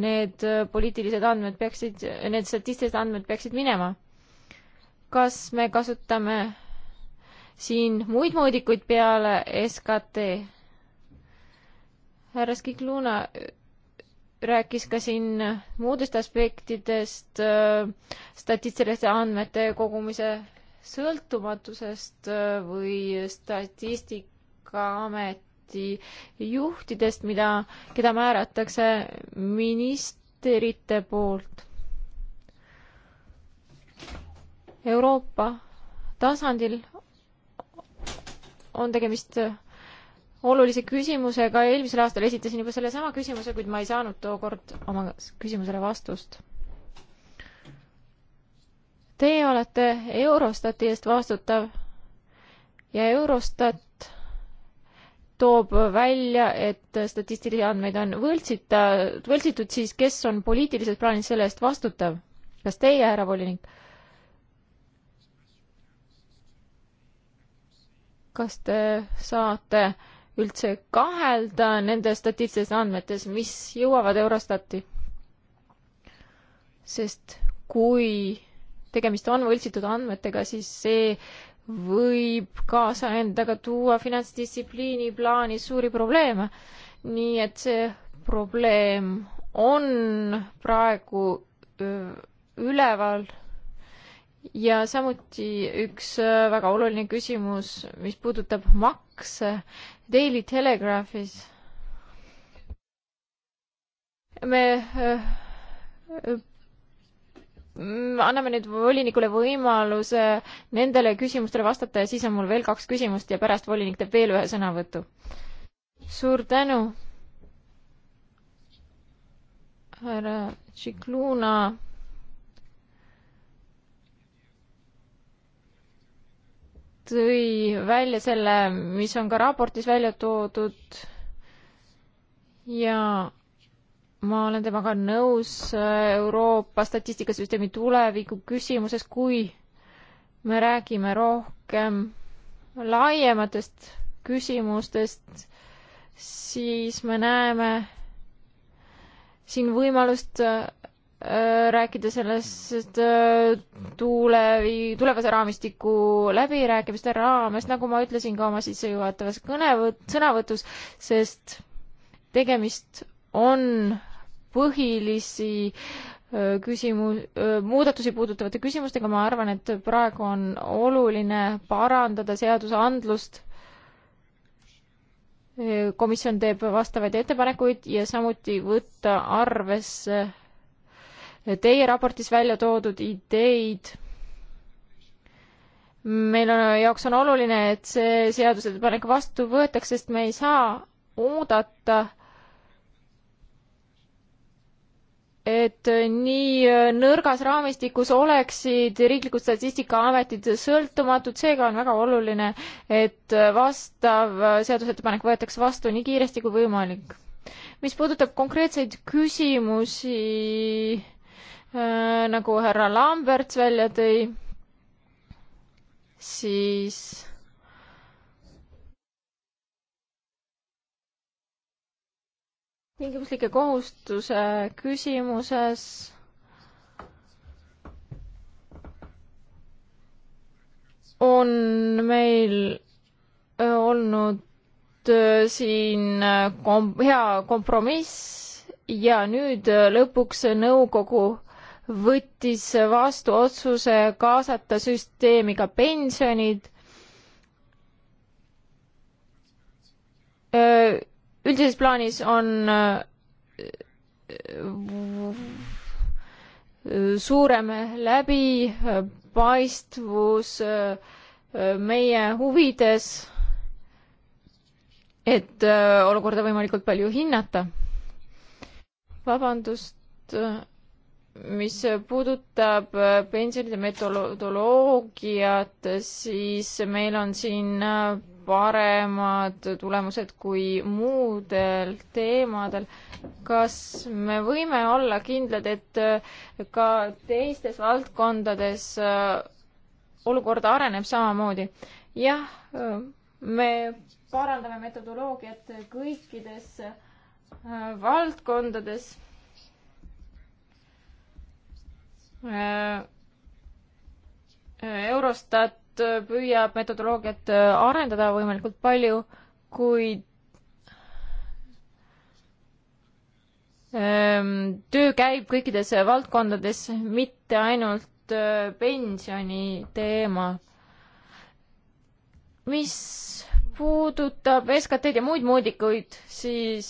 need poliitilised andmed peaksid, need statistilised andmed peaksid minema? kas me kasutame siin muid mõõdikuid peale SKT? härra Skikluna rääkis ka siin muudest aspektidest äh, statistiliste andmete kogumise sõltumatusest äh, või Statistikaameti juhtidest, mida, keda määratakse ministrite poolt. Euroopa tasandil on tegemist olulise küsimusega, eelmisel aastal esitasin juba sellesama küsimuse, kuid ma ei saanud tookord oma küsimusele vastust Teie olete Eurostati eest vastutav ja Eurostat toob välja, et statistilisi andmeid on võltsita, võltsitud, siis kes on poliitilises plaanis selle eest vastutav? kas teie, härra volinik? kas te saate üldse kahelda nendes statistilistes andmetes, mis jõuavad Eurostati? sest kui tegemist on võltsitud andmetega, siis see võib kaasa endaga tuua finantsdistsipliini plaanis suuri probleeme. nii et see probleem on praegu üleval ja samuti üks väga oluline küsimus, mis puudutab makse Daily Telegraphis. me Mm, anname nüüd volinikule võimaluse nendele küsimustele vastata ja siis on mul veel kaks küsimust ja pärast volinik teeb veel ühe sõnavõtu. suur tänu. härra Tšikluna. tõi välja selle, mis on ka raportis välja toodud ja ma olen temaga nõus äh, Euroopa statistikasüsteemi tuleviku küsimuses, kui me räägime rohkem laiematest küsimustest, siis me näeme siin võimalust äh, rääkida sellest äh, tuule, tulevase raamistiku läbirääkimiste raames, nagu ma ütlesin ka oma sissejuhatavas kõnevõt-, sõnavõtus, sest tegemist on põhilisi küsimus, muudatusi puudutavate küsimustega, ma arvan, et praegu on oluline parandada seadusandlust. komisjon teeb vastavaid ettepanekuid ja samuti võtta arvesse teie raportis välja toodud ideid. meil on, jaoks on oluline, et see seadusettepanek vastu võetakse, sest me ei saa oodata äh, et nii nõrgas raamistikus oleksid riiklikud statistikaametid sõltumatud, seega on väga oluline, et vastav seadusettepanek võetakse vastu nii kiiresti kui võimalik. mis puudutab konkreetseid küsimusi äh,, nagu härra Lamberts välja tõi, siis tingimuslike kohustuse küsimuses on meil äh, olnud äh, siin äh, kom-, hea kompromiss ja nüüd lõpuks nõukogu võttis vastu otsuse kaasata süsteemi ka pensionid üldises plaanis on äh, äh, suurem läbipaistvus äh, meie huvides, et olukorda võimalikult palju hinnata. vabandust, mis puudutab pensionide metodoloogiat, siis meil on siin paremad tulemused kui muudel teemadel. kas me võime olla kindlad, et äh, ka teistes valdkondades äh, olukord areneb samamoodi? jah, äh, me parandame metodoloogiat kõikides valdkondades Eurostat loomulikult äh, püüab metodoloogiat äh, arendada võimalikult palju, kuid ähm, töö käib kõikides valdkondades, mitte ainult äh, pensioni teemal. mis puudutab SKT-d ja muid moodikuid, siis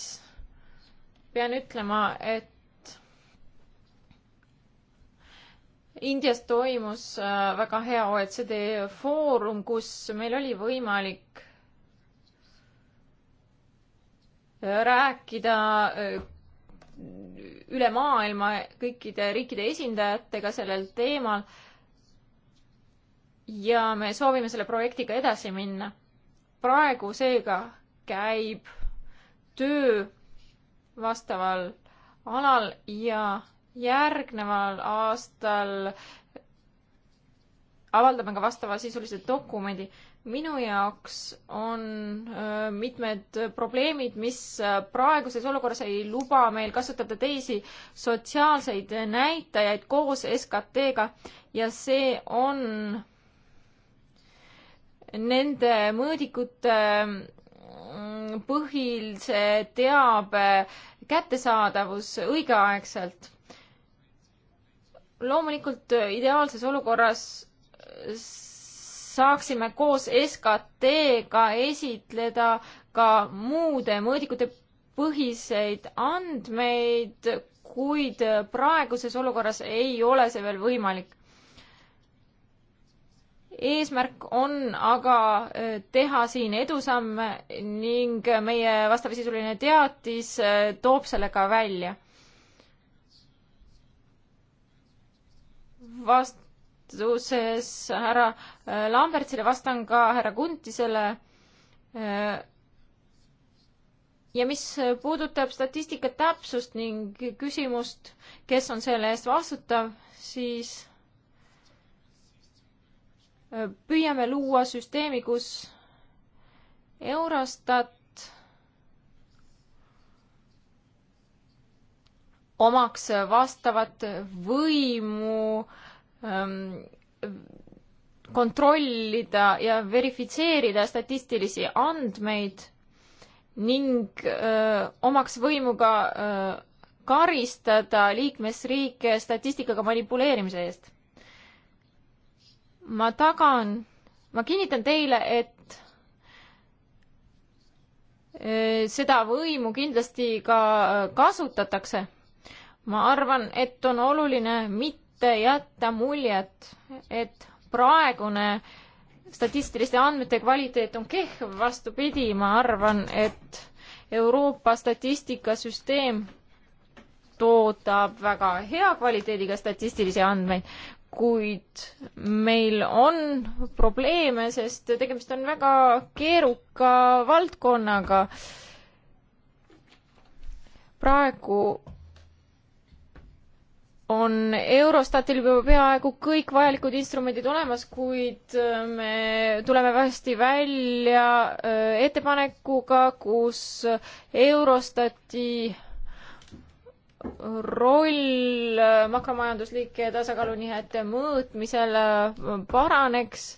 pean ütlema, et Indias toimus äh, väga hea OECD foorum, kus meil oli võimalik äh, rääkida äh, üle maailma kõikide riikide esindajatega sellel teemal. ja me soovime selle projektiga edasi minna. praegu seega käib töö vastaval alal ja järgneval aastal avaldame ka vastavasisulise dokumendi. minu jaoks on äh, mitmed probleemid, mis äh, praeguses olukorras ei luba meil kasutada teisi sotsiaalseid näitajaid koos SKT-ga ja see on nende mõõdikute mm, põhilise teabe kättesaadavus õigeaegselt loomulikult ideaalses olukorras saaksime koos SKT-ga esitleda ka muude mõõdikute põhiseid andmeid, kuid praeguses olukorras ei ole see veel võimalik. eesmärk on aga äh, teha siin edusamme ning meie vastavasisuline teatis äh, toob selle ka välja vastuses härra äh, Lambertsile, vastan ka härra Kuntisele äh, ja mis puudutab statistika täpsust ning küsimust, kes on selle eest vastutav, siis äh, püüame luua süsteemi, kus Eurostat omaks vastavat võimu äh, Ähm, kontrollida ja verifitseerida statistilisi andmeid ning öö, äh, omaks võimu ka öö, äh, karistada liikmesriike statistikaga manipuleerimise eest. ma tagan, ma kinnitan teile, et öö, äh, seda võimu kindlasti ka kasutatakse. ma arvan, et on oluline mitte jätta muljet, et praegune statistiliste andmete kvaliteet on kehv, vastupidi, ma arvan, et Euroopa statistikasüsteem toodab väga hea kvaliteediga statistilisi andmeid, kuid meil on probleeme, sest tegemist on väga keeruka valdkonnaga. praegu on Eurostatil juba peaaegu kõik vajalikud instrumendid olemas, kuid äh, me tuleme varsti välja äh, ettepanekuga, kus Eurostati roll äh, makromajanduslike tasakaalunihete mõõtmisel paraneks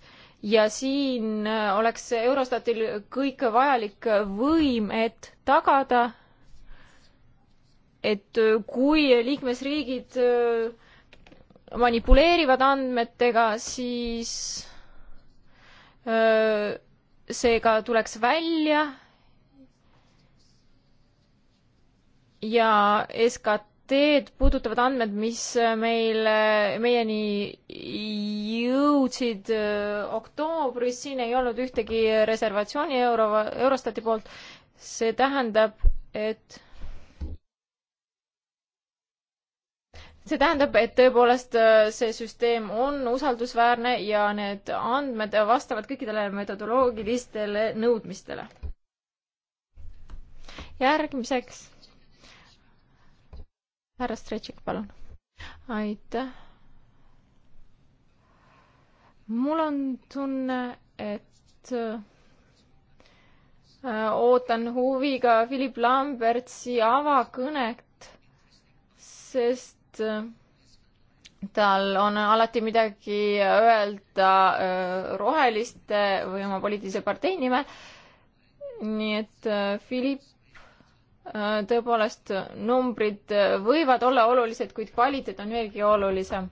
ja siin oleks Eurostatil kõik vajalik võim, et tagada et äh, kui liikmesriigid äh, manipuleerivad andmetega, siis äh, seega tuleks välja ja SKT-d puudutavad andmed, mis meile, meieni jõudsid oktoobris, siin ei olnud ühtegi reservatsiooni euro, Eurostati poolt. see tähendab, et see tähendab, et tõepoolest äh, see süsteem on usaldusväärne ja need andmed vastavad kõikidele metodoloogilistele nõudmistele. järgmiseks härra Stretšik, palun. aitäh. mul on tunne, et äh, ootan huviga Philip Lambertsi avakõnet, sest Äh, tal on alati midagi öelda äh, roheliste või oma poliitilise partei nimel. nii et äh, Philipp, tõepoolest numbrid võivad olla olulised, kuid kvaliteet on veelgi olulisem.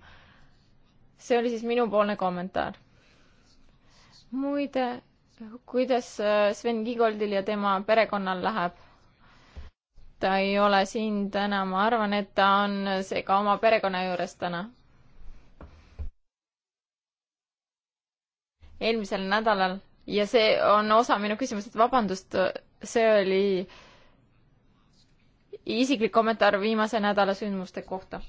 see oli siis minupoolne kommentaar. muide, kuidas Sven Kiigoldil ja tema perekonnal läheb? ta ei ole siin täna, ma arvan, et ta on seega oma perekonna juures täna. eelmisel nädalal ja see on osa minu küsimusest, vabandust, see oli isiklik kommentaar viimase nädala sündmuste kohta.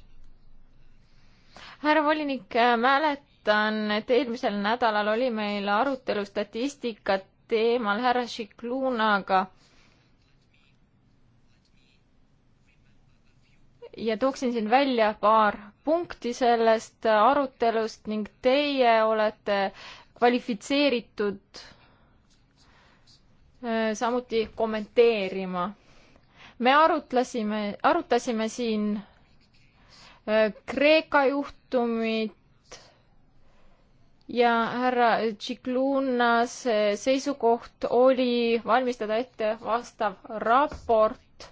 härra volinik, äh, mäletan, et eelmisel nädalal oli meil arutelu statistika teemal härra Šiklunaga ja tooksin siin välja paar punkti sellest arutelust ning teie olete kvalifitseeritud äh, samuti kommenteerima. me arutlesime, arutasime siin äh, Kreeka juhtumit ja härra Tšiklunas seisukoht oli valmistada ette vastav raport,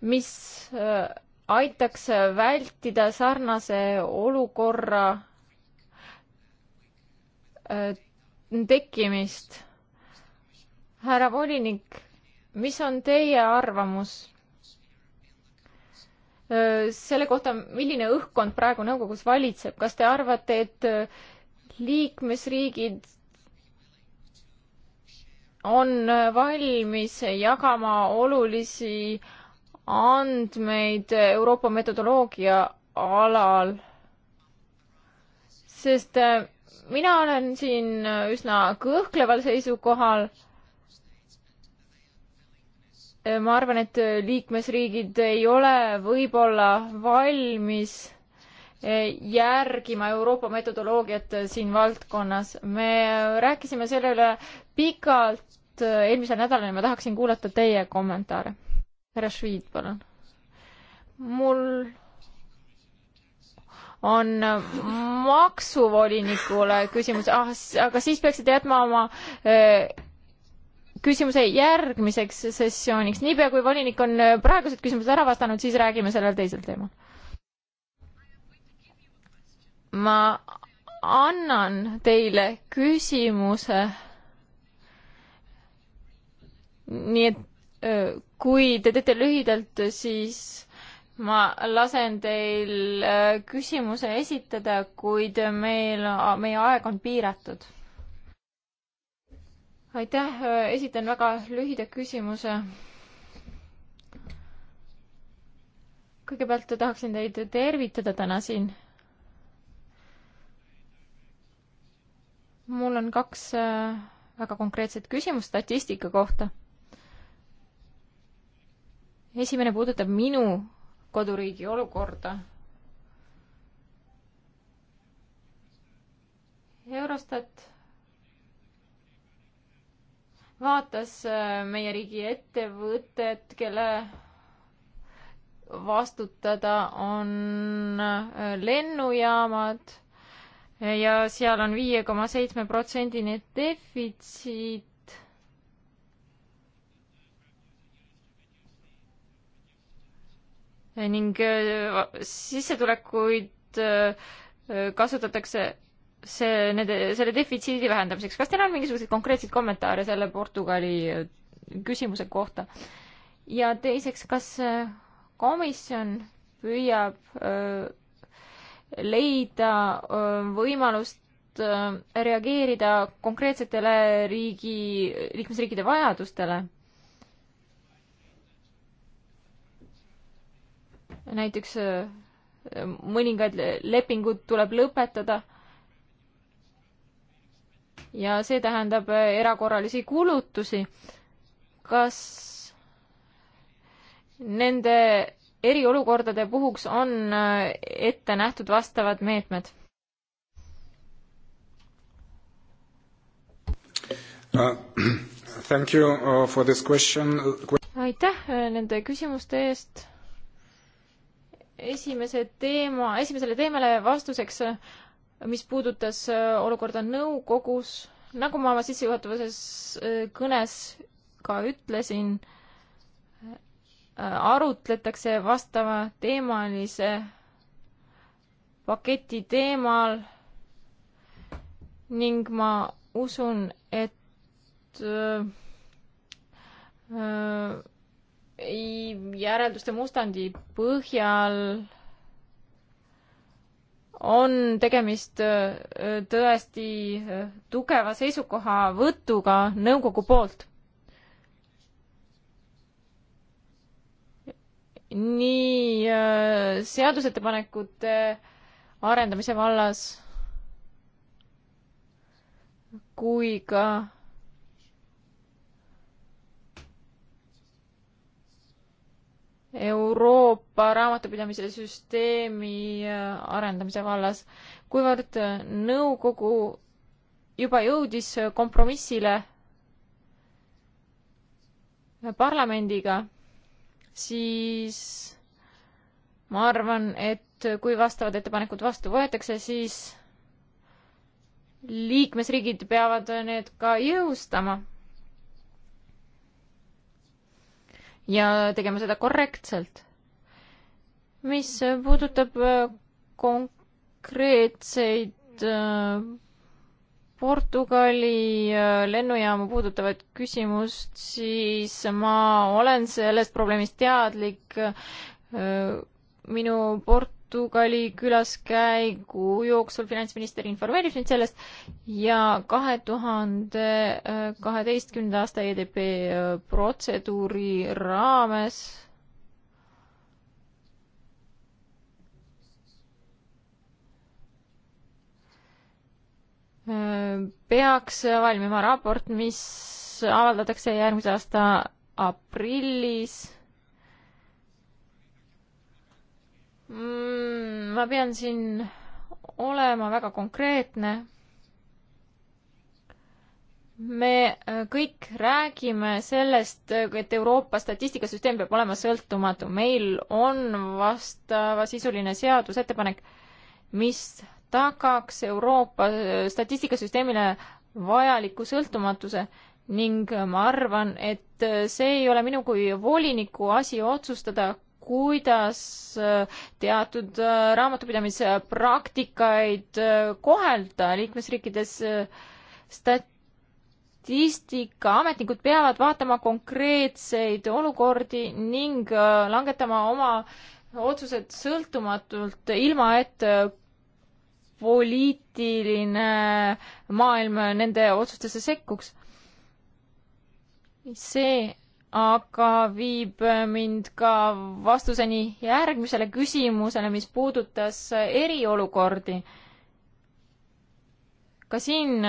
mis äh, aitaks vältida sarnase olukorra äh, tekkimist. härra volinik, mis on teie arvamus äh, selle kohta, milline õhkkond praegu nõukogus valitseb, kas te arvate, et äh, liikmesriigid on valmis jagama olulisi äh, andmeid Euroopa metodoloogia alal, sest äh, mina olen siin üsna kõhkleval seisukohal. Äh, ma arvan, et liikmesriigid ei ole võib-olla valmis äh, järgima Euroopa metodoloogiat siin valdkonnas. me rääkisime selle üle pikalt eelmisel nädalal ja ma tahaksin kuulata teie kommentaare härra Šviit, palun. mul on maksuvolinikule küsimus ah,, aga siis peaksite jätma oma öö, äh, küsimuse järgmiseks sessiooniks. niipea kui volinik on äh, praegused küsimused ära vastanud, siis räägime sellel teisel teemal. ma annan teile küsimuse. nii et äh, kui te teete lühidalt, siis ma lasen teil äh, küsimuse esitada, kuid meil, äh, meie aeg on piiratud. aitäh, äh, esitan väga lühida küsimuse. kõigepealt tahaksin teid tervitada täna siin. mul on kaks väga konkreetset küsimust statistika kohta esimene puudutab minu koduriigi olukorda. Eurostat vaatas äh, meie riigi ettevõtet, kelle vastutada on äh, lennujaamad ja seal on viie koma seitsme protsendine defitsiit ning äh, sissetulekuid äh, kasutatakse see, nende, selle defitsiidi vähendamiseks. kas teil on mingisuguseid konkreetseid kommentaare selle Portugali äh, küsimuse kohta? ja teiseks, kas komisjon püüab öö, leida öö, võimalust öö, reageerida konkreetsetele riigi, liikmesriikide vajadustele? näiteks äh, mõningad lepingud tuleb lõpetada. ja see tähendab äh, erakorralisi kulutusi. kas nende eriolukordade puhuks on äh, ette nähtud vastavad meetmed? Uh, thank you uh, for this question. aitäh nende küsimuste eest esimese teema, esimesele teemale vastuseks, mis puudutas äh, olukorda nõukogus, nagu ma oma sissejuhatuses äh, kõnes ka ütlesin, äh, arutletakse vastava teemalise paketi teemal ning ma usun, et öö, öö, järelduste mustandi põhjal on tegemist äh, tõesti äh, tugeva seisukohavõtuga nõukogu poolt. nii äh, seadusettepanekute arendamise vallas kui ka Euroopa raamatupidamise süsteemi äh, arendamise vallas. kuivõrd äh, nõukogu juba jõudis äh, kompromissile parlamendiga, siis ma arvan, et kui vastavad ettepanekud vastu võetakse, siis liikmesriigid peavad need ka jõustama ja tegema seda korrektselt. mis puudutab äh, konkreetseid äh, Portugali äh, lennujaamu puudutavat küsimust, siis ma olen sellest probleemist teadlik. minu port-, Portugali külaskäigu jooksul finantsminister informeerib mind sellest ja kahe tuhande kaheteistkümnenda aasta EDP äh, protseduuri raames äh, peaks valmima raport, mis avaldatakse järgmise aasta aprillis mm,? ma pean siin olema väga konkreetne. me äh, kõik räägime sellest, et Euroopa statistikasüsteem peab olema sõltumatu. meil on vastavasisuline seadusettepanek, mis tagaks Euroopa äh, statistikasüsteemile vajaliku sõltumatuse ning ma arvan, et äh, see ei ole minu kui voliniku asi otsustada, kuidas äh, teatud äh, raamatupidamise praktikaid äh, kohelda liikmesriikides stat-, statistikaametnikud peavad vaatama konkreetseid olukordi ning langetama oma otsused sõltumatult, ilma et poliitiline maailm nende otsustesse sekkuks. see aga viib mind ka vastuseni järgmisele küsimusele, mis puudutas eriolukordi. ka siin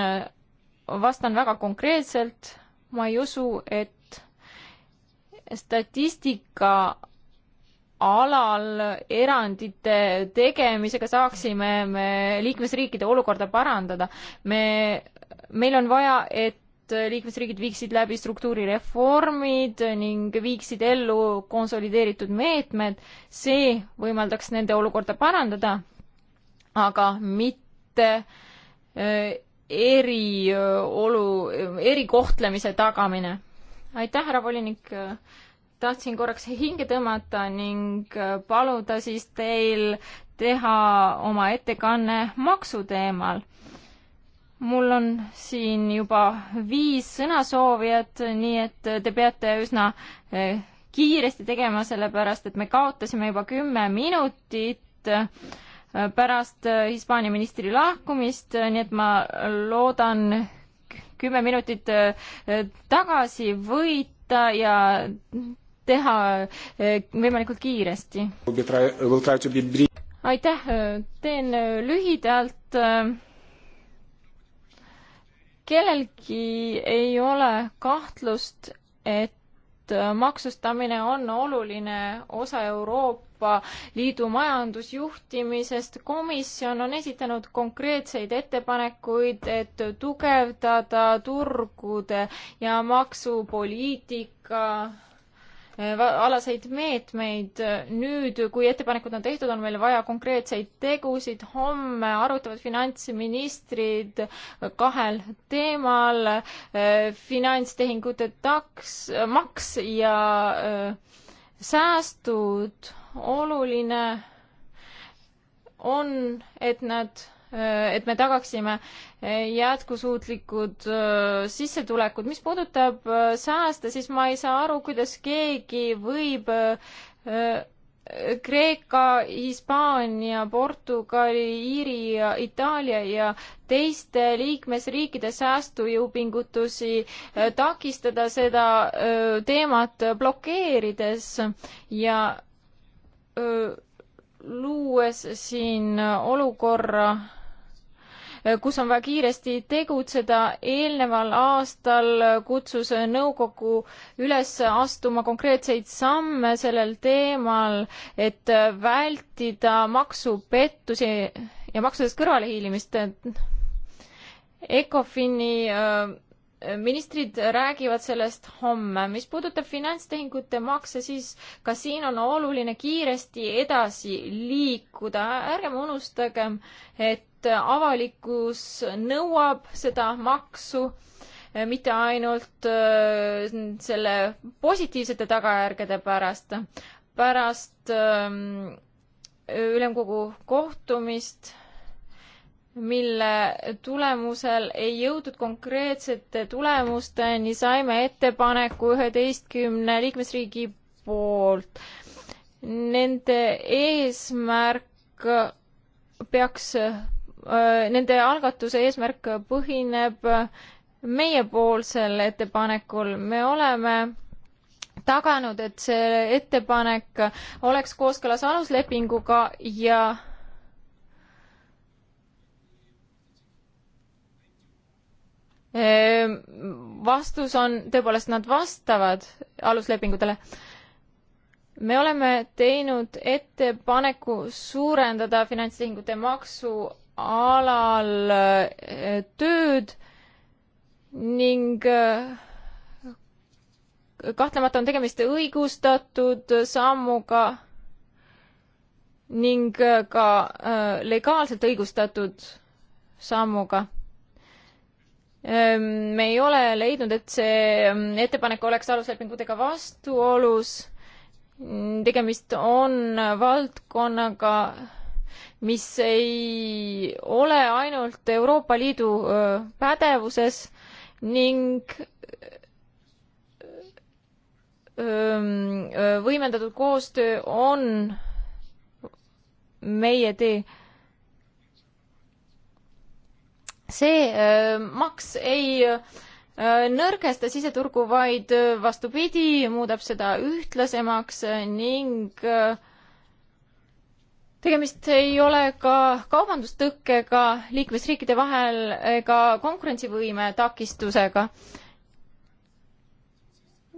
vastan väga konkreetselt, ma ei usu, et statistika alal erandite tegemisega saaksime me liikmesriikide olukorda parandada. me, meil on vaja, et et liikmesriigid viiksid läbi struktuurireformid ning viiksid ellu konsolideeritud meetmed, see võimaldaks nende olukorda parandada, aga mitte äh, eriolu, äh, erikohtlemise tagamine. aitäh, härra volinik, tahtsin korraks hinge tõmmata ning äh, paluda siis teil teha oma ettekanne maksuteemal mul on siin juba viis sõnasoovijat, nii et te peate üsna eh, kiiresti tegema, sellepärast et me kaotasime juba kümme minutit eh, pärast eh, Hispaania ministri lahkumist, nii et ma loodan kümme minutit tagasi võita ja teha võimalikult kiiresti. aitäh, teen lühidalt kellelgi ei ole kahtlust, et äh, maksustamine on oluline osa Euroopa Liidu majandusjuhtimisest. komisjon on esitanud konkreetseid ettepanekuid, et tugevdada turgude ja maksupoliitika Äh, alaseid meetmeid. nüüd, kui ettepanekud on tehtud, on meil vaja konkreetseid tegusid. homme arutavad finantsministrid kahel teemal äh, finantstehingute taks, maks ja äh, säästud. oluline on, et nad Äh, et me tagaksime äh, jätkusuutlikud äh, sissetulekud. mis puudutab sääste, siis ma ei saa aru, kuidas keegi võib Kreeka, Hispaania, Portugali, Iiri, Itaalia ja teiste liikmesriikide säästujõupingutusi takistada seda teemat blokeerides ja luues siin olukorra kus on vaja kiiresti tegutseda. eelneval aastal kutsus nõukogu üles astuma konkreetseid samme sellel teemal, et vältida maksupettusi ja maksudest kõrvalehiilimist. ECOFIN-i äh, ministrid räägivad sellest homme. mis puudutab finantstehingute makse, siis ka siin on oluline kiiresti edasi liikuda. ärgem unustagem, et avalikkus nõuab seda maksu eh, mitte ainult eh, selle positiivsete tagajärgede pärast. pärast ehm, ülemkogu kohtumist mille tulemusel ei jõudnud konkreetsete tulemusteni, saime ettepaneku üheteistkümne liikmesriigi poolt. Nende eesmärk peaks, nende algatuse eesmärk põhineb meiepoolsel ettepanekul, me oleme taganud, et see ettepanek oleks kooskõlas aluslepinguga ja Ehm, vastus on, tõepoolest nad vastavad aluslepingutele. me oleme teinud ettepaneku suurendada finantstehingute maksu alal eh, tööd ning eh, kahtlemata on tegemist õigustatud sammuga ning eh, ka legaalselt õigustatud sammuga Ehm, me ei ole leidnud, et see ehm, ettepanek oleks aluslepingutega vastuolus. Mm, tegemist on valdkonnaga, mis ei ole ainult Euroopa Liidu pädevuses ning võimendatud koostöö on meie tee see äh, maks ei äh, nõrgesta siseturgu, vaid äh, vastupidi, muudab seda ühtlasemaks ning tegemist ei ole ka kaubandustõkkega liikmesriikide vahel ega konkurentsivõime takistusega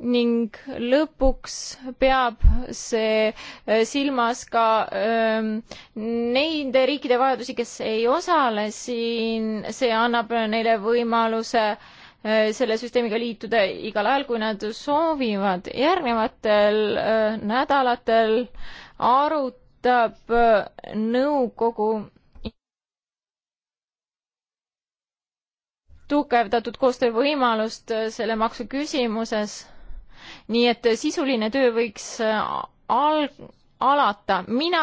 ning lõpuks peab see äh, silmas ka ähm, nende riikide vajadusi, kes ei osale siin, see annab neile võimaluse äh, selle süsteemiga liituda igal ajal, kui nad soovivad. järgnevatel äh, nädalatel arutab nõukogu tugevdatud koostöövõimalust selle maksu küsimuses nii et äh, sisuline töö võiks äh, alg-, alata. mina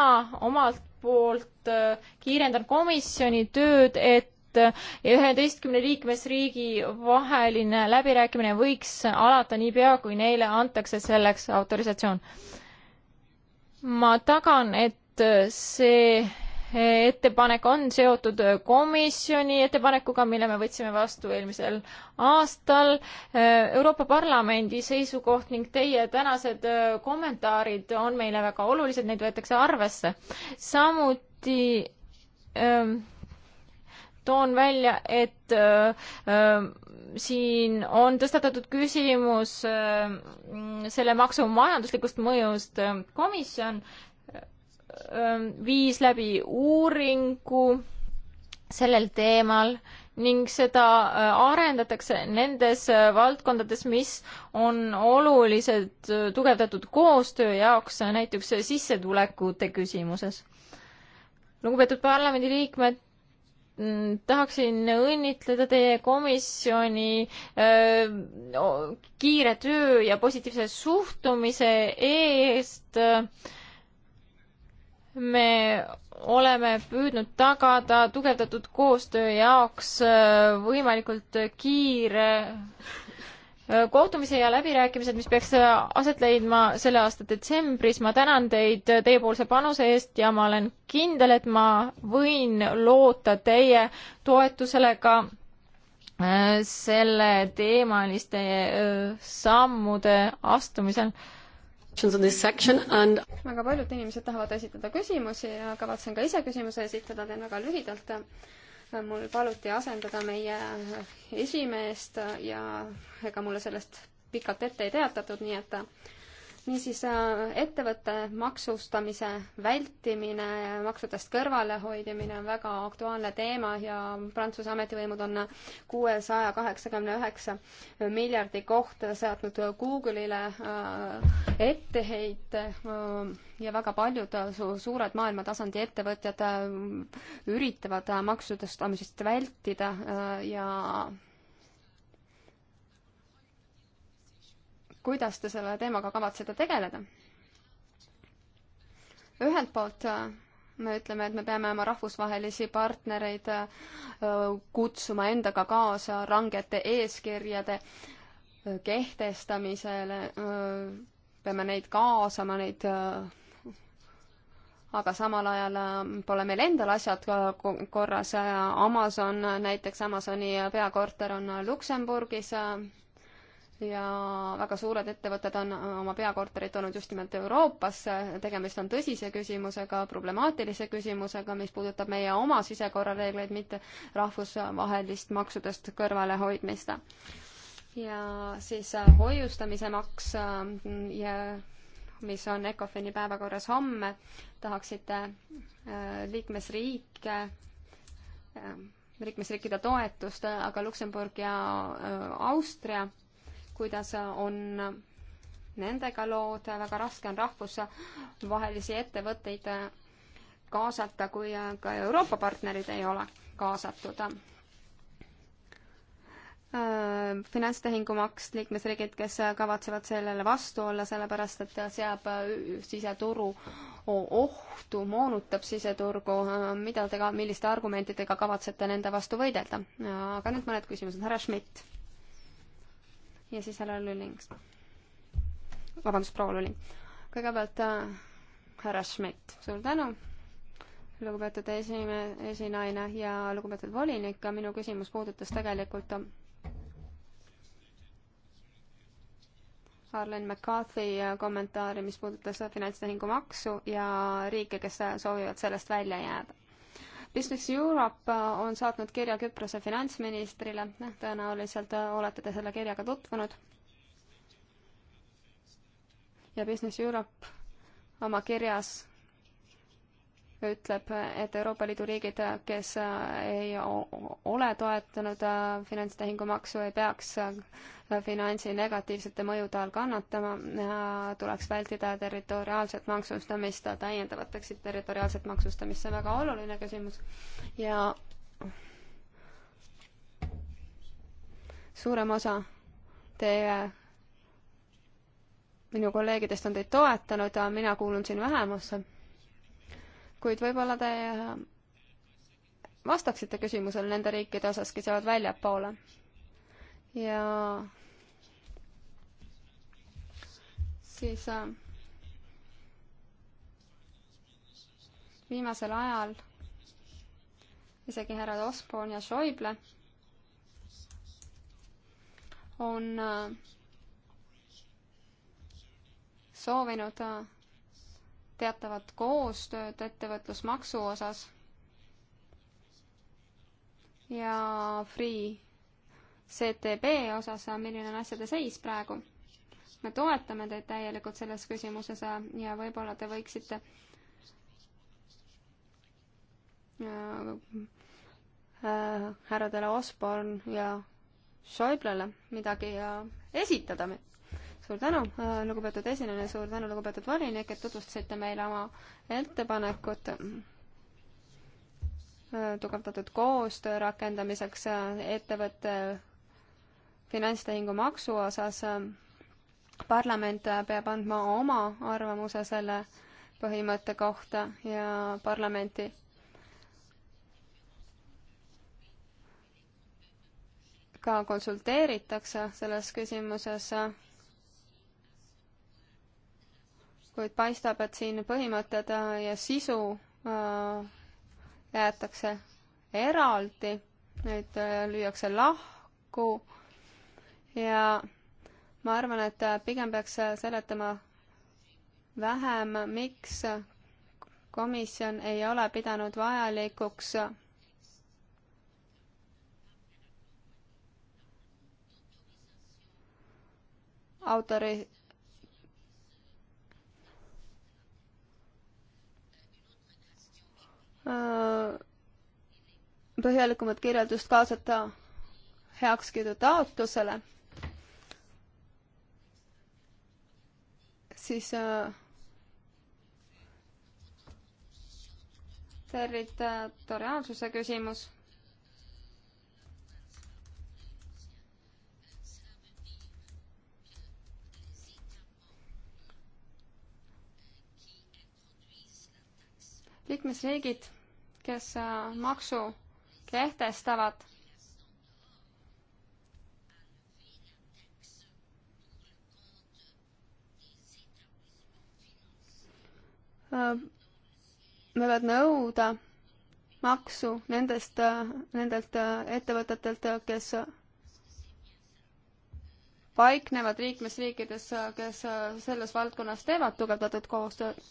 omalt poolt äh, kiirendan komisjoni tööd, et üheteistkümne liikmesriigi vaheline läbirääkimine võiks alata niipea, kui neile antakse selleks autorisatsioon. ma tagan, et see ettepanek on seotud komisjoni ettepanekuga, mille me võtsime vastu eelmisel aastal. Euroopa Parlamendi seisukoht ning teie tänased kommentaarid on meile väga olulised, neid võetakse arvesse. samuti ähm, toon välja, et äh, siin on tõstatatud küsimus äh, selle maksu majanduslikust mõjust. Ähm, komisjon Ähm, viis läbi uuringu sellel teemal ning seda äh, arendatakse nendes äh, valdkondades, mis on olulised äh, tugevdatud koostöö jaoks, näiteks sissetulekute küsimuses. lugupeetud parlamendiliikmed, mm, tahaksin õnnitleda teie komisjoni öö, kiire töö ja positiivse suhtumise eest öö, me oleme püüdnud tagada tugevdatud koostöö jaoks äh, võimalikult kiire äh, kohtumise ja läbirääkimised, mis peaks äh, aset leidma selle aasta detsembris. ma tänan teid teiepoolse panuse eest ja ma olen kindel, et ma võin loota teie toetusele ka selle teemaliste sammude astumisel And... väga paljud inimesed tahavad esitada küsimusi ja kavatsen ka ise küsimuse esitada, teen väga lühidalt. mul paluti asendada meie esimeest ja ega mulle sellest pikalt ette ei teatatud, nii et niisiis äh, ettevõtte maksustamise vältimine, maksudest kõrvalehoidmine on väga aktuaalne teema ja Prantsuse ametivõimud on kuuesaja kaheksakümne üheksa miljardi kohta seadnud Google'ile äh, etteheite äh, ja väga paljud suured maailmatasandi ettevõtjad üritavad maksustamisest vältida ja kuidas te selle teemaga kavatsete tegeleda? ühelt poolt äh, me ütleme, et me peame oma rahvusvahelisi partnereid äh, kutsuma endaga kaasa rangete eeskirjade äh, kehtestamisele, peame neid kaasama, neid aga samal ajal pole meil endal asjad korras. Amazon, näiteks Amazoni peakorter on Luksemburgis ja väga suured ettevõtted on oma peakorterid toonud just nimelt Euroopasse, tegemist on tõsise küsimusega, problemaatilise küsimusega, mis puudutab meie oma sisekorrareegleid, mitte rahvusvahelist maksudest kõrvalehoidmist. ja siis äh, hoiustamise maks äh, ja mis on ECOFIN-i päevakorras homme, tahaksite äh, liikmesriike liikmesriikide toetust, aga Luksemburg ja Austria kuidas on nendega lood, väga raske on rahvusvahelisi ettevõtteid kaasata, kui ka Euroopa partnerid ei ole kaasatud. finantstehingumaks liikmesriigid, kes kavatsevad sellele vastu olla, sellepärast et seab siseturu ohtu, moonutab siseturgu, mida te ka, milliste argumentidega kavatsete nende vastu võidelda? aga nüüd mõned küsimused, härra Schmidt ja siis härra Lulling. vabandust, proua Lulling. kõigepealt äh, härra Schmidt, suur tänu, lugupeetud esime-, esinaine ja lugupeetud volinik, minu küsimus puudutas tegelikult äh, Arlen McCarthy äh, kommentaari, mis puudutas finantstehingumaksu ja riike, kes soovivad sellest välja jääda Business Europe äh, on saatnud kirja Küprose finantsministrile, noh, tõenäoliselt äh, olete te selle kirjaga tutvunud. ja Business Europe oma kirjas ütleb, et Euroopa Liidu riigid, kes ei ole toetanud äh, finantstehingumaksu, ei peaks äh, finantsi negatiivsete mõjude all kannatama, tuleks vältida territoriaalset maksustamist, täiendavateks territoriaalset maksustamist, see on väga oluline küsimus ja suurem osa teie minu kolleegidest on teid toetanud ja mina kuulun siin vähemusse kuid võib-olla te äh, vastaksite küsimusele nende riikide osas, kes jäävad väljapoole. ja siis äh, viimasel ajal isegi härrad Osborne ja Schäuble on äh, soovinud äh, teatavat koostööd ettevõtlusmaksu osas. ja Free CTB osas, milline on asjade seis praegu? me toetame teid täielikult selles küsimuses ja võib-olla te võiksite äh, äh, härradele Osborne ja Schäublele midagi äh, esitada suur tänu, äh, lugupeetud esineja, suur tänu, lugupeetud volinik, et tutvustasite meile oma ettepanekut äh, tugevdatud koostöö rakendamiseks äh, ettevõtte finantstehingu maksu osas. parlament peab andma oma arvamuse selle põhimõtte kohta ja parlamenti ka konsulteeritakse selles küsimuses kuid paistab, et siin põhimõtted äh, ja sisu äh, jäetakse eraldi, nüüd äh, lüüakse lahku ja ma arvan, et pigem peaks seletama vähem, miks komisjon ei ole pidanud vajalikuks autori Äh, põhjalikumat kirjeldust kaasata heakskiidu taotlusele, siis äh, territoriaalsuse küsimus. liikmesriigid kes äh, maksu kehtestavad, äh, võivad nõuda maksu nendest, äh, nendelt ettevõtetelt, kes paiknevad liikmesriikides, kes selles valdkonnas teevad tugevdatud koostööd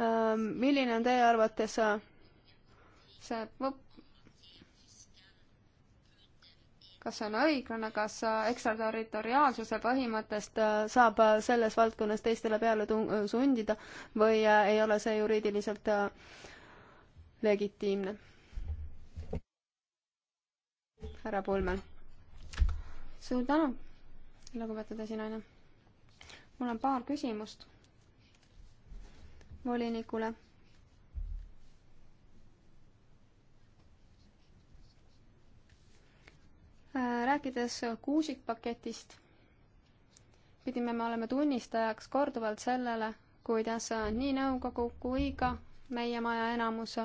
Ähm, milline on teie arvates äh, see võpp? kas see on õiglane, kas äh, ekstraterritoriaalsuse põhimõttest äh, saab selles valdkonnas teistele peale sundida või ei ole see juriidiliselt legitiimne? härra Pulmel. suur tänu, lugupeetud esinaine. mul on paar küsimust volinikule. rääkides kuusikpaketist, pidime me olema tunnistajaks korduvalt sellele, kuidas nii nõukogu kui ka meie maja enamus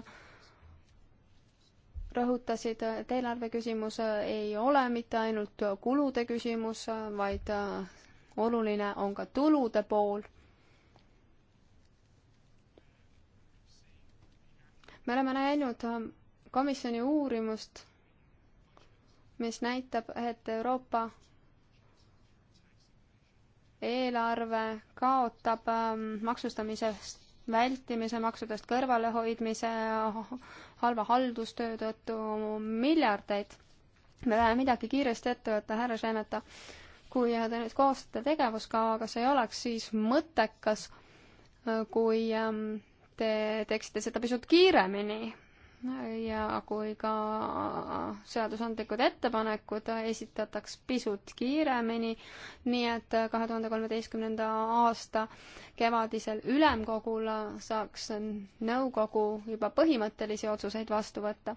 rõhutasid, et eelarve küsimus ei ole mitte ainult kulude küsimus, vaid oluline on ka tulude pool me oleme näinud ähm, komisjoni uurimust, mis näitab, et Euroopa eelarve kaotab ähm, maksustamisest vältimise, maksudest kõrvalehoidmise, halva haldustöö tõttu miljardeid. me läheme midagi kiiresti ette võtta, härra Šemeta. kui te nüüd koostate tegevuskava, kas ei oleks siis mõttekas, äh, kui ähm, te teeksite seda pisut kiiremini ja kui ka seadusandlikud ettepanekud esitataks pisut kiiremini, nii et kahe tuhande kolmeteistkümnenda aasta kevadisel ülemkogul saaks nõukogu juba põhimõttelisi otsuseid vastu võtta.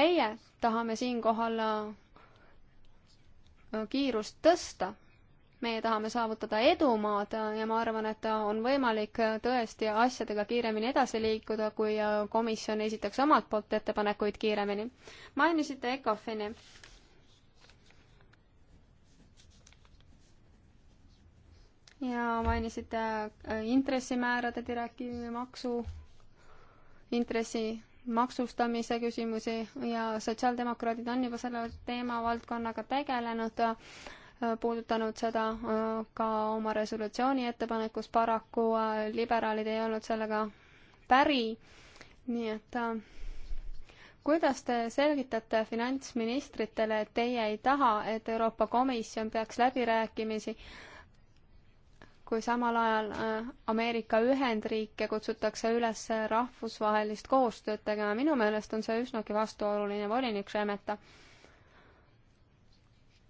meie tahame siinkohal kiirust tõsta meie tahame saavutada edumaad ja ma arvan, et on võimalik tõesti asjadega kiiremini edasi liikuda, kui komisjon esitaks omalt poolt ettepanekuid kiiremini. mainisite ECOFIN-i. ja mainisite äh, intressimäärade direktiivi maksu, intressi maksustamise küsimusi ja sotsiaaldemokraadid on juba selle teemavaldkonnaga tegelenud Äh, puudutanud seda äh, ka oma resolutsiooni ettepanekus, paraku äh, liberaalid ei olnud sellega päri, nii et kuidas te selgitate finantsministritele, et teie ei taha, et Euroopa Komisjon peaks läbirääkimisi, kui samal ajal Ameerika Ühendriike kutsutakse üles rahvusvahelist koostööd tegema, minu meelest on see üsnagi vastuoluline, volinik Šemeta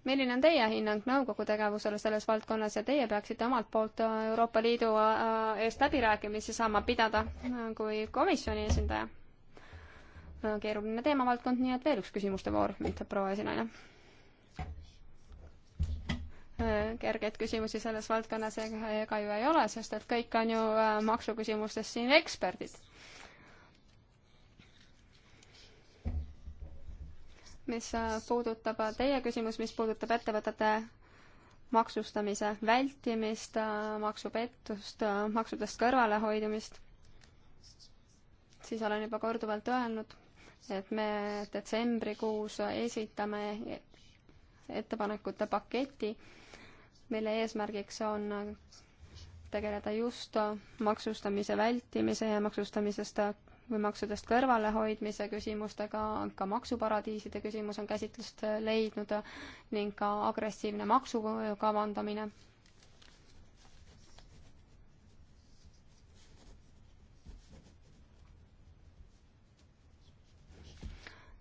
milline on teie hinnang nõukogu tegevusele selles valdkonnas ja teie peaksite omalt poolt äh, Euroopa Liidu äh, äh, eest läbirääkimisi saama pidada kui komisjoni esindaja? keeruline teemavaldkond, nii et veel üks küsimuste voor, ütleb proua esinaine. kergeid küsimusi selles valdkonnas ega ju ei ole, sest et kõik on ju maksuküsimustes siin eksperdid mis äh, puudutab, äh, teie küsimus, mis puudutab ettevõtete maksustamise vältimist, äh, maksupettust, maksudest kõrvalehoidumist, siis olen juba korduvalt öelnud, et me detsembrikuus esitame ettepanekute paketi, mille eesmärgiks on tegeleda just maksustamise vältimise ja maksustamisest või maksudest kõrvalehoidmise küsimustega, ka maksuparadiiside küsimus on käsitlust leidnud ning ka agressiivne maksu kavandamine.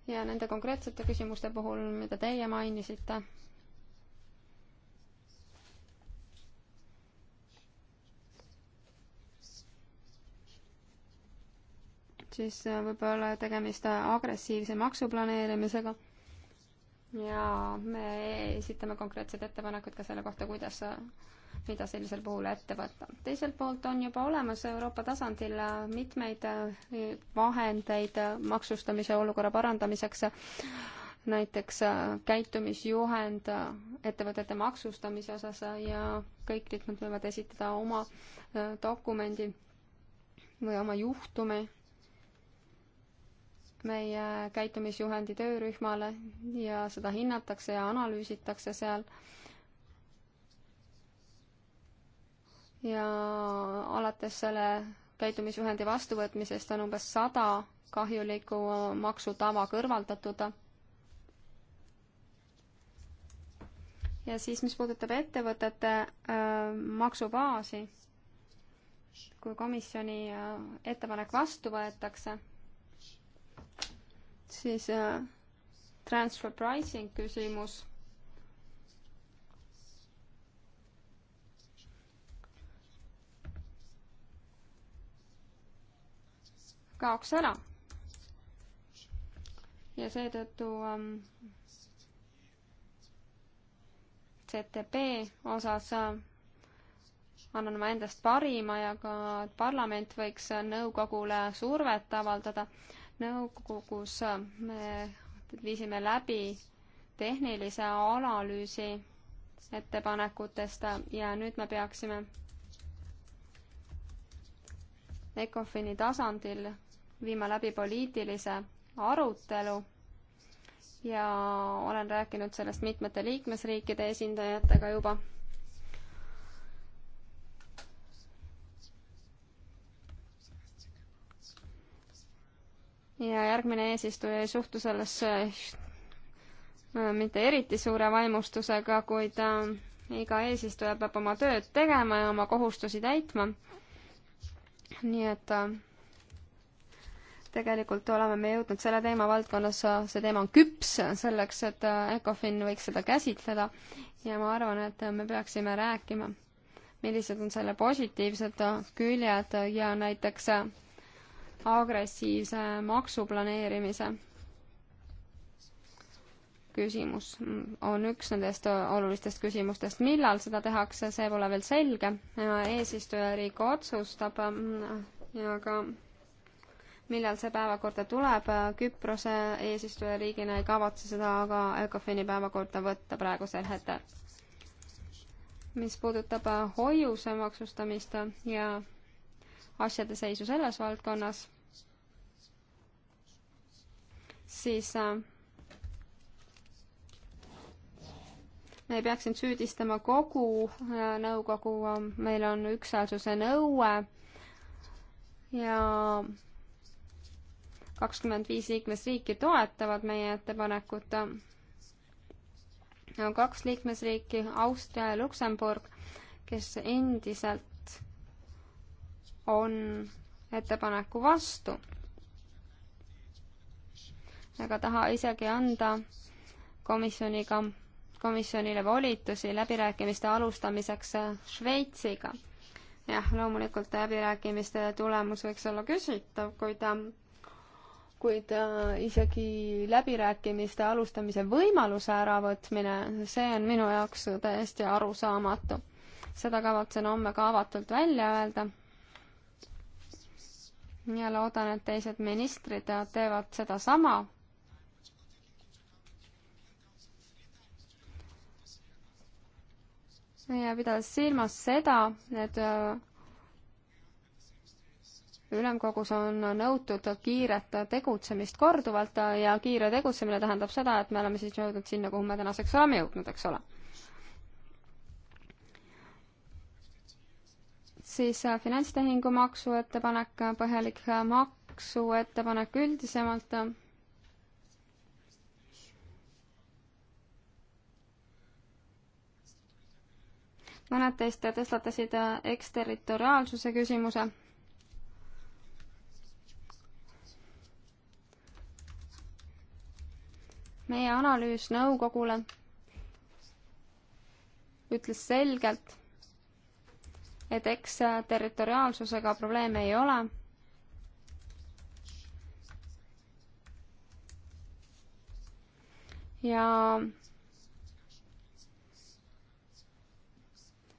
ja nende konkreetsete küsimuste puhul, mida teie mainisite siis äh, võib olla tegemist äh, agressiivse maksuplaneerimisega. ja me esitame konkreetsed ettepanekud ka selle kohta, kuidas, äh, mida sellisel puhul ette võtta. teiselt poolt on juba olemas Euroopa tasandil mitmeid vahendeid maksustamise olukorra parandamiseks näiteks käitumisjuhend ettevõtete maksustamise osas ja kõik liikmed võivad esitada oma dokumendi või oma juhtumi meie käitumisjuhendi töörühmale ja seda hinnatakse ja analüüsitakse seal. ja alates selle käitumisjuhendi vastuvõtmisest on umbes sada kahjuliku maksutava kõrvaldatud. ja siis, mis puudutab ettevõtete äh, maksubaasi, kui komisjoni äh, ettepanek vastu võetakse siis äh, transfer pricing küsimus. kaoks ära. ja seetõttu ähm, CTP osas äh, annan ma endast parima ja ka parlament võiks äh, nõukogule survet avaldada äh, nõukogus me viisime läbi tehnilise analüüsi ettepanekutest ja nüüd me peaksime ECOFIN-i tasandil viima läbi poliitilise arutelu ja olen rääkinud sellest mitmete liikmesriikide esindajatega juba ja järgmine eesistuja ei suhtu sellesse äh, mitte eriti suure vaimustusega, kuid iga eesistuja peab oma tööd tegema ja oma kohustusi täitma. nii et äh, tegelikult oleme me jõudnud selle teema valdkonnas, äh, see teema on küps selleks, et Ecofin võiks seda käsitleda ja ma arvan, et me peaksime rääkima, millised on selle positiivsed küljed ja näiteks agressiivse maksuplaneerimise küsimus on üks nendest olulistest küsimustest. millal seda tehakse, see pole veel selge. eesistujariik otsustab ja ka millal see päevakorda tuleb. Küprose eesistujariigina ei kavatse seda aga ECOFIN-i päevakorda võtta praegusel hetkel. mis puudutab hoiuse maksustamist ja asjade seisu selles valdkonnas siis äh, me ei peaks siin süüdistama kogu äh, nõukogu, äh, meil on ükshäälsuse nõue ja kakskümmend viis liikmesriiki toetavad meie ettepanekut. on kaks liikmesriiki, Austria ja Luksemburg, kes endiselt on ettepaneku vastu ega taha isegi anda komisjoniga, komisjonile volitusi läbirääkimiste alustamiseks äh, Šveitsiga. jah, loomulikult läbirääkimiste tulemus võiks olla küsitav, kuid äh, kuid äh, isegi läbirääkimiste alustamise võimaluse äravõtmine, see on minu jaoks täiesti arusaamatu. seda kavatsen homme ka avatult välja öelda. ja loodan, et teised ministrid teevad sedasama ja pidades silmas seda, et äh, ülemkogus on nõutud kiiret tegutsemist korduvalt ja kiire tegutsemine tähendab seda, et me oleme siis jõudnud sinna, kuhu me tänaseks oleme jõudnud, eks ole. siis äh, finantstehingumaksu ettepanek, põhjalik äh, maksuettepanek üldisemalt mõned teist tõstatasid äh, eksterritoriaalsuse küsimuse. meie analüüs nõukogule ütles selgelt, et eks territoriaalsusega probleeme ei ole ja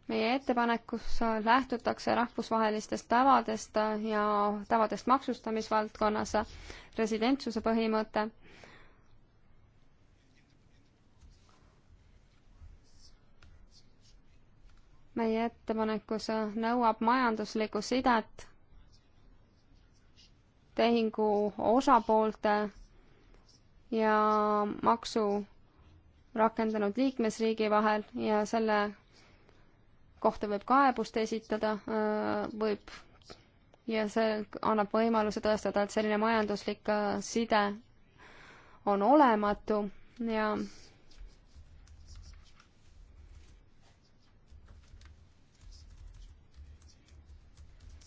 meie ettepanekus lähtutakse rahvusvahelistest tavadest ja tavadest maksustamisvaldkonnas, residentsuse põhimõte. meie ettepanekus nõuab majanduslikku sidet tehingu osapoolte ja maksu rakendanud liikmesriigi vahel ja selle kohta võib kaebust esitada, äh, võib ja see annab võimaluse tõestada, et selline majanduslik äh, side on olematu ja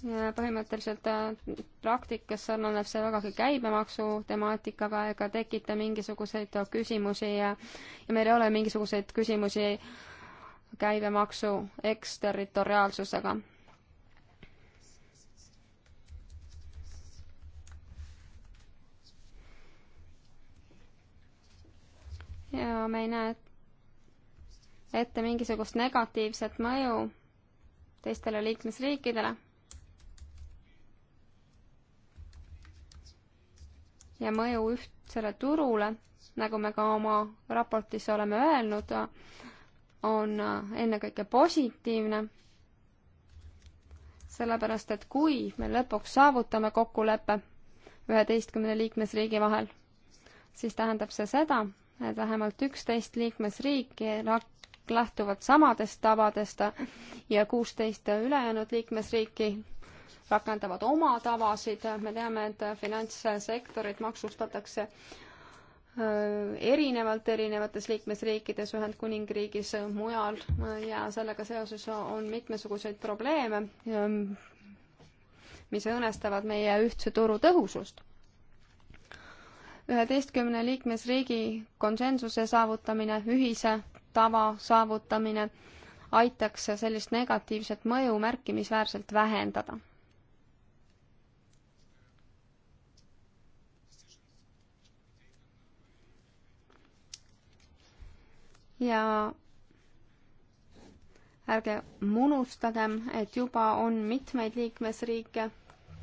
ja põhimõtteliselt äh, praktikas sarnaneb see vägagi käibemaksu temaatikaga ega tekita mingisuguseid küsimusi ja ja meil ei ole mingisuguseid küsimusi käibemaksu eksterritoriaalsusega. ja me ei näe ette mingisugust negatiivset mõju teistele liikmesriikidele. ja mõju ühtsele turule, nagu me ka oma raportis oleme öelnud on äh, ennekõike positiivne, sellepärast et kui me lõpuks saavutame kokkuleppe üheteistkümne liikmesriigi vahel, siis tähendab see seda, et vähemalt üksteist liikmesriiki lähtuvad samadest tavadest ja kuusteist ülejäänud liikmesriiki rakendavad oma tavasid, me teame, et finantssektorit maksustatakse Äh, erinevalt erinevates liikmesriikides, Ühendkuningriigis, äh, mujal äh, ja sellega seoses on mitmesuguseid probleeme, ähm, mis õõnestavad meie ühtse turu tõhusust. üheteistkümne liikmesriigi konsensuse saavutamine, ühise tava saavutamine aitaks sellist negatiivset mõju märkimisväärselt vähendada ja ärge unustagem, et juba on mitmeid liikmesriike,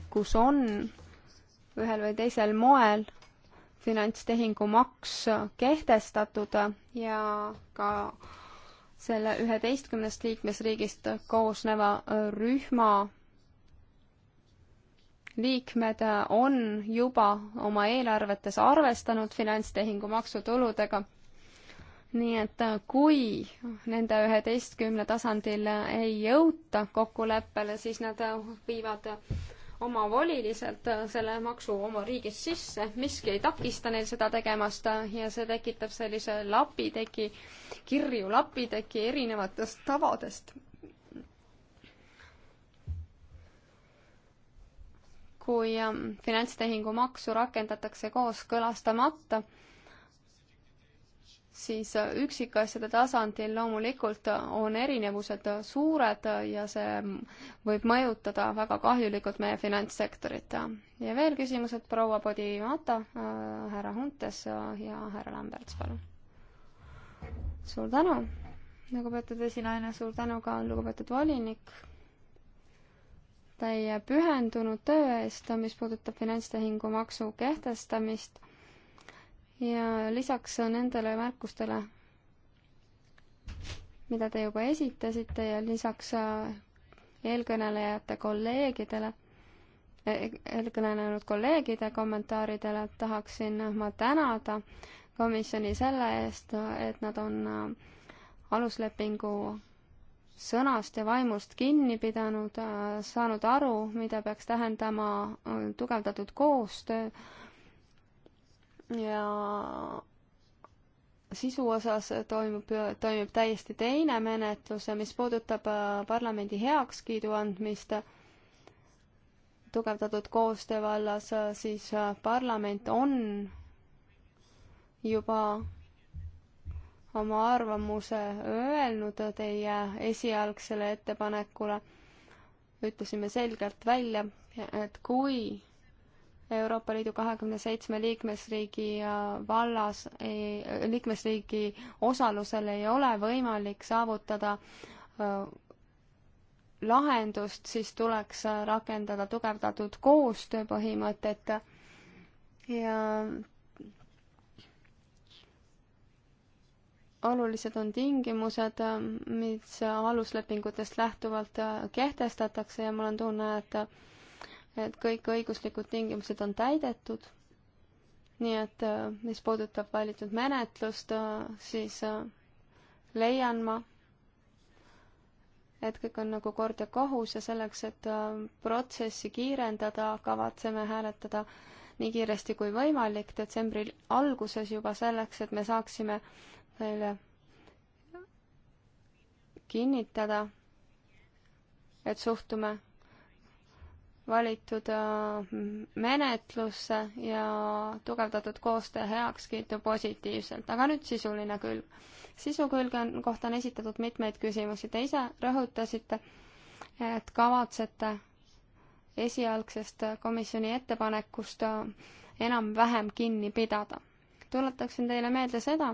kus on ühel või teisel moel finantstehingumaks kehtestatud ja ka selle üheteistkümnest liikmesriigist koosneva rühma liikmed on juba oma eelarvetes arvestanud finantstehingu maksutuludega nii et äh, kui nende üheteistkümne tasandil äh, ei jõuta kokkuleppele, siis nad äh, viivad omavoliliselt selle maksu oma riigis sisse, miski ei takista neil seda tegemast ja see tekitab sellise lapiteki, kirju lapiteki erinevatest tavadest. kui ähm, finantstehingu maksu rakendatakse kooskõlastamata siis äh, üksikasjade tasandil loomulikult äh, on erinevused äh, suured ja see mm, võib mõjutada väga kahjulikult meie finantssektorit. ja veel küsimused proua Podimata, härra Huntes ja härra Lamberts, palun. suur tänu, lugupeetud esinaine, suur tänu ka lugupeetud volinik teie pühendunud töö eest, mis puudetab finantstehingu maksu kehtestamist ja lisaks nendele märkustele, mida te juba esitasite ja lisaks äh, eelkõnelejate kolleegidele, äh, eelkõnelenud kolleegide kommentaaridele tahaksin ma tänada komisjoni selle eest, et nad on äh, aluslepingu sõnast ja vaimust kinni pidanud, saanud aru, mida peaks tähendama tugevdatud koostöö ja sisu osas toimub, toimib täiesti teine menetlus, mis puudutab äh, parlamendi heakskiidu andmist tugevdatud koostöö vallas, äh, siis äh, parlament on juba oma arvamuse öelnud teie esialgsele ettepanekule. ütlesime selgelt välja, et kui Euroopa Liidu kahekümne seitsme liikmesriigi äh, vallas, äh, liikmesriigi osalusel ei ole võimalik saavutada äh, lahendust, siis tuleks rakendada tugevdatud koostööpõhimõtet ja olulised on tingimused, mis aluslepingutest lähtuvalt kehtestatakse ja mul on tunne, et et kõik õiguslikud tingimused on täidetud. nii et äh, mis puudutab valitud menetlust, äh, siis äh, leian ma, et kõik on nagu kord ja kohus ja selleks, et protsessi kiirendada, kavatseme hääletada nii kiiresti kui võimalik detsembri alguses juba selleks, et me saaksime teile kinnitada, et suhtume valitud äh, menetlusse ja tugevdatud koostöö heakskiitu positiivselt, aga nüüd sisuline külg. sisu külge on, kohta on esitatud mitmeid küsimusi, te ise rõhutasite, et kavatsete esialgsest komisjoni ettepanekust äh, enam-vähem kinni pidada. tuletaksin teile meelde seda,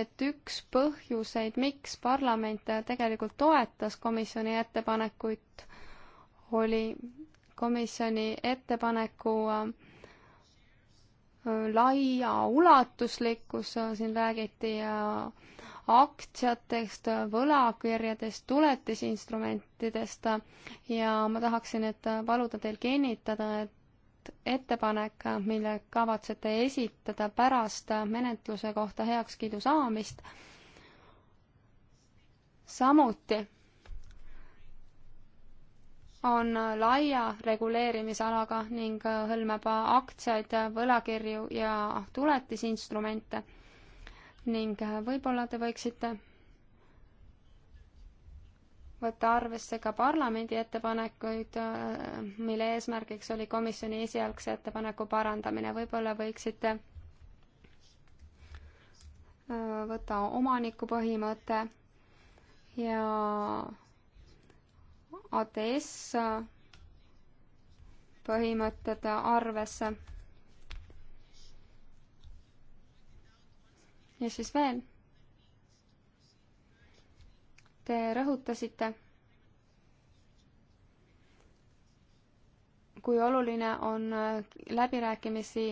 et üks põhjuseid, miks parlament tegelikult toetas komisjoni ettepanekuid, oli komisjoni ettepaneku äh, laia ulatuslikkus, äh, siin räägiti äh, aktsiatest, võlakirjadest, tuletisinstrumentidest ja ma tahaksin, et paluda teil kinnitada, et ettepanek, mille kavatsete esitada pärast menetluse kohta heakskiidu saamist, samuti on laia reguleerimisalaga ning hõlmab aktsiaid, võlakirju ja tuletisinstrumente. ning võib-olla te võiksite võtta arvesse ka parlamendi ettepanekuid, mille eesmärgiks oli komisjoni esialgse ettepaneku parandamine, võib-olla võiksite äh, võtta omaniku põhimõte ja ATS äh, põhimõtted arvesse. ja siis veel. Te rõhutasite, kui oluline on äh, läbirääkimisi,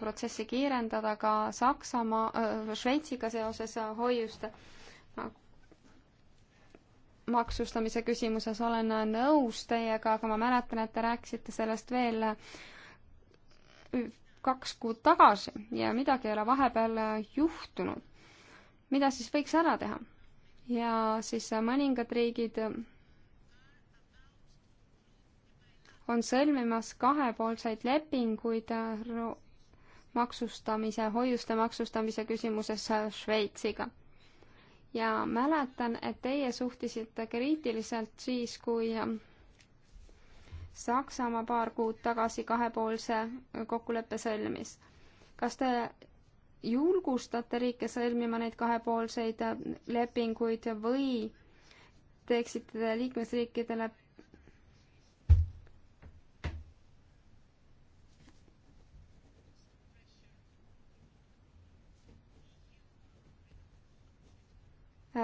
protsessi kiirendada ka Saksamaa äh,, Šveitsiga seoses hoiuste äh, maksustamise küsimuses olen nõus teiega, aga ma mäletan, et te rääkisite sellest veel kaks kuud tagasi ja midagi ei ole vahepeal juhtunud. mida siis võiks ära teha? ja siis mõningad riigid on sõlmimas kahepoolseid lepinguid maksustamise, hoiuste maksustamise küsimuses Šveitsiga ja mäletan, et teie suhtisite kriitiliselt siis, kui Saksamaa paar kuud tagasi kahepoolse kokkuleppe sõlmis. kas te julgustate riike sõlmima neid kahepoolseid lepinguid või teeksite liikmesriikidele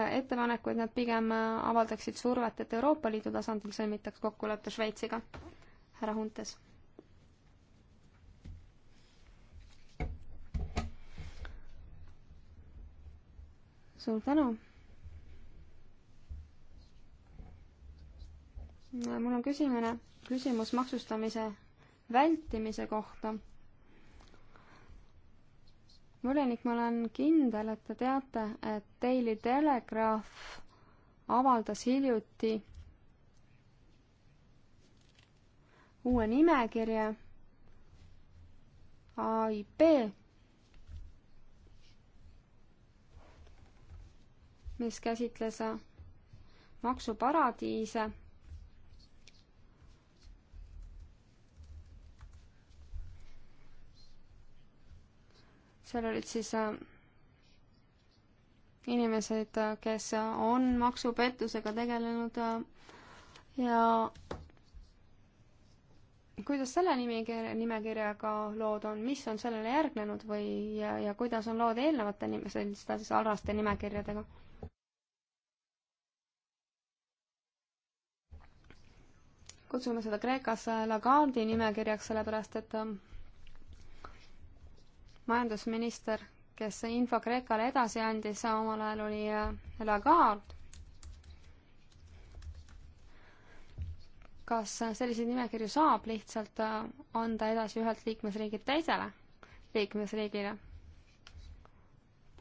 ettepanekuid, nad pigem avaldaksid survet, et Euroopa Liidu tasandil sõlmitaks kokkulepe Šveitsiga. härra Huntes. suur tänu. mul on küsimine, küsimus maksustamise vältimise kohta volinik, ma olen kindel, et te teate, et Daily Telegraph avaldas hiljuti uue nimekirja AIP, mis käsitles maksuparadiise seal olid siis äh, inimesed, äh, kes äh, on maksupettusega tegelenud ja kuidas selle nimekirja, nimekirjaga lood on, mis on sellele järgnenud või, ja, ja kuidas on lood eelnevate nime-, selliste siis harraste nimekirjadega? kutsume seda Kreekas Lagardi nimekirjaks, sellepärast et majandusminister, kes info Kreekale edasi andis, omal ajal oli äh, Lagarde. kas äh, selliseid nimekirju saab lihtsalt äh, anda edasi ühelt liikmesriigilt teisele liikmesriigile?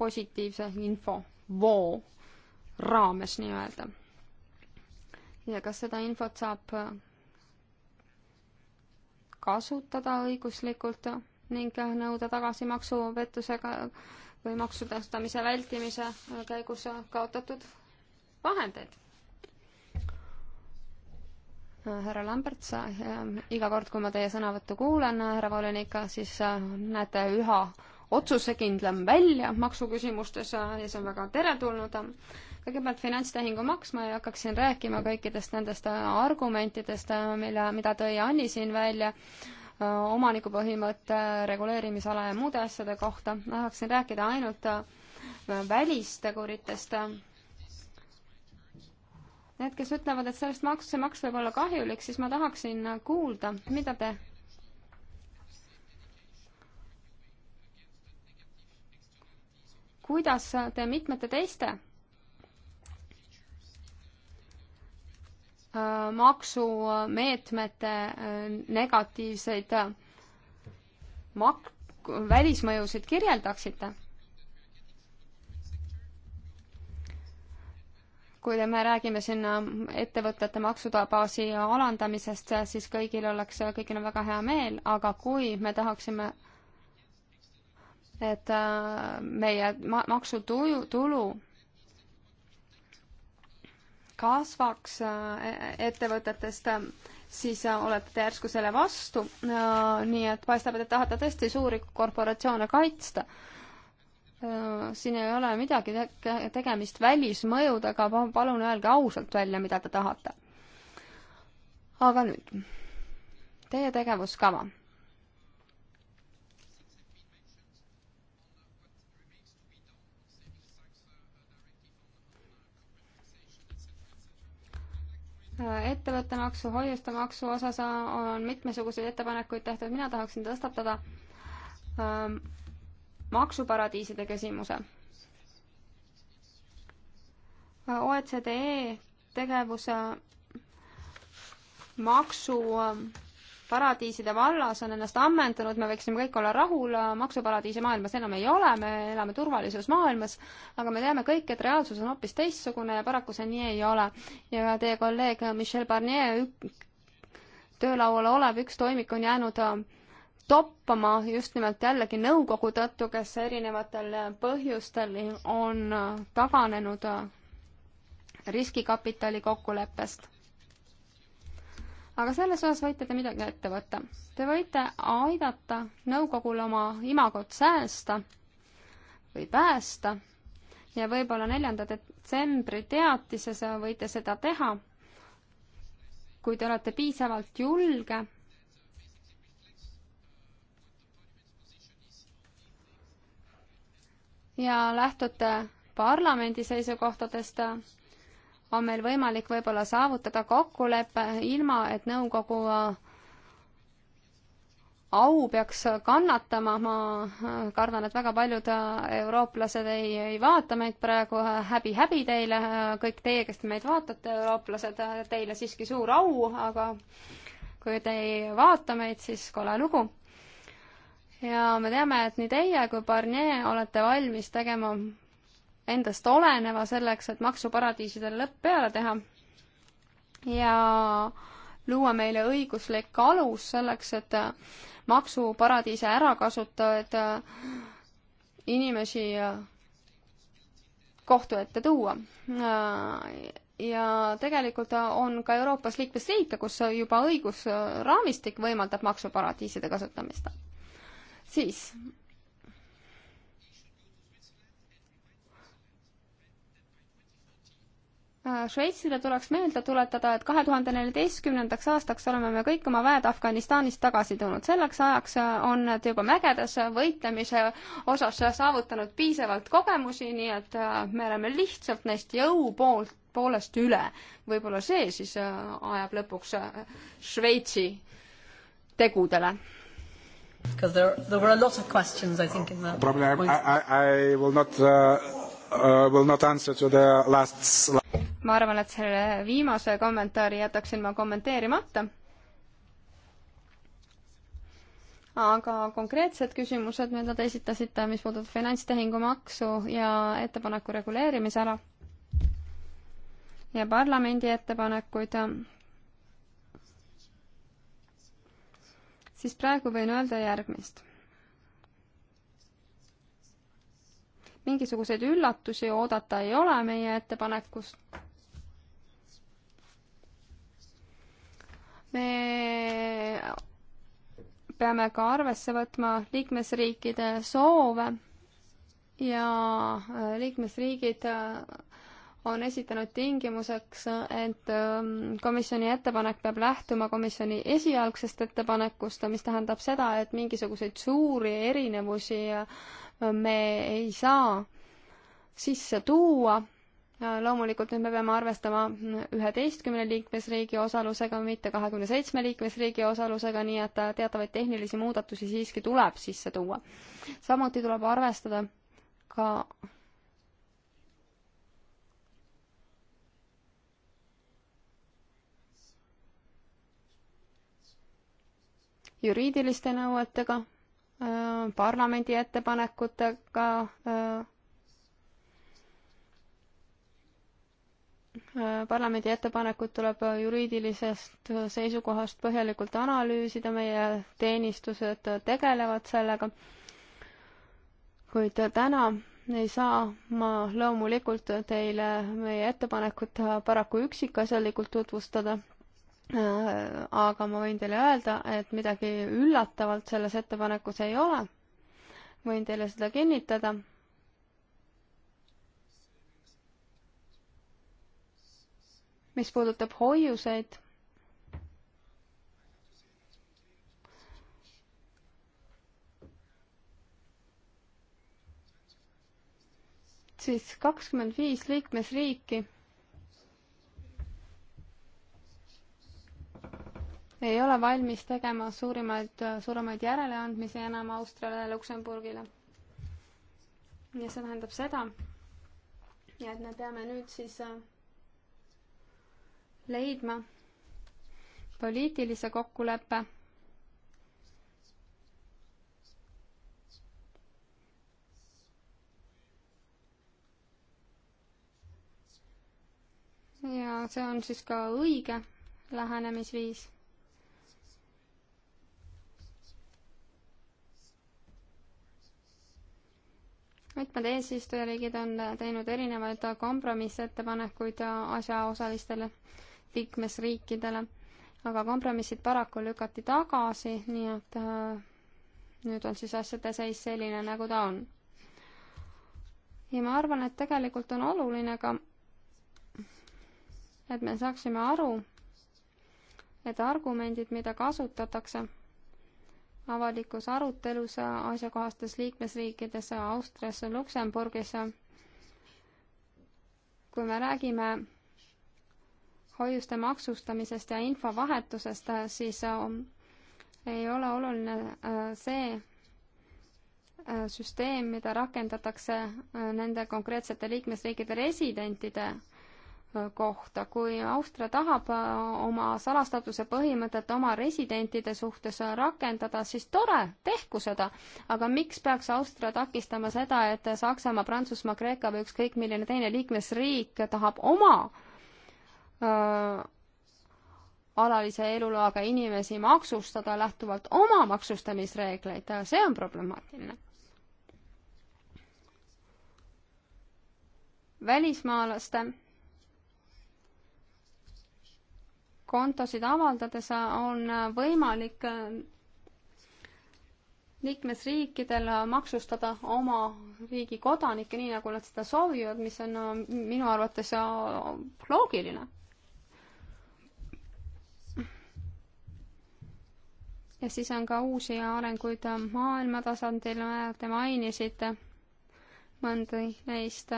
positiivse info voo raames nii-öelda. ja kas seda infot saab kasutada õiguslikult ning nõuda tagasi maksupettusega või maksutastamise vältimise käigus kaotatud vahendeid. härra Lamberts, äh, iga kord, kui ma teie sõnavõttu kuulan, härra volinik, siis äh, näete üha otsusekindlam välja maksuküsimustes ja see on väga teretulnud kõigepealt finantstehingu maks, ma ei hakkaks siin rääkima kõikidest nendest argumentidest, mille, mida tõi Anni siin välja äh,, omanikupõhimõtte reguleerimisala ja muude asjade kohta. ma tahaksin rääkida ainult äh, välisteguritest. Need, kes ütlevad, et sellest maksust see maks võib olla kahjulik, siis ma tahaksin äh, kuulda, mida te kuidas äh, te mitmete teiste Äh, maksumeetmete äh, negatiivseid äh, mak-, välismõjusid kirjeldaksite? kui me räägime siin ettevõtete maksubaasi alandamisest, siis kõigil oleks, kõigil on väga hea meel, aga kui me tahaksime, et meie ma-, maksutulu kasvaks äh, e-, ettevõtetest, siis äh, olete te järsku selle vastu. Äh, nii et paistab, et te tahate tõesti suuri korporatsioone kaitsta siin ei ole midagi tegemist välismõjudega, palun öelge ausalt välja, mida te tahate. aga nüüd, teie tegevuskava ettevõttemaksu, hoiuste maksu osas on mitmesuguseid ettepanekuid tehtud, mina tahaksin tõstatada ähm, maksuparadiiside küsimuse. OECD tegevuse maksu ähm, paradiiside vallas on ennast ammendanud, me võiksime kõik olla rahul, maksuparadiisi maailmas enam ei ole, me elame turvalisus maailmas, aga me teame kõik, et reaalsus on hoopis teistsugune ja paraku see nii ei ole. ja teie kolleeg Michel Barnier töölaual olev üks toimik on jäänud äh, toppama just nimelt jällegi nõukogu tõttu, kes erinevatel põhjustel on äh, taganenud äh, riskikapitali kokkuleppest aga selles osas võite te midagi ette võtta. Te võite aidata nõukogul oma imagot säästa või päästa ja võib-olla neljanda detsembri teatises võite seda teha, kui te olete piisavalt julge. ja lähtute parlamendi seisukohtadest on meil võimalik võib-olla saavutada kokkulepe, ilma et nõukogu äh, au peaks kannatama, ma äh, kardan, et väga paljud äh, eurooplased ei, ei vaata meid praegu, häbi-häbi teile, kõik teie, kes te meid vaatate, eurooplased, teile siiski suur au, aga kui te ei vaata meid, siis kole lugu. ja me teame, et nii teie kui Barnier olete valmis tegema endast oleneva selleks, et maksuparadiisidele lõpp peale teha ja luua meile õiguslik alus selleks, et maksuparadiise ärakasutavaid inimesi kohtu ette tuua. ja tegelikult on ka Euroopas liikmesriike, kus juba õigusraamistik võimaldab maksuparadiiside kasutamist. siis Äh, Šveitsile tuleks meelde tuletada, et kahe tuhande neljateistkümnendaks aastaks oleme me kõik oma väed Afganistanist tagasi tulnud. selleks ajaks äh, on nad juba mägedes võitlemise osas saavutanud piisavalt kogemusi, nii et äh, me oleme lihtsalt neist jõu poolt, poolest üle. võib-olla see siis ajab lõpuks Šveitsi tegudele. Because there, there were a lot of questions, I think, in that. Probably I, I, I will not uh, uh, will not answer to the last slide. ma arvan, et selle viimase kommentaari jätaksin ma kommenteerimata. aga konkreetsed küsimused, mida te esitasite, mis puudutab finantstehingumaksu ja ettepaneku reguleerimisala ja parlamendi ettepanekuid, siis praegu võin öelda järgmist mingisuguseid üllatusi oodata ei ole meie ettepanekus. me peame ka arvesse võtma liikmesriikide soove ja äh, liikmesriigid äh, on esitanud tingimuseks, et ähm, komisjoni ettepanek peab lähtuma komisjoni esialgsest ettepanekust, mis tähendab seda, et mingisuguseid suuri erinevusi äh, me ei saa sisse tuua. loomulikult nüüd me peame arvestama üheteistkümne liikmesriigi osalusega, mitte kahekümne seitsme liikmesriigi osalusega, nii et teatavaid tehnilisi muudatusi siiski tuleb sisse tuua. samuti tuleb arvestada ka juriidiliste nõuetega parlamendi ettepanekutega äh, äh, parlamendi ettepanekut tuleb juriidilisest seisukohast põhjalikult analüüsida, meie teenistused tegelevad sellega. kuid täna ei saa ma loomulikult teile meie ettepanekut paraku üksikasjalikult tutvustada. Äh, aga ma võin teile öelda, et midagi üllatavalt selles ettepanekus ei ole võin teile seda kinnitada. mis puudutab hoiuseid, siis kakskümmend viis liikmesriiki ei ole valmis tegema suurimaid, suuremaid järeleandmisi enam Austriale ja Luksemburgile. ja see tähendab seda, et me peame nüüd siis äh, leidma poliitilise kokkuleppe ja see on siis ka õige lähenemisviis mitmed eesistujariigid on teinud erinevaid kompromissettepanekuid asjaosalistele liikmesriikidele, aga kompromissid paraku lükati tagasi, nii et äh, nüüd on siis asjade seis selline, nagu ta on. ja ma arvan, et tegelikult on oluline ka, et me saaksime aru, et argumendid, mida kasutatakse avalikus arutelus asjakohastes liikmesriikides, Austrias, Luksemburgis. kui me räägime hoiuste maksustamisest ja infovahetusest, siis um, ei ole oluline äh, see äh, süsteem, mida rakendatakse äh, nende konkreetsete liikmesriikide residentide kohta. kui Austria tahab äh, oma salastatuse põhimõtet oma residentide suhtes äh, rakendada, siis tore, tehku seda. aga miks peaks Austria takistama seda, et Saksamaa, Prantsusmaa, Kreeka või ükskõik milline teine liikmesriik tahab oma öö, äh, alalise eluloaga inimesi maksustada lähtuvalt oma maksustamisreegleid, see on problemaatiline välismaalaste kontosid avaldades on võimalik liikmesriikidel maksustada oma riigi kodanikke nii, nagu nad seda soovivad, mis on äh, minu arvates äh, loogiline. ja siis on ka uusi arenguid äh, maailma tasandil, te mainisite mõnda neist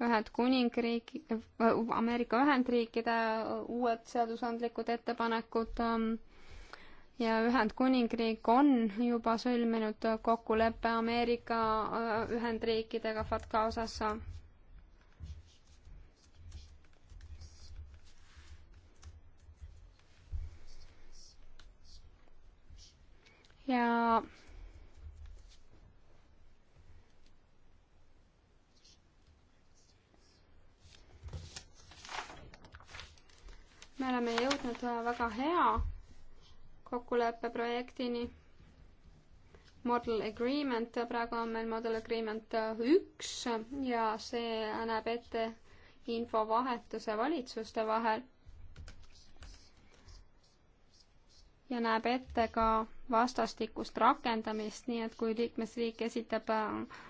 Ühendkuningriigi, äh, Ameerika Ühendriikide äh, uued seadusandlikud ettepanekud ähm, ja Ühendkuningriik on juba sõlminud kokkuleppe Ameerika äh, Ühendriikidega FATCA osas. ja me oleme jõudnud äh, väga hea kokkuleppeprojektini. Model agreement, äh, praegu on meil model agreement äh, üks ja see näeb ette infovahetuse valitsuste vahel. ja näeb ette ka vastastikust rakendamist, nii et kui liikmesriik esitab äh,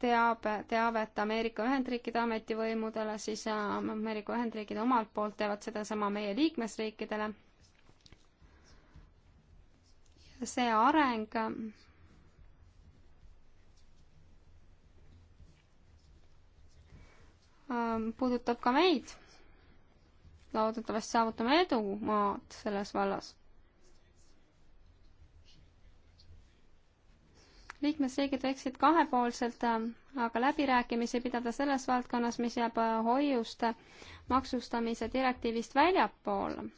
teab, teavet Ameerika Ühendriikide ametivõimudele, siis äh, Ameerika Ühendriigid omalt poolt teevad sedasama meie liikmesriikidele. see areng ähm, puudutab ka meid. loodetavasti saavutame edumaad selles vallas liikmesriigid võiksid kahepoolselt äh, aga läbirääkimisi pidada selles valdkonnas, mis jääb äh, hoiuste äh, maksustamise direktiivist väljapoole.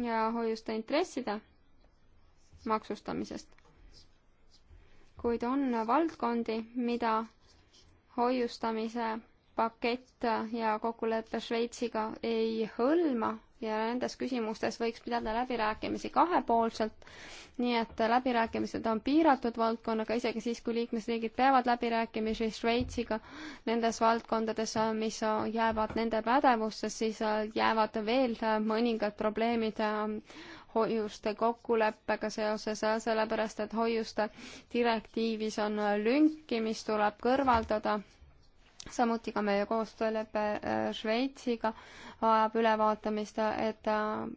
ja hoiuste intresside maksustamisest. kuid on valdkondi, mida hoiustamise pakett ja kokkulepe Šveitsiga ei hõlma ja nendes küsimustes võiks pidada läbirääkimisi kahepoolselt, nii et läbirääkimised on piiratud valdkonnaga, isegi siis, kui liikmesriigid peavad läbirääkimisi Šveitsiga nendes valdkondades, mis jäävad nende pädevusse, siis jäävad veel mõningad probleemid hoiuste kokkuleppega seoses, sellepärast et hoiuste direktiivis on lünki, mis tuleb kõrvaldada samuti ka meie koostöölepe äh, Šveitsiga vajab ülevaatamist, et äh,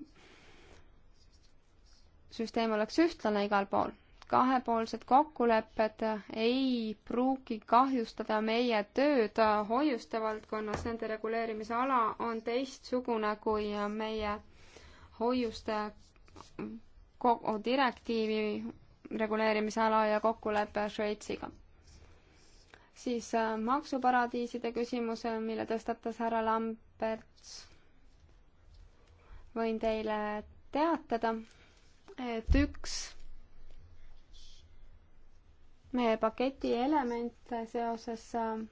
süsteem oleks ühtlane igal pool. kahepoolsed kokkulepped ei pruugi kahjustada meie tööd äh, hoiuste valdkonnas, nende reguleerimise ala on teistsugune kui meie hoiuste direktiivi reguleerimise ala ja kokkulepe Šveitsiga siis äh, maksuparadiiside küsimus, mille tõstatas härra Lamberts. võin teile teatada, et üks meie paketi element seoses äh,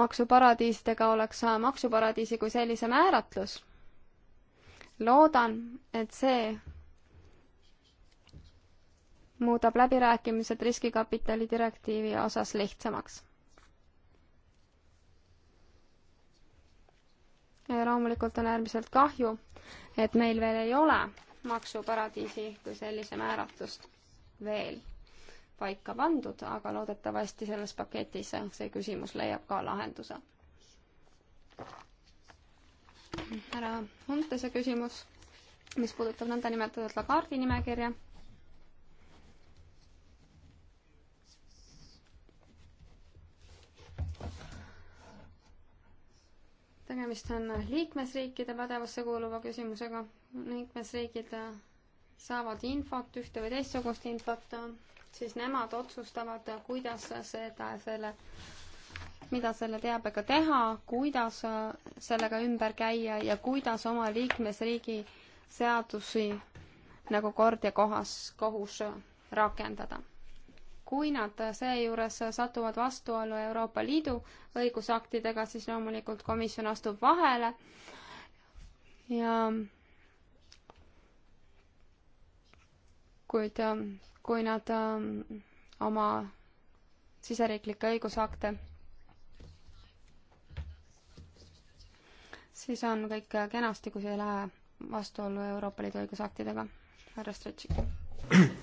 maksuparadiisidega oleks äh, maksuparadiisi kui sellise määratlus. loodan, et see muudab läbirääkimised riskikapitali direktiivi osas lihtsamaks. ja loomulikult on äärmiselt kahju, et meil veel ei ole maksuparadiisi kui sellise määratust veel paika pandud, aga loodetavasti selles paketis see küsimus leiab ka lahenduse. härra Huntese küsimus, mis puudutab nõndanimetatud Lagardi nimekirja tegemist on liikmesriikide pädevusse kuuluva küsimusega. liikmesriigid saavad infot, ühte või teistsugust infot, siis nemad otsustavad, kuidas seda, selle, mida selle teabega teha, kuidas sellega ümber käia ja kuidas oma liikmesriigi seadusi nagu kord ja kohas, kohus rakendada kui nad seejuures satuvad vastuollu Euroopa Liidu õigusaktidega, siis loomulikult komisjon astub vahele ja kuid kui nad ähm, oma siseriiklikke õigusakte siis on kõik kenasti, kui see ei lähe vastuollu Euroopa Liidu õigusaktidega. härra Stretšik.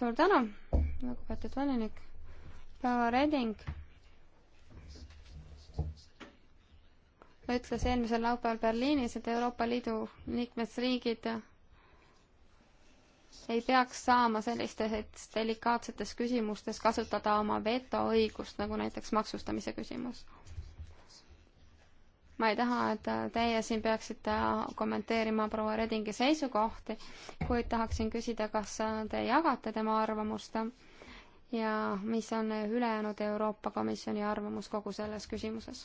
suur tänu, lugupeetud volinik, proua Reding ütles eelmisel laupäeval Berliinis, et Euroopa Liidu liikmesriigid ei peaks saama sellistes delikaatsetes küsimustes kasutada oma vetoõigust, nagu näiteks maksustamise küsimus ma ei taha, et teie siin peaksite kommenteerima proua Redingi seisukohti, kuid tahaksin küsida, kas te jagate tema arvamust ja mis on ülejäänud Euroopa Komisjoni arvamus kogu selles küsimuses?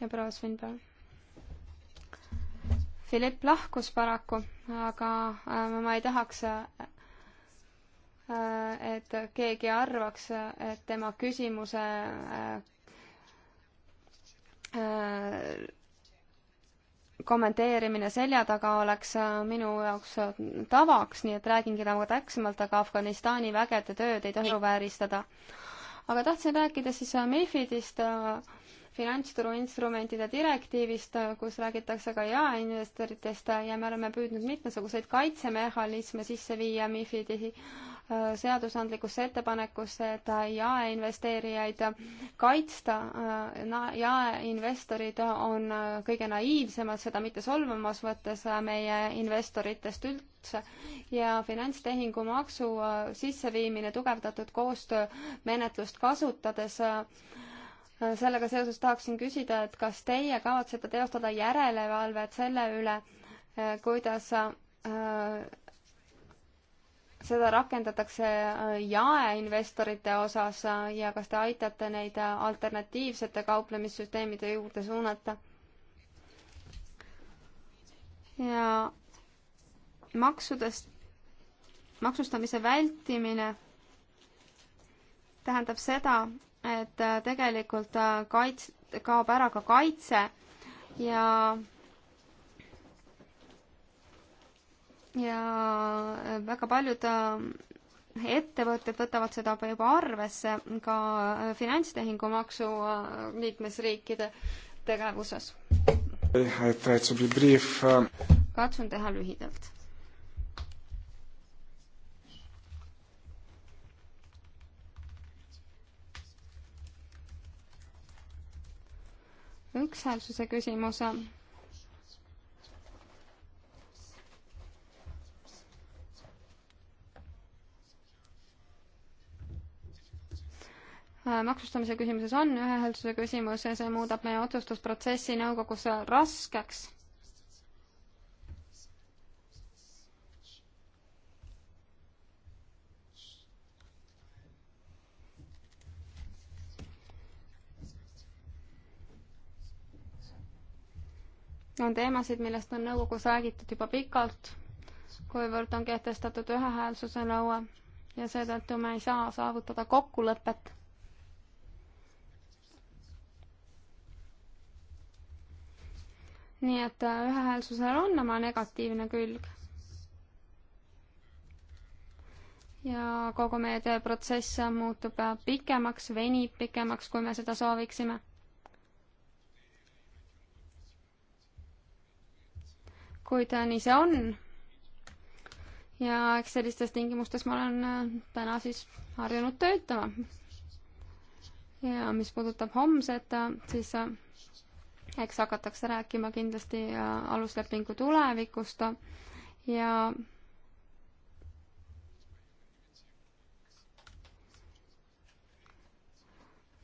ja proua Svinberg. Philipp lahkus paraku, aga äh, ma ei tahaks Äh, et keegi arvaks, et tema küsimuse äh, äh, kommenteerimine selja taga oleks minu jaoks tavaks, nii et räägingi nagu täpsemalt, aga Afganistani vägede tööd ei tohi vääristada. aga tahtsin rääkida siis MIFIDist, finantsturuinstrumentide direktiivist, kus räägitakse ka jaeinvestoritest ja me oleme püüdnud mitmesuguseid kaitsemehhanisme sisse viia MIFIDi seadusandlikusse ettepanekusse, et jaeinvesteerijaid kaitsta. jaeinvestorid on kõige naiivsemad, seda mitte solvamas mõttes, meie investoritest üldse ja finantstehingumaksu sisseviimine tugevdatud koostöömenetlust kasutades sellega seoses tahaksin küsida, et kas teie kavatsete teostada järelevalvet selle üle, kuidas seda rakendatakse äh, jaeinvestorite osas äh, ja kas te aitate neid äh, alternatiivsete kauplemissüsteemide juurde suunata? ja maksudest, maksustamise vältimine tähendab seda, et tegelikult kaits-, kaob ära ka kaitse ja ja äh, väga paljud äh, ettevõtted võtavad seda juba arvesse ka äh, finantstehingumaksu liikmesriikide tegevuses. Um, katsun teha lühidalt. ükshäälsuse küsimuse Äh, maksustamise küsimuses on ühehäälsuse küsimus ja see muudab meie otsustusprotsessi nõukogus raskeks. on teemasid, millest on nõukogus räägitud juba pikalt, kuivõrd on kehtestatud ühehäälsuse nõue ja seetõttu me ei saa saavutada kokkulepet nii et äh, ühehäälsusel on oma negatiivne külg. ja kogu meie tööprotsess muutub äh, pikemaks, venib pikemaks, kui me seda sooviksime. kuid äh, nii see on. ja eks sellistes tingimustes ma olen täna siis harjunud töötama. ja mis puudutab homset, siis eks hakatakse rääkima kindlasti äh, aluslepingu tulevikust ja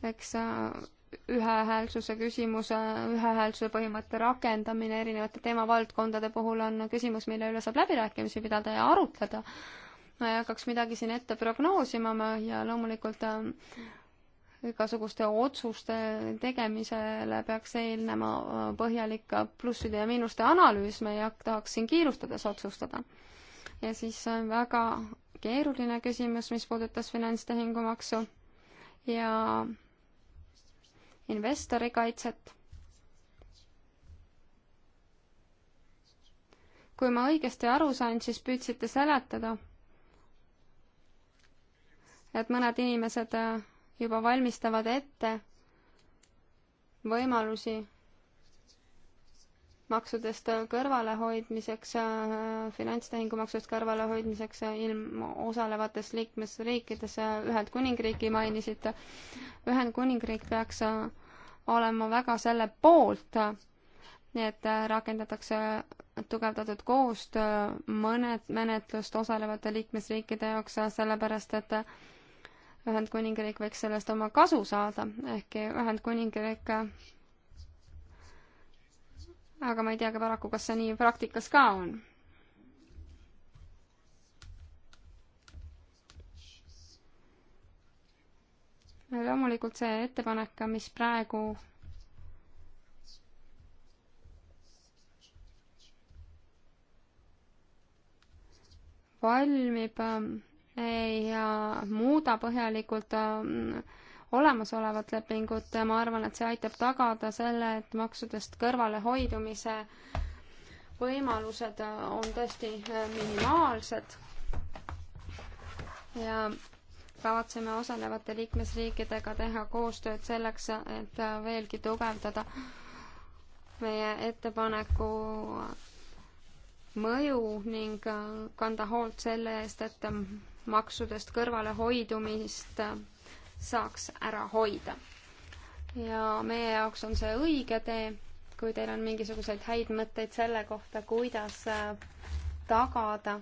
eks äh, ühehäälsuse küsimuse, ühehäälsuse põhimõtte rakendamine erinevate teemavaldkondade puhul on küsimus, mille üle saab läbirääkimisi pidada ja arutleda. ma ei hakkaks midagi siin ette prognoosima ja loomulikult äh, igasuguste otsuste tegemisele peaks eelnema äh, põhjalik äh, plusside ja miinuste analüüs, me ei tahaks siin kiirustades otsustada. ja siis äh, väga keeruline küsimus, mis puudutas finantstehingumaksu ja investori kaitset. kui ma õigesti aru sain, siis püüdsite seletada, et mõned inimesed juba valmistavad ette võimalusi maksudest kõrvalehoidmiseks, finantstehingumaksust kõrvalehoidmiseks ilm osalevates liikmesriikides, Ühendkuningriigi mainisite. Ühendkuningriik peaks olema väga selle poolt, nii et rakendatakse tugevdatud koostöö mõned menetlust osalevate liikmesriikide jaoks, sellepärast et Ühendkuningriik võiks sellest oma kasu saada, ehkki Ühendkuningriik aga ma ei tea ka paraku, kas see nii praktikas ka on. loomulikult see ettepanek, mis praegu valmib ähm, ja muuda põhjalikult äh, olemasolevat lepingut, ma arvan, et see aitab tagada selle, et maksudest kõrvalehoidumise võimalused äh, on tõesti äh, minimaalsed ja kavatseme osalevate liikmesriikidega teha koostööd selleks, et veelgi tugevdada meie ettepaneku mõju ning kanda hoolt selle eest, et maksudest kõrvalehoidumist saaks ära hoida. ja meie jaoks on see õige tee, kui teil on mingisuguseid häid mõtteid selle kohta, kuidas äh, tagada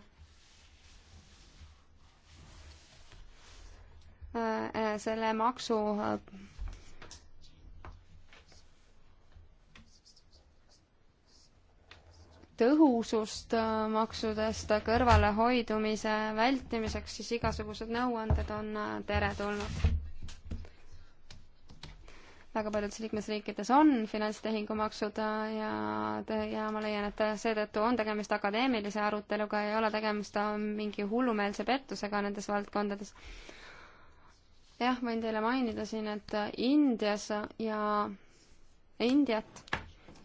äh, äh, selle maksu tõhusust äh, maksudest kõrvalehoidumise vältimiseks, siis igasugused nõuanded on äh, teretulnud. väga paljudes liikmesriikides on finantstehingumaksud äh, ja, ja ma leian, et seetõttu on tegemist akadeemilise aruteluga, ei ole tegemist mingi hullumeelse pettusega nendes valdkondades. jah, võin teile mainida siin, et Indias ja Indiat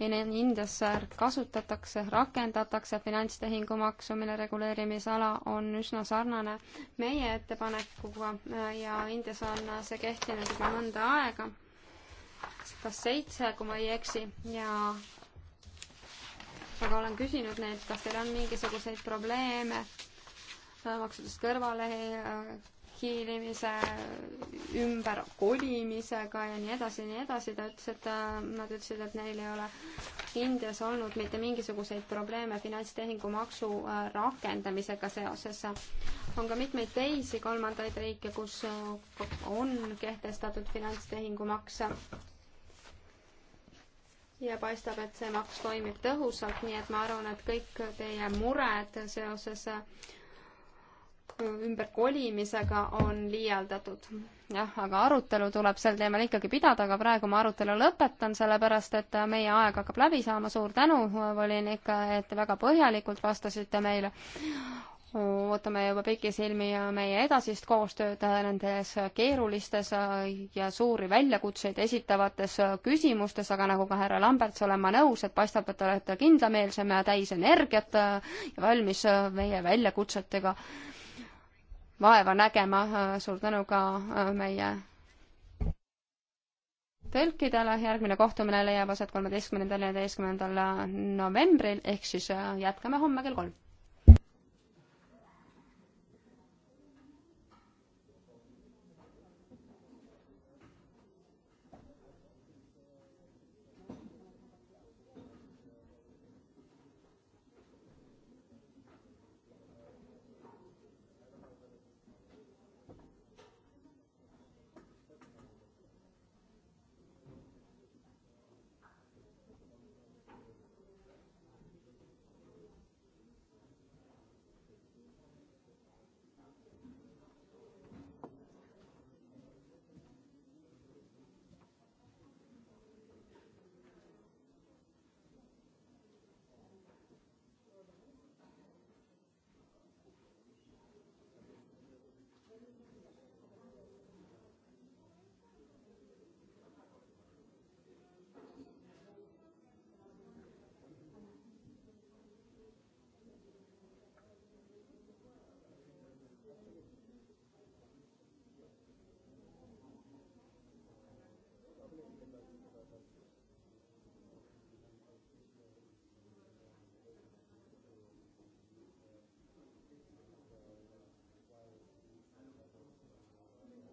hindas kasutatakse, rakendatakse, finantstehingu maksu, mille reguleerimisala on üsna sarnane meie ettepanekuga äh, ja Indias on see kehtinud juba mõnda aega, kas seitse, kui ma ei eksi, ja aga olen küsinud neilt, kas teil on mingisuguseid probleeme äh, maksudest kõrvale äh, kiilimise, ümber kolimisega ja nii edasi ja nii edasi, ta ütles, et äh, nad ütlesid, et neil ei ole Indias olnud mitte mingisuguseid probleeme finantstehingumaksu äh, rakendamisega seoses. on ka mitmeid teisi kolmandaid riike, kus äh, on kehtestatud finantstehingumaks ja paistab, et see maks toimib tõhusalt, nii et ma arvan, et kõik teie mured seoses äh, ümberkolimisega on liialdatud. jah, aga arutelu tuleb sel teemal ikkagi pidada, aga praegu ma arutelu lõpetan, sellepärast et meie aeg hakkab läbi saama, suur tänu, volinik, et te väga põhjalikult vastasite meile. ootame juba pikisilmi meie edasist koostööd nendes keerulistes ja suuri väljakutseid esitavates küsimustes, aga nagu ka härra Lamberts, olen ma nõus, et paistab, et te olete kindlameelsem ja täis energiat ja valmis meie väljakutsetega vaeva nägema, suur tänu ka äh, meie tõlkidele, järgmine kohtumine leiab aset kolmeteistkümnendal ja neljateistkümnendal novembril, ehk siis äh, jätkame homme kell kolm